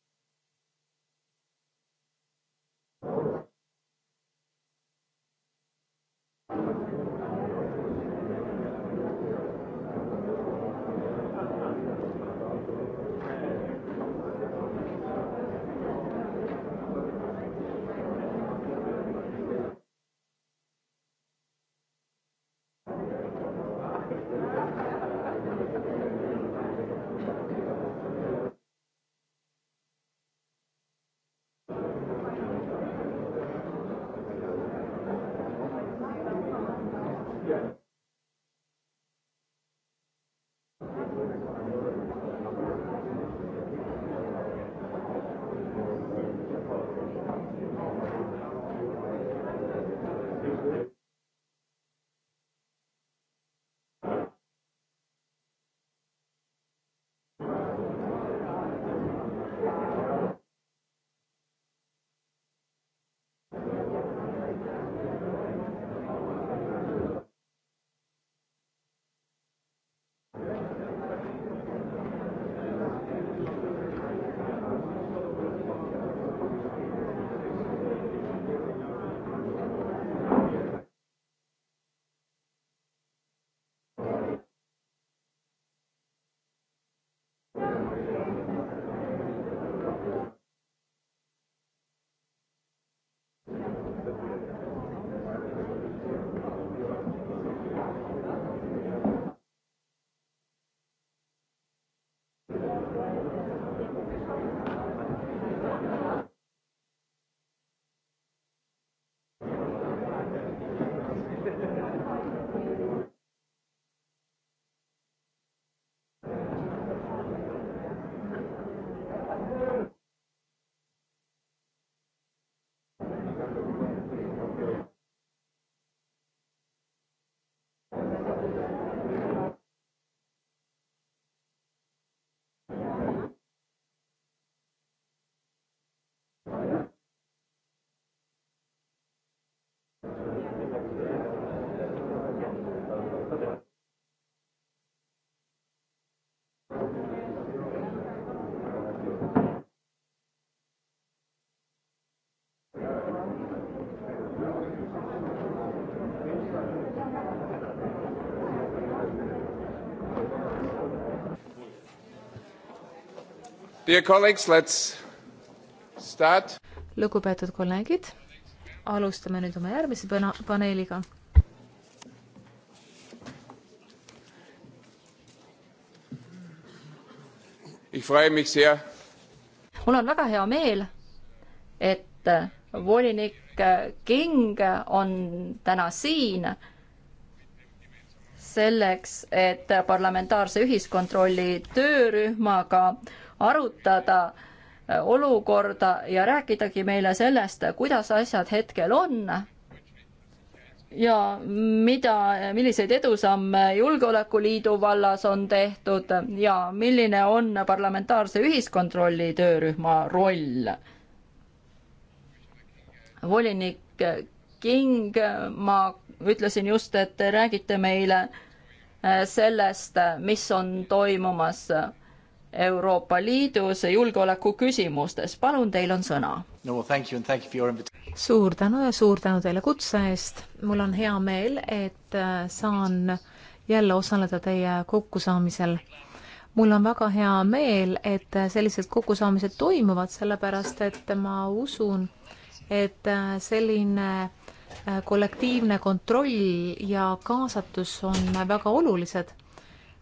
lugupeetud kolleegid, alustame nüüd oma järgmise paneeliga. mul on väga hea meel, et volinik Äh, king on täna siin selleks, et parlamentaarse ühiskontrolli töörühmaga arutada äh, olukorda ja rääkidagi meile sellest, kuidas asjad hetkel on ja mida, milliseid edusamme Julgeolekuliidu vallas on tehtud ja milline on parlamentaarse ühiskontrolli töörühma roll volinik King, ma ütlesin just, et te räägite meile äh, sellest, mis on toimumas Euroopa Liidus julgeoleku küsimustes. palun, teil on sõna no,. You suur tänu ja suur tänu teile kutse eest. mul on hea meel, et äh, saan jälle osaleda teie kokkusaamisel. mul on väga hea meel, et sellised kokkusaamised toimuvad, sellepärast et ma usun, et äh, selline äh, kollektiivne kontroll ja kaasatus on väga olulised,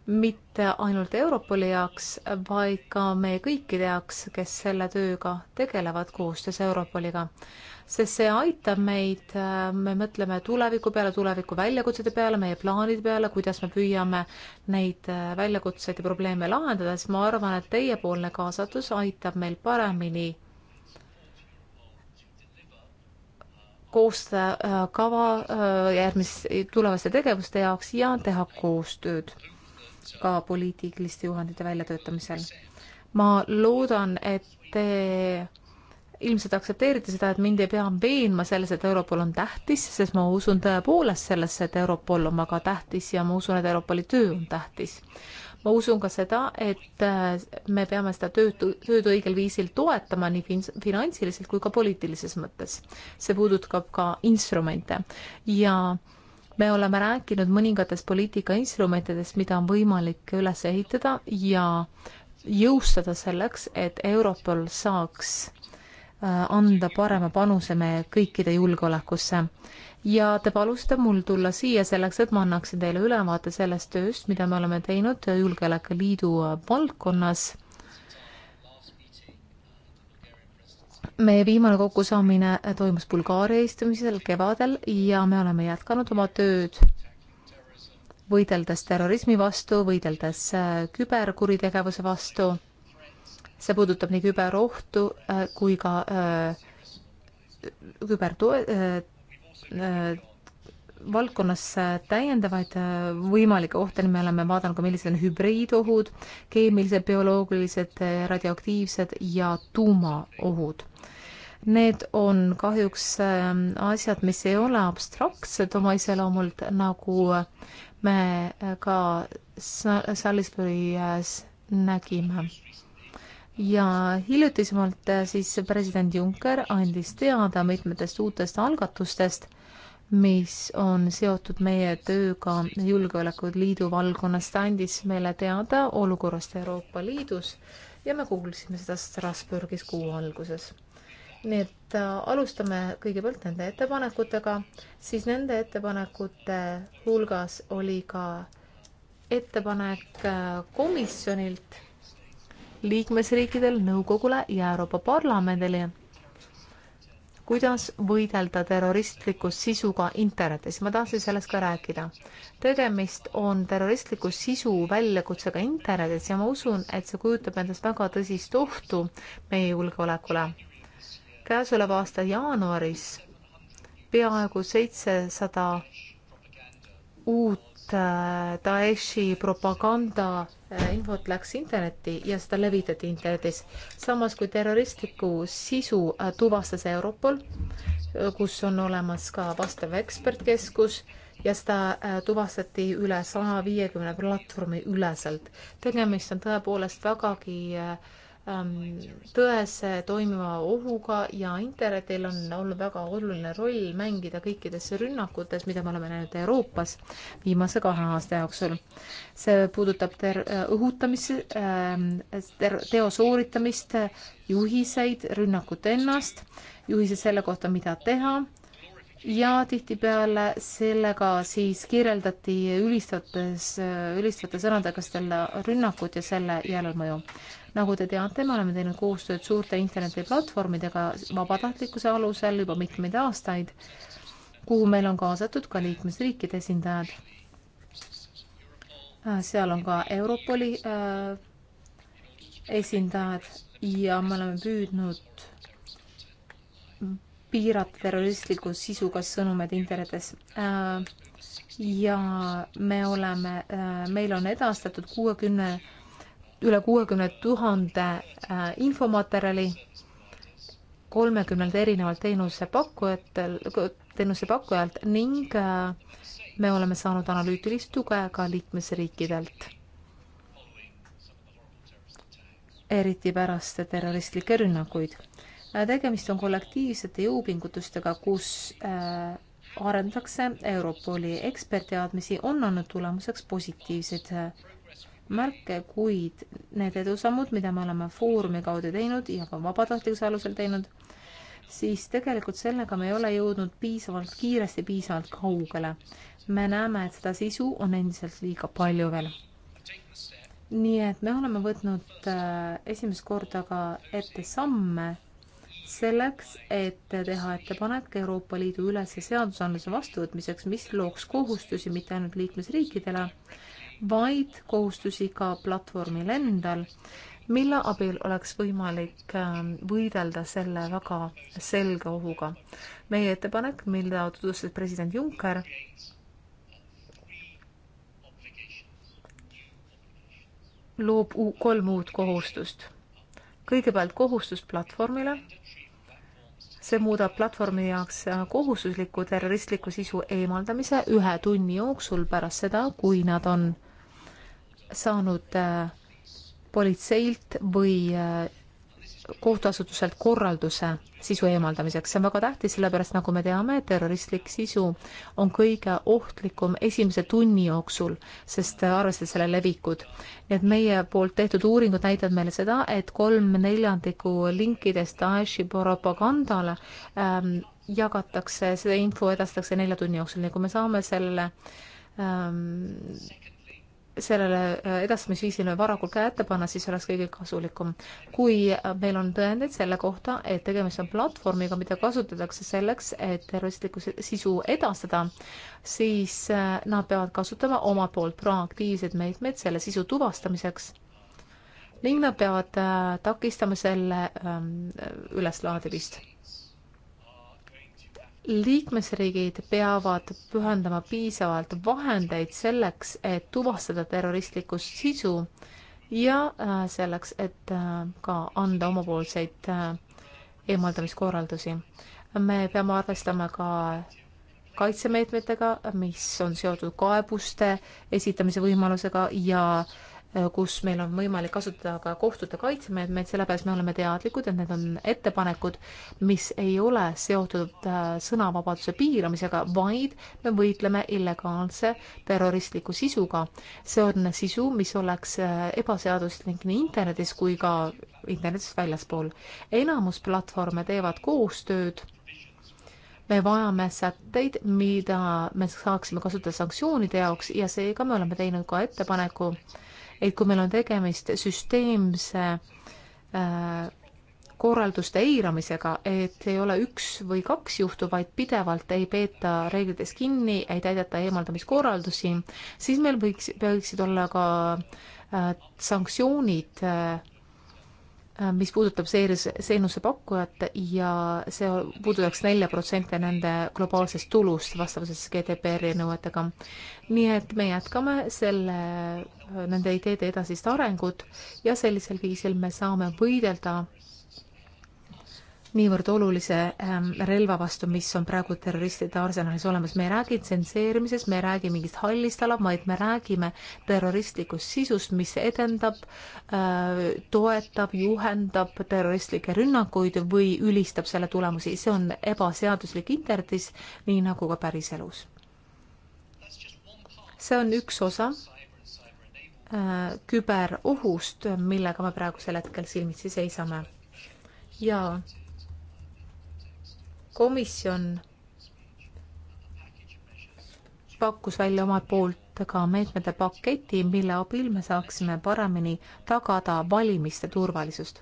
mitte ainult Europoli jaoks, vaid ka meie kõikide jaoks, kes selle tööga tegelevad koostöös Europoliga. sest see aitab meid, äh, me mõtleme tuleviku peale, tuleviku väljakutsete peale, meie plaanide peale, kuidas me püüame neid väljakutseid ja probleeme lahendada, siis ma arvan, et teiepoolne kaasatus aitab meil paremini koostada äh, kava äh, järgmiste tulevaste tegevuste jaoks ja teha koostööd ka poliitiliste juhendite väljatöötamisel. ma loodan, et te ilmselt aktsepteerite seda, et mind ei pea veenma selles, et Europol on tähtis, sest ma usun tõepoolest sellesse, et Europol on väga tähtis ja ma usun, et Europoli töö on tähtis ma usun ka seda, et äh, me peame seda tööd, tööd õigel viisil toetama nii fin-, finantsiliselt kui ka poliitilises mõttes. see puudutab ka instrumente ja me oleme rääkinud mõningatest poliitikainstrumentidest, mida on võimalik üles ehitada ja jõustada selleks, et Europol saaks äh, anda parema panuse meie kõikide julgeolekusse ja te palusite mul tulla siia selleks, et ma annaksin teile ülevaate sellest tööst, mida me oleme teinud Julgeolekuliidu valdkonnas. meie viimane kokkusaamine toimus Bulgaaria istumisel kevadel ja me oleme jätkanud oma tööd võideldes terrorismi vastu, võideldes äh, küberkuritegevuse vastu. see puudutab nii küberohtu äh, kui ka äh, kübertoe-, Äh, valdkonnas äh, täiendavaid äh, võimalikke ohte, me oleme vaadanud ka, millised on hübriidohud, keemilised, bioloogilised, radioaktiivsed ja tuumaohud. Need on kahjuks asjad, mis ei ole abstraktsed oma iseloomult, nagu me ka Salisbury's nägime ja hiljutisemalt äh, siis president Juncker andis teada mitmetest uutest algatustest, mis on seotud meie tööga Julgeolekuliidu valdkonnas, ta andis meile teada olukorrast Euroopa Liidus ja me kuulsime seda Strasbourgis kuu alguses nii et äh, alustame kõigepealt nende ettepanekutega, siis nende ettepanekute hulgas oli ka ettepanek äh, komisjonilt liikmesriikidel, nõukogule ja Euroopa Parlamendile, kuidas võidelda terroristliku sisuga internetis. ma tahtsin sellest ka rääkida. tegemist on terroristliku sisu väljakutsega internetis ja ma usun, et see kujutab endast väga tõsist ohtu meie julgeolekule. käesoleva aasta jaanuaris peaaegu seitsesada uut et äh, Daeshi propaganda äh, infot läks internetti ja seda levitati internetis. samas kui terroristliku sisu äh, tuvastas Europol, kus on olemas ka vastav ekspertkeskus ja seda tuvastati üle saja viiekümne platvormi üleselt. tegemist on tõepoolest vägagi äh, Ähm, tões toimiva ohuga ja internetil on olnud väga oluline roll mängida kõikides rünnakutes, mida me oleme näinud Euroopas viimase kahe aasta jooksul. see puudutab ter-, õhutamist, ähm, ter-, teo sooritamist, juhiseid, rünnakut ennast, juhised selle kohta, mida teha, ja tihtipeale sellega siis kirjeldati ülistates, ülistavate sõnadega selle rünnakut ja selle järelmõju nagu te teate, me oleme teinud koostööd suurte internetiplatvormidega vabatahtlikkuse alusel juba mitmeid aastaid, kuhu meil on kaasatud ka liikmesriikide esindajad. Äh, seal on ka Europoli äh, esindajad ja me oleme püüdnud piirata terroristliku sisuga sõnumeid internetis äh,. ja me oleme äh,, meil on edastatud kuuekümne 60 üle kuuekümne tuhande äh, infomaterjali kolmekümnelt erinevalt teenusepakkujatel, teenusepakkujalt ning äh, me oleme saanud analüütilist tuge ka liikmesriikidelt. eriti pärast terroristlikke rünnakuid. Äh, tegemist on kollektiivsete jõupingutustega, kus arendatakse Europoli ekspertteadmisi, on andnud tulemuseks positiivseid märke, kuid need edusammud, mida me oleme Foorumi kaudu teinud ja ka vabatahtlikkuse alusel teinud, siis tegelikult sellega me ei ole jõudnud piisavalt kiiresti, piisavalt kaugele. me näeme, et seda sisu on endiselt liiga palju veel. nii et me oleme võtnud äh, esimest korda ka ette samme selleks, et teha ettepanek Euroopa Liidu ülese seadusandluse vastuvõtmiseks, mis looks kohustusi mitte ainult liikmesriikidele, vaid kohustusi ka platvormil endal, mille abil oleks võimalik ähm, võidelda selle väga selge ohuga. meie ettepanek, mida tutvustas president Juncker, loob kolm uut kohustust. kõigepealt kohustus platvormile, see muudab platvormi jaoks äh, kohustusliku terroristliku sisu eemaldamise ühe tunni jooksul pärast seda, kui nad on saanud äh, politseilt või äh, kohtuasutuselt korralduse sisu eemaldamiseks. see on väga tähtis, sellepärast nagu me teame, terroristlik sisu on kõige ohtlikum esimese tunni jooksul, sest äh, arvestades selle levikud. nii et meie poolt tehtud uuringud näitavad meile seda, et kolm neljandikku linkidest Daeshi propagandale ähm, jagatakse, seda info edastatakse nelja tunni jooksul, nii kui me saame selle ähm, sellele äh, edastamisviisile varakult kätte panna, siis oleks kõigil kasulikum. kui äh, meil on tõendeid selle kohta, et tegemist on platvormiga, mida kasutatakse selleks, et terroristlikku sisu edastada, siis äh, nad peavad kasutama omalt poolt proaktiivseid meetmeid selle sisu tuvastamiseks ning nad peavad takistama selle ähm, üleslaadimist liikmesriigid peavad pühendama piisavalt vahendeid selleks, et tuvastada terroristlikku sisu ja äh, selleks, et äh, ka anda omapoolseid äh, eemaldamiskorraldusi. me peame arvestama ka kaitsemeetmetega, mis on seotud kaebuste esitamise võimalusega ja äh, Äh, kus meil on võimalik kasutada ka kohtute kaitsemeetmeid, sellepärast me oleme teadlikud, et need on ettepanekud, mis ei ole seotud äh, sõnavabaduse piiramisega, vaid me võitleme illegaalse terroristliku sisuga. see on sisu, mis oleks äh, ebaseaduslik nii internetis kui ka internetist väljaspool. enamus platvorme teevad koostööd me vajame sätteid, mida me saaksime kasutada sanktsioonide jaoks ja seega me oleme teinud ka ettepaneku äh, et kui meil on tegemist süsteemse äh, korralduste eiramisega, et ei ole üks või kaks juhtu, vaid pidevalt ei peeta reeglitest kinni, ei täideta eemaldamiskorraldusi, siis meil võiks, võiksid olla ka äh, sanktsioonid äh, Äh, mis puudutab seires, seenusepakkujat ja see puudutaks nelja protsenti nende globaalsest tulust vastavuses GDPR-i nõuetega. nii et me jätkame selle, äh, nende ideede edasist arengut ja sellisel viisil me saame võidelda niivõrd olulise ähm, relva vastu, mis on praegu terroristide arsenalis olemas. me ei räägi tsenseerimisest, me ei räägi mingist hallist ala, vaid me räägime terroristlikust sisust, mis edendab, äh, toetab, juhendab terroristlikke rünnakuid või ülistab selle tulemusi. see on ebaseaduslik internetis, nii nagu ka päriselus. see on üks osa äh, küberohust, millega me praegusel hetkel silmitsi seisame ja komisjon pakkus välja omalt poolt ka meetmete paketi, mille abil me saaksime paremini tagada valimiste turvalisust.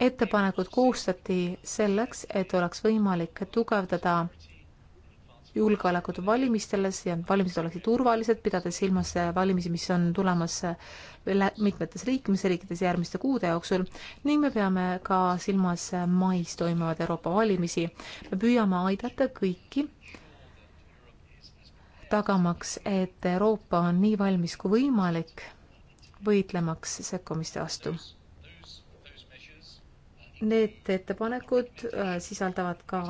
ettepanekud koostati selleks, et oleks võimalik tugevdada julgeolekut valimistele, et valimised oleksid turvalised, pidades silmas valimisi, mis on tulemas mitmetes liikmesriikides järgmiste kuude jooksul ning me peame ka silmas mais toimuvaid Euroopa valimisi. me püüame aidata kõiki, tagamaks, et Euroopa on nii valmis kui võimalik, võitlemaks sekkumiste vastu Need ettepanekud äh, sisaldavad ka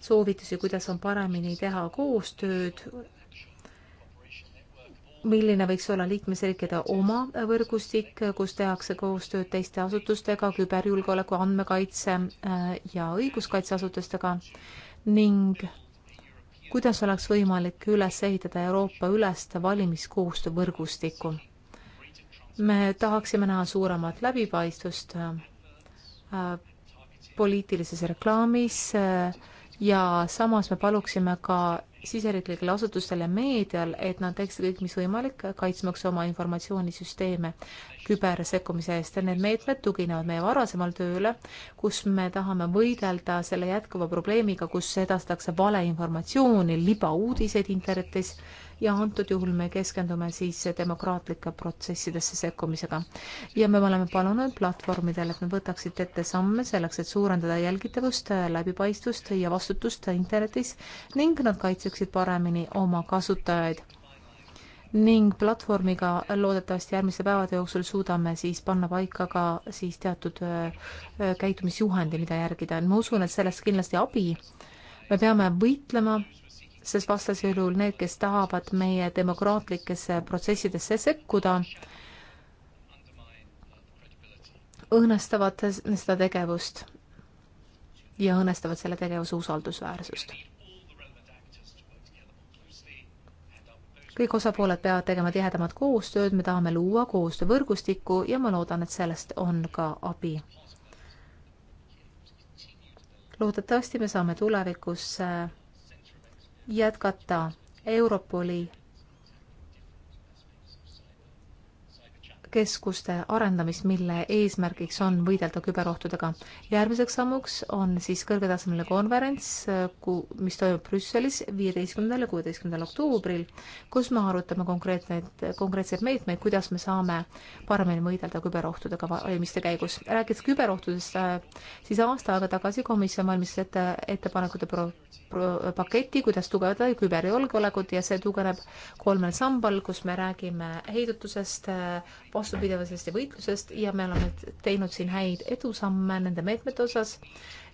soovitusi, kuidas on paremini teha koostööd, milline võiks olla liikmesriikide oma võrgustik, kus tehakse koostööd teiste asutustega, küberjulgeoleku, andmekaitse äh, ja õiguskaitseasutustega ning kuidas oleks võimalik üles ehitada Euroopa ülest valimiskoostöö võrgustikku. me tahaksime näha suuremat läbipaistvust äh, poliitilises reklaamis äh,, ja samas me paluksime ka siseriiklikele asutustele meedial, et nad teeksid kõik, mis võimalik, kaitsmaks oma informatsioonisüsteeme kübersekkumise eest ja need meetmed tuginevad meie varasemale tööle, kus me tahame võidelda selle jätkuva probleemiga, kus edastatakse valeinformatsiooni, libauudiseid internetis ja antud juhul me keskendume siis demokraatlike protsessidesse sekkumisega. ja me oleme palunud platvormidel, et nad võtaksid ette samme selleks, et suurendada jälgitavust, läbipaistvust ja vastutust internetis ning nad kaitseksid mõistaksid paremini oma kasutajaid. ning platvormiga loodetavasti järgmiste päevade jooksul suudame siis panna paika ka siis teatud äh, äh, käitumisjuhendi, mida järgida. ma usun, et sellest kindlasti abi. me peame võitlema sest vastasel juhul need, kes tahavad meie demokraatlikesse protsessidesse sekkuda, õõnestavad seda tegevust ja õõnestavad selle tegevuse usaldusväärsust. kõik osapooled peavad tegema tihedamat koostööd, me tahame luua koostöövõrgustikku ja ma loodan, et sellest on ka abi. loodetavasti me saame tulevikus äh, jätkata Europoli keskuste arendamist, mille eesmärgiks on võidelda küberohtudega. järgmiseks sammuks on siis kõrgetasemeline konverents, mis toimub Brüsselis viieteistkümnendal ja kuueteistkümnendal oktoobril, kus me arutame konkreetseid, konkreetseid meetmeid, kuidas me saame paremini võidelda küberohtudega valimiste käigus. rääkides küberohtudest, siis aasta aega tagasi komisjon valmistas ette ettepanekute pro-, pro-, paketi, kuidas tugevdada küberjulgeolekut ja see tugevneb kolmel sambal, kus me räägime heidutusest, vastupidavusest ja võitlusest ja me oleme teinud siin häid edusamme nende meetmete osas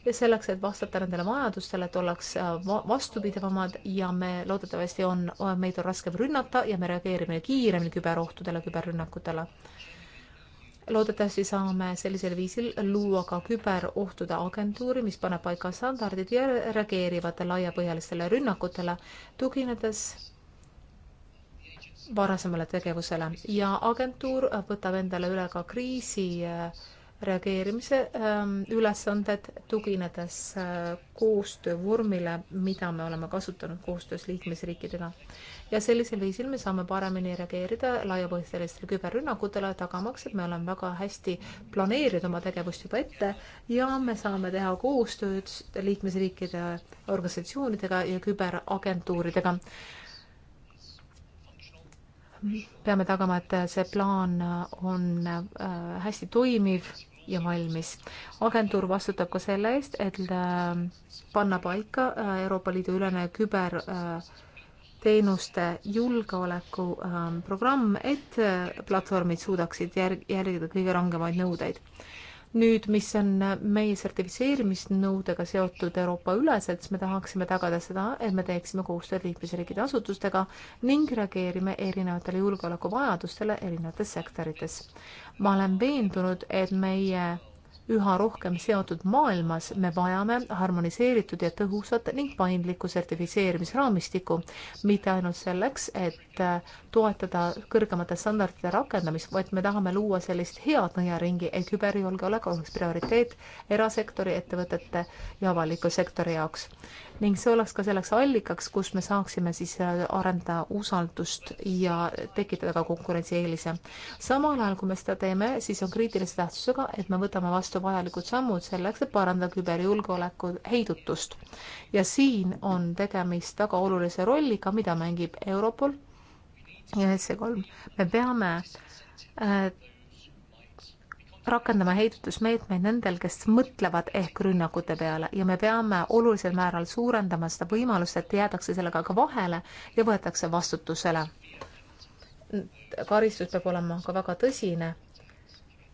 ja selleks, et vastata nendele vajadustele, et oleks äh, vastupidavamad ja me loodetavasti on, äh, meid on raskem rünnata ja me reageerime kiiremini küberohtudele, küberrünnakutele. loodetavasti saame sellisel viisil luua ka küberohtude agentuuri, mis paneb paika standardid ja reageerivad laiapõhjalistele rünnakutele, tuginedes varasemale tegevusele ja agentuur võtab endale üle ka kriisi äh, reageerimise ähm, ülesanded, tuginedes äh, koostöövormile, mida me oleme kasutanud koostöös liikmesriikidega. ja sellisel viisil me saame paremini reageerida laiapõhjalistele küberrünnakutele, tagamaks, et me oleme väga hästi planeerinud oma tegevust juba ette ja me saame teha koostööd liikmesriikide organisatsioonidega ja küberagentuuridega peame tagama, et see plaan on äh, hästi toimiv ja valmis. agentuur vastutab ka selle eest, et äh, panna paika äh, Euroopa Liidu ülene küber teenuste julgeolekuprogramm, et platvormid suudaksid järg-, järgida kõige rangemaid nõudeid nüüd, mis on meie sertifitseerimisnõudega seotud Euroopa üleselt, siis me tahaksime tagada seda, et me teeksime koostööd liikmesriikide asutustega ning reageerime erinevatele julgeolekuvajadustele erinevates sektorites. ma olen veendunud, et meie üha rohkem seotud maailmas me vajame harmoniseeritud ja tõhusat ning paindlikku sertifitseerimisraamistikku, mitte ainult selleks, et äh, toetada kõrgemate standardite rakendamist, vaid me tahame luua sellist head nõiaringi, et küberjulgeolek oleks prioriteet erasektori, ettevõtete ja avaliku sektori jaoks ning see oleks ka selleks allikaks, kus me saaksime siis äh, arendada usaldust ja tekitada ka konkurentsieelise. samal ajal, kui me seda teeme, siis on kriitilise tähtsusega, et me võtame vastu vajalikud sammud selleks, et parandada küberjulgeoleku heidutust. ja siin on tegemist väga olulise rolliga, mida mängib Europol ja SE3. me peame äh, rakendama heidutusmeetmeid nendel, kes mõtlevad ehk rünnakute peale ja me peame olulisel määral suurendama seda võimalust, et jäädakse sellega ka vahele ja võetakse vastutusele. karistus peab olema ka väga tõsine,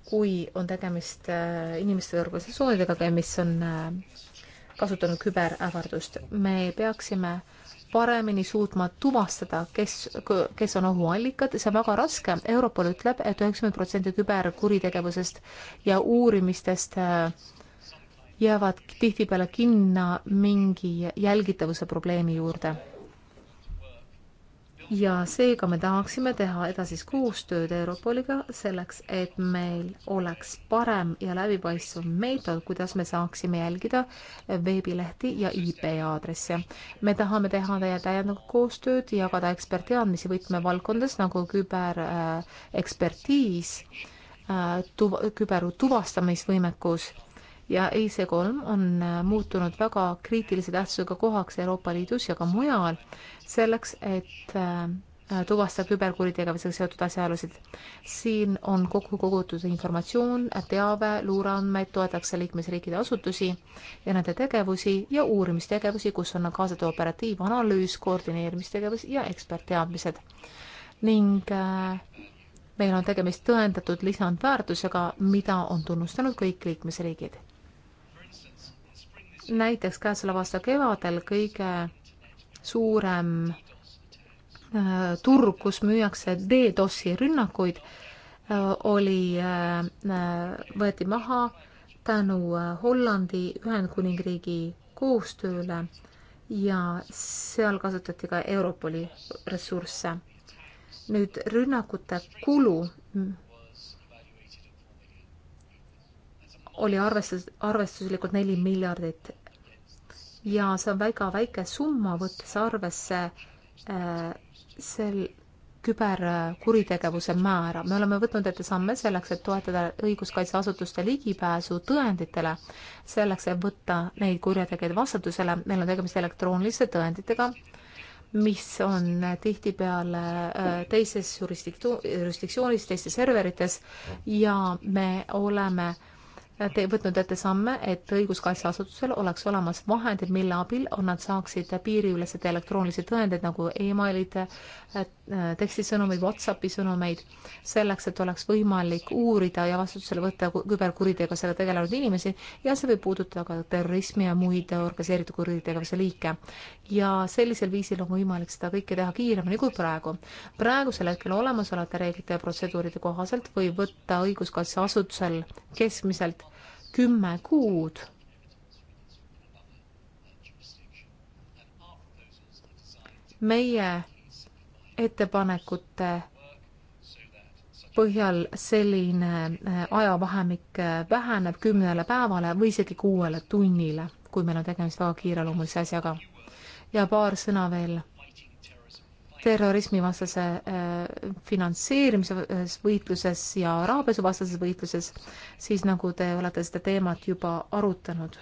kui on tegemist äh, inimeste organisatsioonidega, mis on äh, kasutanud küberähvardust. me peaksime äh, paremini suutma tuvastada, kes, kes on ohuallikad, see on väga raske. Europol ütleb et, et üheksakümmend protsenti küberkuritegevusest ja uurimistest äh, jäävad tihtipeale kinno mingi jälgitavuse probleemi juurde ja seega me tahaksime teha edasist koostööd Europoliga selleks, et meil oleks parem ja läbipaistvam meetod, kuidas me saaksime jälgida veebilehti ja IP aadresse. me tahame teha teie täiendavat koostööd, jagada ekspertteadmisi võtmevaldkondades nagu küberekspertiis äh, äh tuv,, kübertuvastamisvõimekus ja EIC3 on äh, muutunud väga kriitilise tähtsusega kohaks Euroopa Liidus ja ka mujal selleks, et äh, tuvastada küberkuritegevusega seotud asjaolusid. siin on kokku kogutud informatsioon, teave, luureandmeid, toetatakse liikmesriikide asutusi ja nende tegevusi ja uurimistegevusi, kus on kaasatud operatiivanalüüs, koordineerimistegevus ja ekspertteadmised. ning äh, meil on tegemist tõendatud lisandväärtusega, mida on tunnustanud kõik liikmesriigid. näiteks käesoleva aasta kevadel kõige suurem äh, turg, kus müüakse DDoS-i rünnakuid, äh, oli, äh, võeti maha tänu Hollandi Ühendkuningriigi koostööle ja seal kasutati ka Europoli ressursse. nüüd rünnakute kulu oli arvestus, arvestuslikult neli miljardit ja see on väga väike summa, võttes arvesse äh, sel küberkuritegevuse määra. me oleme võtnud ette samme selleks, et toetada õiguskaitseasutuste ligipääsu tõenditele, selleks, et võtta neid kurjategijaid vastutusele. meil on tegemist elektrooniliste tõenditega, mis on tihtipeale äh, teises jurisdiktsioonis, teistes serverites ja me oleme äh, te võtnud ette samme, et õiguskaitseasutusel oleks olemas vahendid, mille abil on nad saaksid piiriüleseid elektroonilisi tõendeid nagu emailid, Äh, tekstisõnumeid, Whatsappi sõnumeid, selleks, et oleks võimalik uurida ja vastutusele võtta küberkuritegevusega tegelenud inimesi ja see võib puudutada ka terrorismi ja muid organiseeritud kuritegevuse liike. ja sellisel viisil on võimalik seda kõike teha kiiremini kui praegu. praegusel hetkel olemasolevate reeglite ja protseduuride kohaselt võib võtta õiguskaitseasutusel keskmiselt kümme kuud meie ettepanekute põhjal selline äh, ajavahemik äh, väheneb kümnele päevale või isegi kuuele tunnile, kui meil on tegemist väga kiireloomulise asjaga. ja paar sõna veel terrorismivastase äh, finantseerimises äh, võitluses ja rahapesuvastases võitluses, siis nagu te olete seda teemat juba arutanud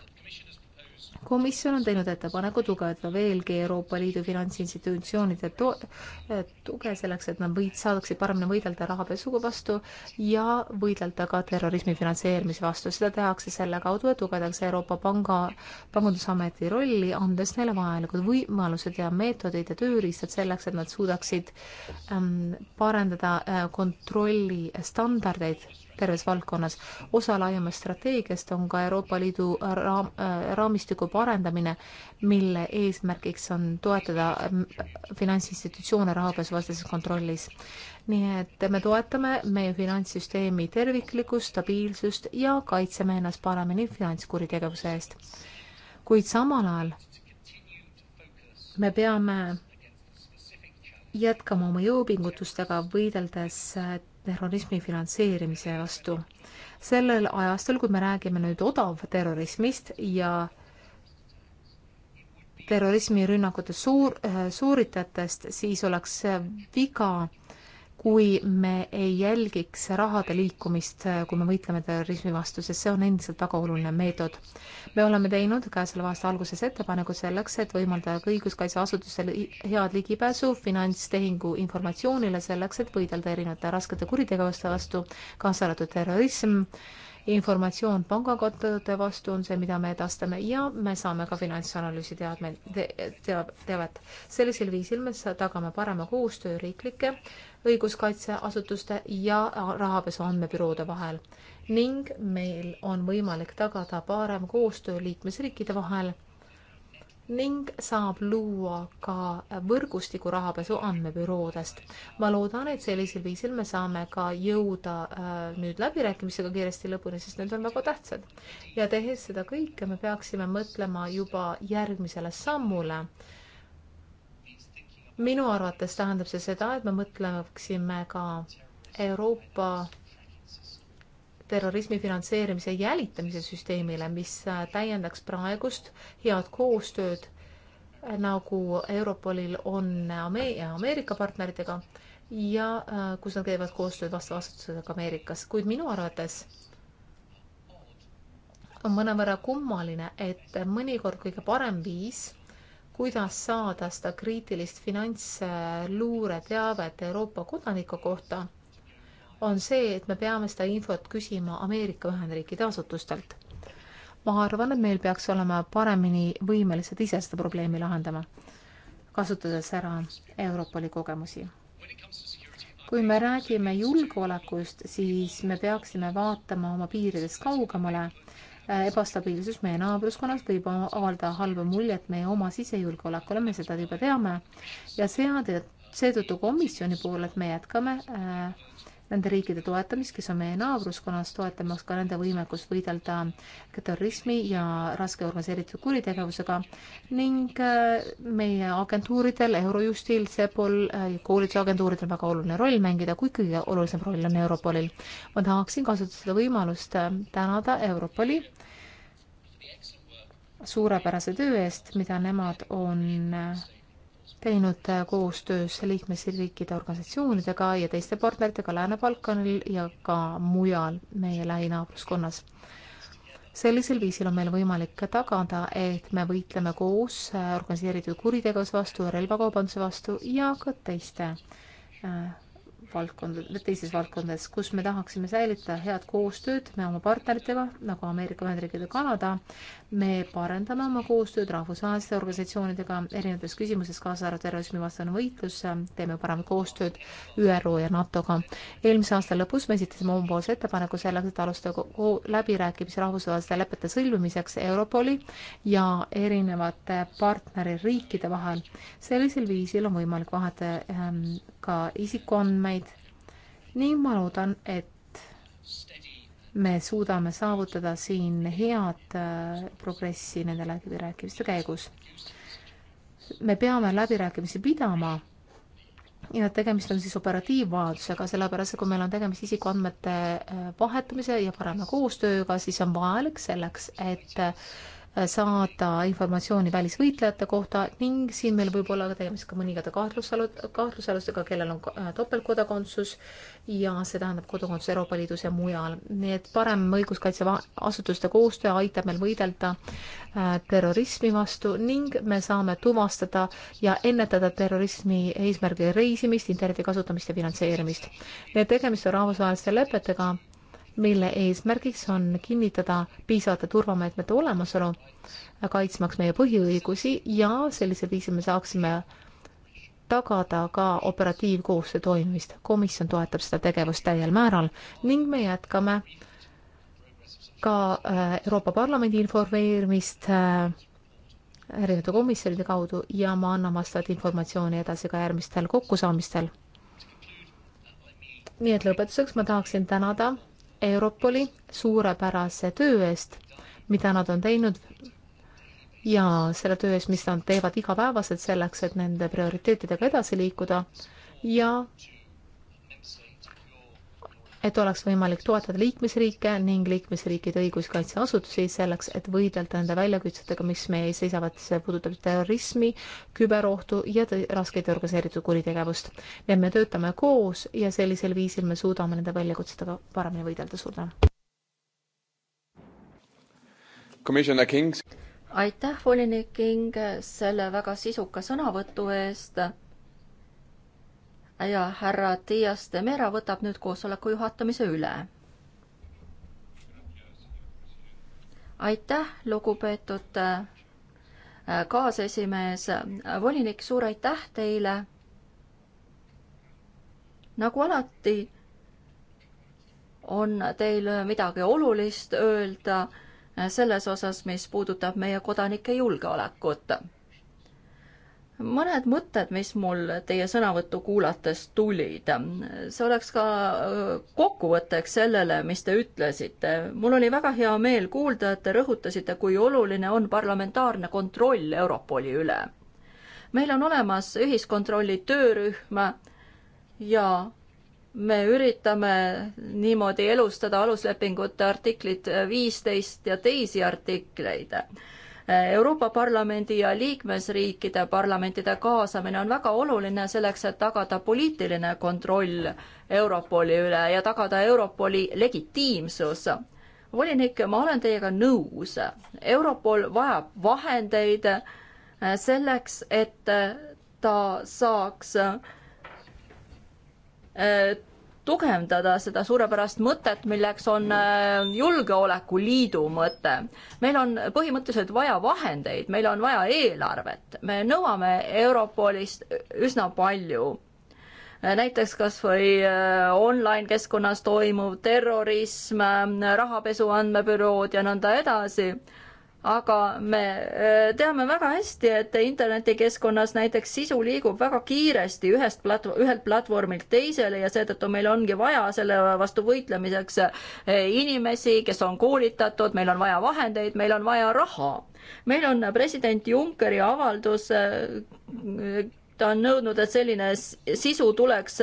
komisjon on teinud ettepaneku tugevda veelgi Euroopa Liidu finantsinstitutsioonide to-, eh, tuge selleks, et nad võid-, saadaksid paremini võidelda rahapesu vastu ja võidelda ka terrorismi finantseerimise vastu. seda tehakse selle kaudu, et tugevdakse Euroopa Panga, Pangandusameti rolli, andes neile vajalikud võimalused ja meetodid ja tööriistad selleks, et nad suudaksid ähm, parendada äh, kontrolli standardeid terves valdkonnas. osa laiemast strateegiast on ka Euroopa Liidu raam, äh, raamistiku parendamine, mille eesmärgiks on toetada mm, finantsinstitutsioone rahapesuvastases kontrollis. nii et me toetame meie finantssüsteemi terviklikkust, stabiilsust ja kaitseme ennast paremini finantskuritegevuse eest. kuid samal ajal me peame jätkama oma jõupingutustega, võideldes terrorismi finantseerimise vastu. sellel ajastul, kui me räägime nüüd odavterrorismist ja terrorismirünnakute suur, äh, suuritajatest, siis oleks viga kui me ei jälgiks rahade liikumist, kui me võitleme terrorismi vastu, sest see on endiselt väga oluline meetod. me oleme teinud käesoleva aasta alguses ettepaneku selleks, et võimaldada õiguskaitseasutustel head ligipääsu finantstehingu informatsioonile selleks, et võidelda erinevate raskete kuritegevuste vastu, kaasa arvatud terrorism, informatsioon pangakontode vastu on see, mida me edastame ja me saame ka finantsanalüüsi teadmeid te,, teavet. sellisel viisil me tagame parema koostöö riiklike õiguskaitseasutuste ja rahapesu andmebüroode vahel ning meil on võimalik tagada parem koostöö liikmesriikide vahel ning saab luua ka võrgustiku rahapesu andmebüroodest. ma loodan, et sellisel viisil me saame ka jõuda äh, nüüd läbirääkimistega kiiresti lõpuni, sest need on väga tähtsad. ja tehes seda kõike, me peaksime mõtlema juba järgmisele sammule äh, minu arvates tähendab see seda, et me mõtleksime ka Euroopa terrorismi finantseerimise jälitamise süsteemile, mis täiendaks praegust head koostööd, nagu Europolil on Ame Ameerika partneritega ja äh, kus nad käivad koostööd vastava asutusega Ameerikas, kuid minu arvates on mõnevõrra kummaline, et mõnikord kõige parem viis kuidas saada seda kriitilist finantsluureteavet Euroopa kodaniku kohta, on see, et me peame seda infot küsima Ameerika Ühendriikide asutustelt. ma arvan, et meil peaks olema paremini võimelised ise seda probleemi lahendama, kasutades ära Europoli kogemusi. kui me räägime julgeolekust, siis me peaksime vaatama oma piiridest kaugemale Äh, ebastabiilsus meie naabruskonnas võib avaldada halba muljet meie oma sisejulgeolekule, me seda juba teame ja seetõttu, seetõttu komisjoni poolelt me jätkame äh, nende riikide toetamist, kes on meie naabruskonnas, toetamaks ka nende võimekust võidelda terrorismi ja raske organiseeritud kuritegevusega ning äh, meie agentuuridel, Eurojustil, Sepol, äh, koolitusagentuuridel väga oluline roll mängida, kuid kõige olulisem roll on Europolil. ma tahaksin kasutada seda võimalust äh, tänada Europoli suurepärase töö eest, mida nemad on teinud äh, koostöös liikmesriikide organisatsioonidega ja teiste partneritega Lääne-Balkanil ja ka mujal meie lähinaabruskonnas. sellisel viisil on meil võimalik tagada, et me võitleme koos äh, organiseeritud kuritegevuse vastu ja relvakaubanduse vastu ja ka teiste äh, valdkondades, teistes valdkondades, kus me tahaksime säilitada head koostööd me oma partneritega, nagu Ameerika Ühendriigid ja Kanada, me parendame oma koostööd rahvusvaheliste organisatsioonidega erinevates küsimuses, kaasa arvatud terrorismivastane võitlus, teeme paremat koostööd ÜRO ja NATO-ga. eelmise aasta lõpus me esitasime omapoolse ettepaneku selleks, et alustada läbirääkimisi rahvusvaheliste lepete sõlmimiseks Europoli ja erinevate partneririikide vahel. sellisel viisil on võimalik vahetada ehm, ka isikuandmeid ning ma loodan, et me suudame saavutada siin head äh, progressi nende läbirääkimiste käigus. me peame läbirääkimisi pidama ja tegemist on siis operatiivvajadusega, sellepärast kui meil on tegemist isikuandmete äh, vahetamise ja parema koostööga, siis on vajalik selleks, et äh, saada informatsiooni välisvõitlejate kohta ning siin meil võib olla tegemist ka mõningate kahtlusalud, kahtlusalustega, kellel on äh, topeltkodakondsus ja see tähendab kodakondsus Euroopa Liidus ja mujal. nii et parem õiguskaitseasutuste koostöö aitab meil võidelda äh, terrorismi vastu ning me saame tuvastada ja ennetada terrorismi eesmärgil reisimist, interneti kasutamist ja finantseerimist. nii et tegemist on rahvusvaheliste lepetega, mille eesmärgiks on kinnitada piisavate turvameetmete olemasolu, kaitsmaks meie põhiõigusi ja sellisel viisil me saaksime tagada ka operatiivkoostöö toimimist. komisjon toetab seda tegevust täiel määral ning me jätkame ka äh, Euroopa Parlamendi informeerimist äh, erinevate komisjonide kaudu ja me anname vastavat informatsiooni edasi ka järgmistel kokkusaamistel. nii et lõpetuseks ma tahaksin tänada Europoli suurepärase töö eest, mida nad on teinud ja selle töö eest, mis nad teevad igapäevaselt selleks, et nende prioriteetidega edasi liikuda ja et oleks võimalik toetada liikmesriike ning liikmesriikide õiguskaitseasutusi selleks, et võidelda nende väljakutsetega, mis meie ees seisavad, see puudutab terrorismi, küberohtu ja raskeid organiseeritud kuritegevust. nii et me töötame koos ja sellisel viisil me suudame nende väljakutsetega paremini võidelda, suur tänu. aitäh, volinik King, selle väga sisuka sõnavõtu eest ja härra Dias de Mera võtab nüüd koosoleku juhatamise üle. aitäh, lugupeetud äh, kaasesimees, volinik, suur aitäh teile. nagu alati on teil midagi olulist öelda äh, selles osas, mis puudutab meie kodanike julgeolekut mõned mõtted, mis mul teie sõnavõttu kuulates tulid. see oleks ka kokkuvõtteks sellele, mis te ütlesite. mul oli väga hea meel kuulda, et te rõhutasite, kui oluline on parlamentaarne kontroll Europoli üle. meil on olemas ühiskontrolli töörühm ja me üritame niimoodi elustada aluslepingute artiklit viisteist ja teisi artikleid Euroopa Parlamendi ja liikmesriikide parlamentide kaasamine on väga oluline selleks, et tagada poliitiline kontroll Europoli üle ja tagada Europoli legitiimsus volinik, ma olen teiega nõus, Europol vajab vahendeid äh, selleks, et ta saaks äh, tugevdada seda suurepärast mõtet, milleks on äh, Julgeolekuliidu mõte. meil on põhimõtteliselt vaja vahendeid, meil on vaja eelarvet, me nõuame Europolist üsna palju. Äh, näiteks kas või äh, online-keskkonnas toimuv terrorism, rahapesu andmebürood ja nõnda edasi aga me äh, teame väga hästi, et internetikeskkonnas näiteks sisu liigub väga kiiresti ühest plat-, ühelt platvormilt teisele ja seetõttu meil ongi vaja selle vastu võitlemiseks äh, inimesi, kes on koolitatud, meil on vaja vahendeid, meil on vaja raha. meil on president Junckeri avaldus äh, ta on nõudnud, et selline sisu tuleks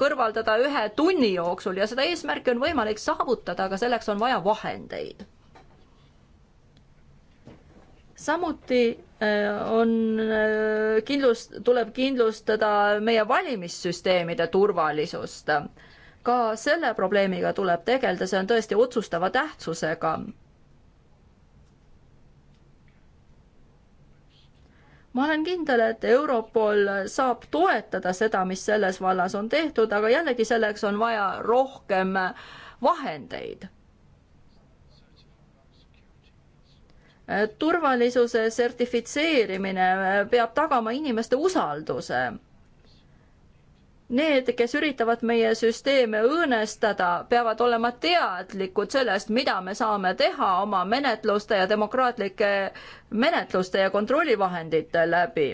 kõrvaldada ühe tunni jooksul ja seda eesmärki on võimalik saavutada, aga selleks on vaja vahendeid samuti äh, on äh, kindlus, tuleb kindlustada meie valimissüsteemide turvalisust. ka selle probleemiga tuleb tegeleda, see on tõesti otsustava tähtsusega. ma olen kindel, et Europol saab toetada seda, mis selles vallas on tehtud, aga jällegi selleks on vaja rohkem vahendeid turvalisuse sertifitseerimine peab tagama inimeste usalduse need, kes üritavad meie süsteeme õõnestada, peavad olema teadlikud sellest, mida me saame teha oma menetluste ja demokraatlike menetluste ja kontrollivahendite läbi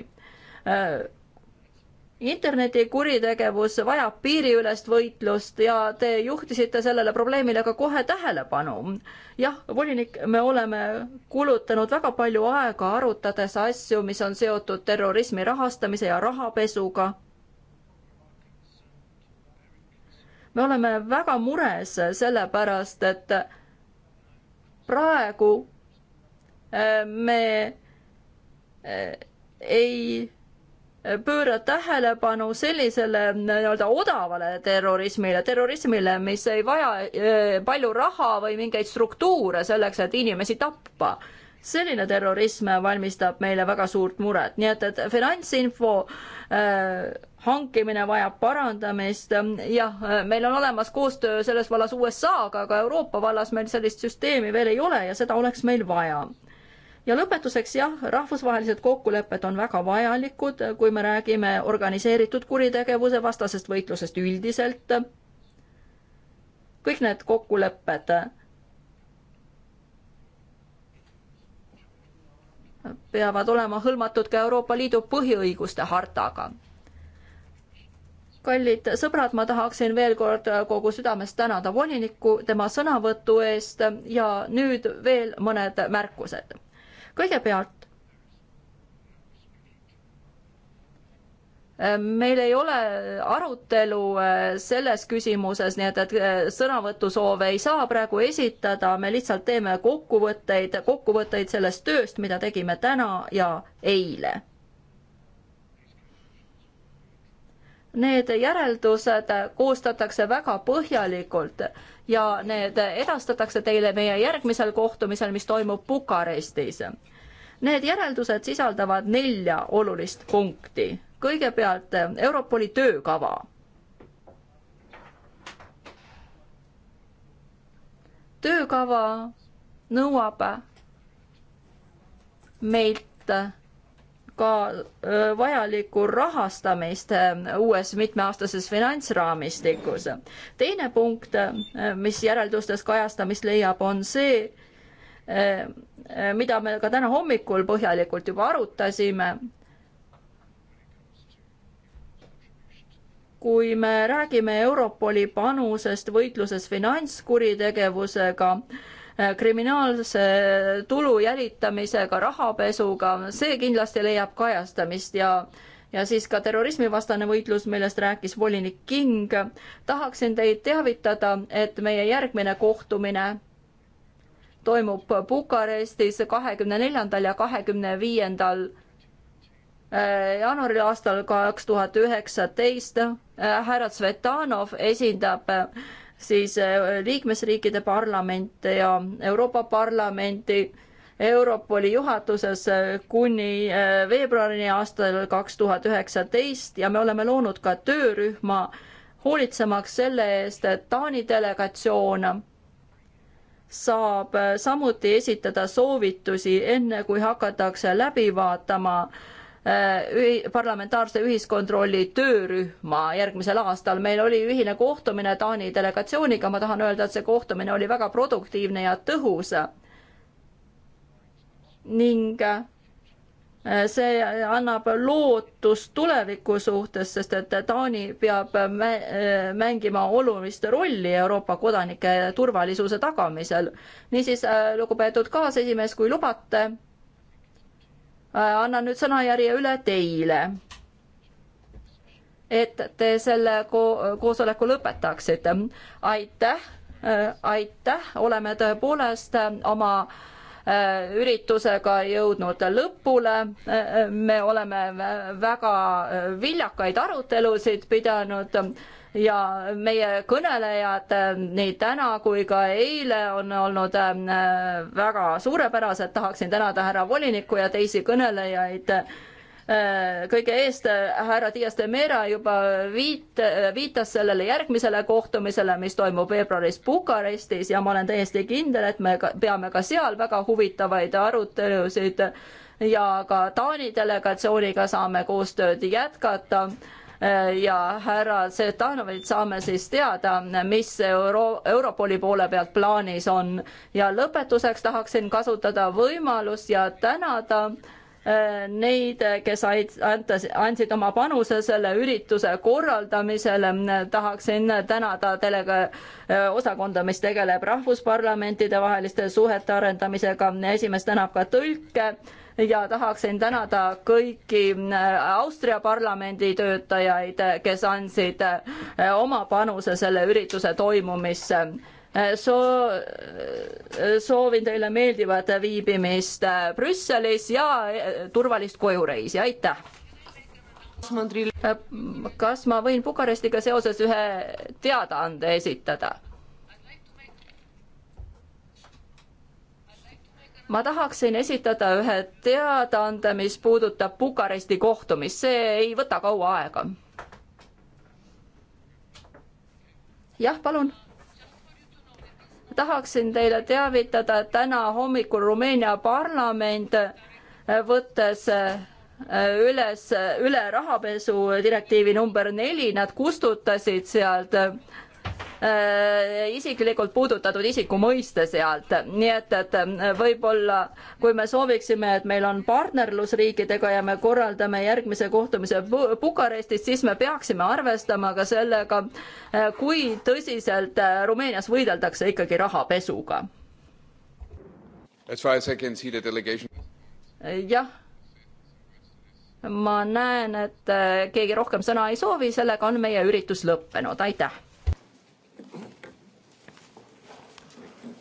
internetikuritegevus vajab piiriülest võitlust ja te juhtisite sellele probleemile ka kohe tähelepanu. jah, volinik, me oleme kulutanud väga palju aega arutades asju, mis on seotud terrorismi rahastamise ja rahapesuga. me oleme väga mures sellepärast, et praegu äh, me äh, ei pööra tähelepanu sellisele nii-öelda odavale terrorismile, terrorismile, mis ei vaja eh, palju raha või mingeid struktuure selleks, et inimesi tappa. selline terrorism valmistab meile väga suurt muret, nii et, et finantsinfo äh, hankimine vajab parandamist, jah, meil on olemas koostöö selles vallas USA-ga, aga Euroopa vallas meil sellist süsteemi veel ei ole ja seda oleks meil vaja ja lõpetuseks jah, rahvusvahelised kokkulepped on väga vajalikud, kui me räägime organiseeritud kuritegevuse vastasest võitlusest üldiselt. kõik need kokkulepped peavad olema hõlmatud ka Euroopa Liidu põhiõiguste hartaga. kallid sõbrad, ma tahaksin veel kord kogu südamest tänada volinikku tema sõnavõtu eest ja nüüd veel mõned märkused kõigepealt äh, meil ei ole arutelu äh, selles küsimuses, nii et, et äh, sõnavõtusoove ei saa praegu esitada, me lihtsalt teeme kokkuvõtteid, kokkuvõtteid sellest tööst, mida tegime täna ja eile. Need järeldused koostatakse väga põhjalikult ja need edastatakse teile meie järgmisel kohtumisel, mis toimub Bukarestis. Need järeldused sisaldavad nelja olulist punkti. kõigepealt Europoli töökava. töökava nõuab meilt ka vajalikku rahastamist uues mitmeaastases finantsraamistikus. teine punkt, mis järeldustes kajastamist leiab, on see, mida me ka täna hommikul põhjalikult juba arutasime. kui me räägime Europoli panusest võitluses finantskuritegevusega, Äh, kriminaalse tulu jälitamisega, rahapesuga, see kindlasti leiab kajastamist ja ja siis ka terrorismivastane võitlus, millest rääkis volinik King. tahaksin teid teavitada, et meie järgmine kohtumine toimub Bukarestis kahekümne neljandal ja kahekümne viiendal äh, jaanuaril aastal kaks tuhat üheksateist. Äh, härra Svetanov esindab siis äh, liikmesriikide parlamente ja Euroopa Parlamenti Europoli juhatuses äh, kuni äh, veebruarini aastal kaks tuhat üheksateist ja me oleme loonud ka töörühma hoolitsemaks selle eest, et Taani delegatsioon saab samuti esitada soovitusi, enne kui hakatakse läbi vaatama äh, Äh, parlamentaarse ühiskontrolli töörühma järgmisel aastal. meil oli ühine kohtumine Taani delegatsiooniga, ma tahan öelda, et see kohtumine oli väga produktiivne ja tõhus. ning äh, see annab lootust tuleviku suhtes, sest et Taani peab äh, mängima olulist rolli Euroopa kodanike turvalisuse tagamisel. niisiis, lugupeetud kaasesimees, kui lubate, Äh, annan nüüd sõnajärje üle teile, et te selle ko koosoleku lõpetaksite. aitäh, äh, aitäh, oleme tõepoolest äh, oma üritusega jõudnud lõpule. me oleme väga viljakaid arutelusid pidanud ja meie kõnelejad äh, nii täna kui ka eile on olnud ähm, äh, väga suurepärased, tahaksin tänada härra volinikku ja teisi kõnelejaid äh, kõige eest härra Dias de Mera juba viit, viitas sellele järgmisele kohtumisele, mis toimub veebruaris Bukarestis ja ma olen täiesti kindel, et me ka, peame ka seal väga huvitavaid arutelusid ja ka Taani delegatsiooniga saame koostööd jätkata Äh, ja härra Zetanovilt saame siis teada, mis euro, Europoli poole pealt plaanis on. ja lõpetuseks tahaksin kasutada võimalust ja tänada äh, neid, kes andsid oma panuse selle ürituse korraldamisele, tahaksin tänada delega-, äh, osakonda, mis tegeleb rahvusparlamentide vaheliste suhete arendamisega, esimees tänab ka tõlke ja tahaksin tänada kõiki äh, Austria parlamendi töötajaid, kes andsid äh, oma panuse selle ürituse toimumisse. Äh, so-, soovin teile meeldivat viibimist Brüsselis ja turvalist kojureisi, aitäh! kas ma võin Bukarestiga seoses ühe teadaande esitada? ma tahaksin esitada ühe teadaande, mis puudutab Bukaresti kohtumist, see ei võta kaua aega. jah, palun tahaksin teile teavitada, et täna hommikul Rumeenia parlament võttes äh, üles, üle rahapesu direktiivi number neli, nad kustutasid sealt äh, Äh, isiklikult puudutatud isiku mõiste sealt, nii et, et äh, võib-olla kui me sooviksime, et meil on partnerlus riikidega ja me korraldame järgmise kohtumise Bukarestis, siis me peaksime arvestama ka sellega, äh, kui tõsiselt Rumeenias võideldakse ikkagi rahapesuga. jah, ma näen, et keegi rohkem sõna ei soovi, sellega on meie üritus lõppenud, aitäh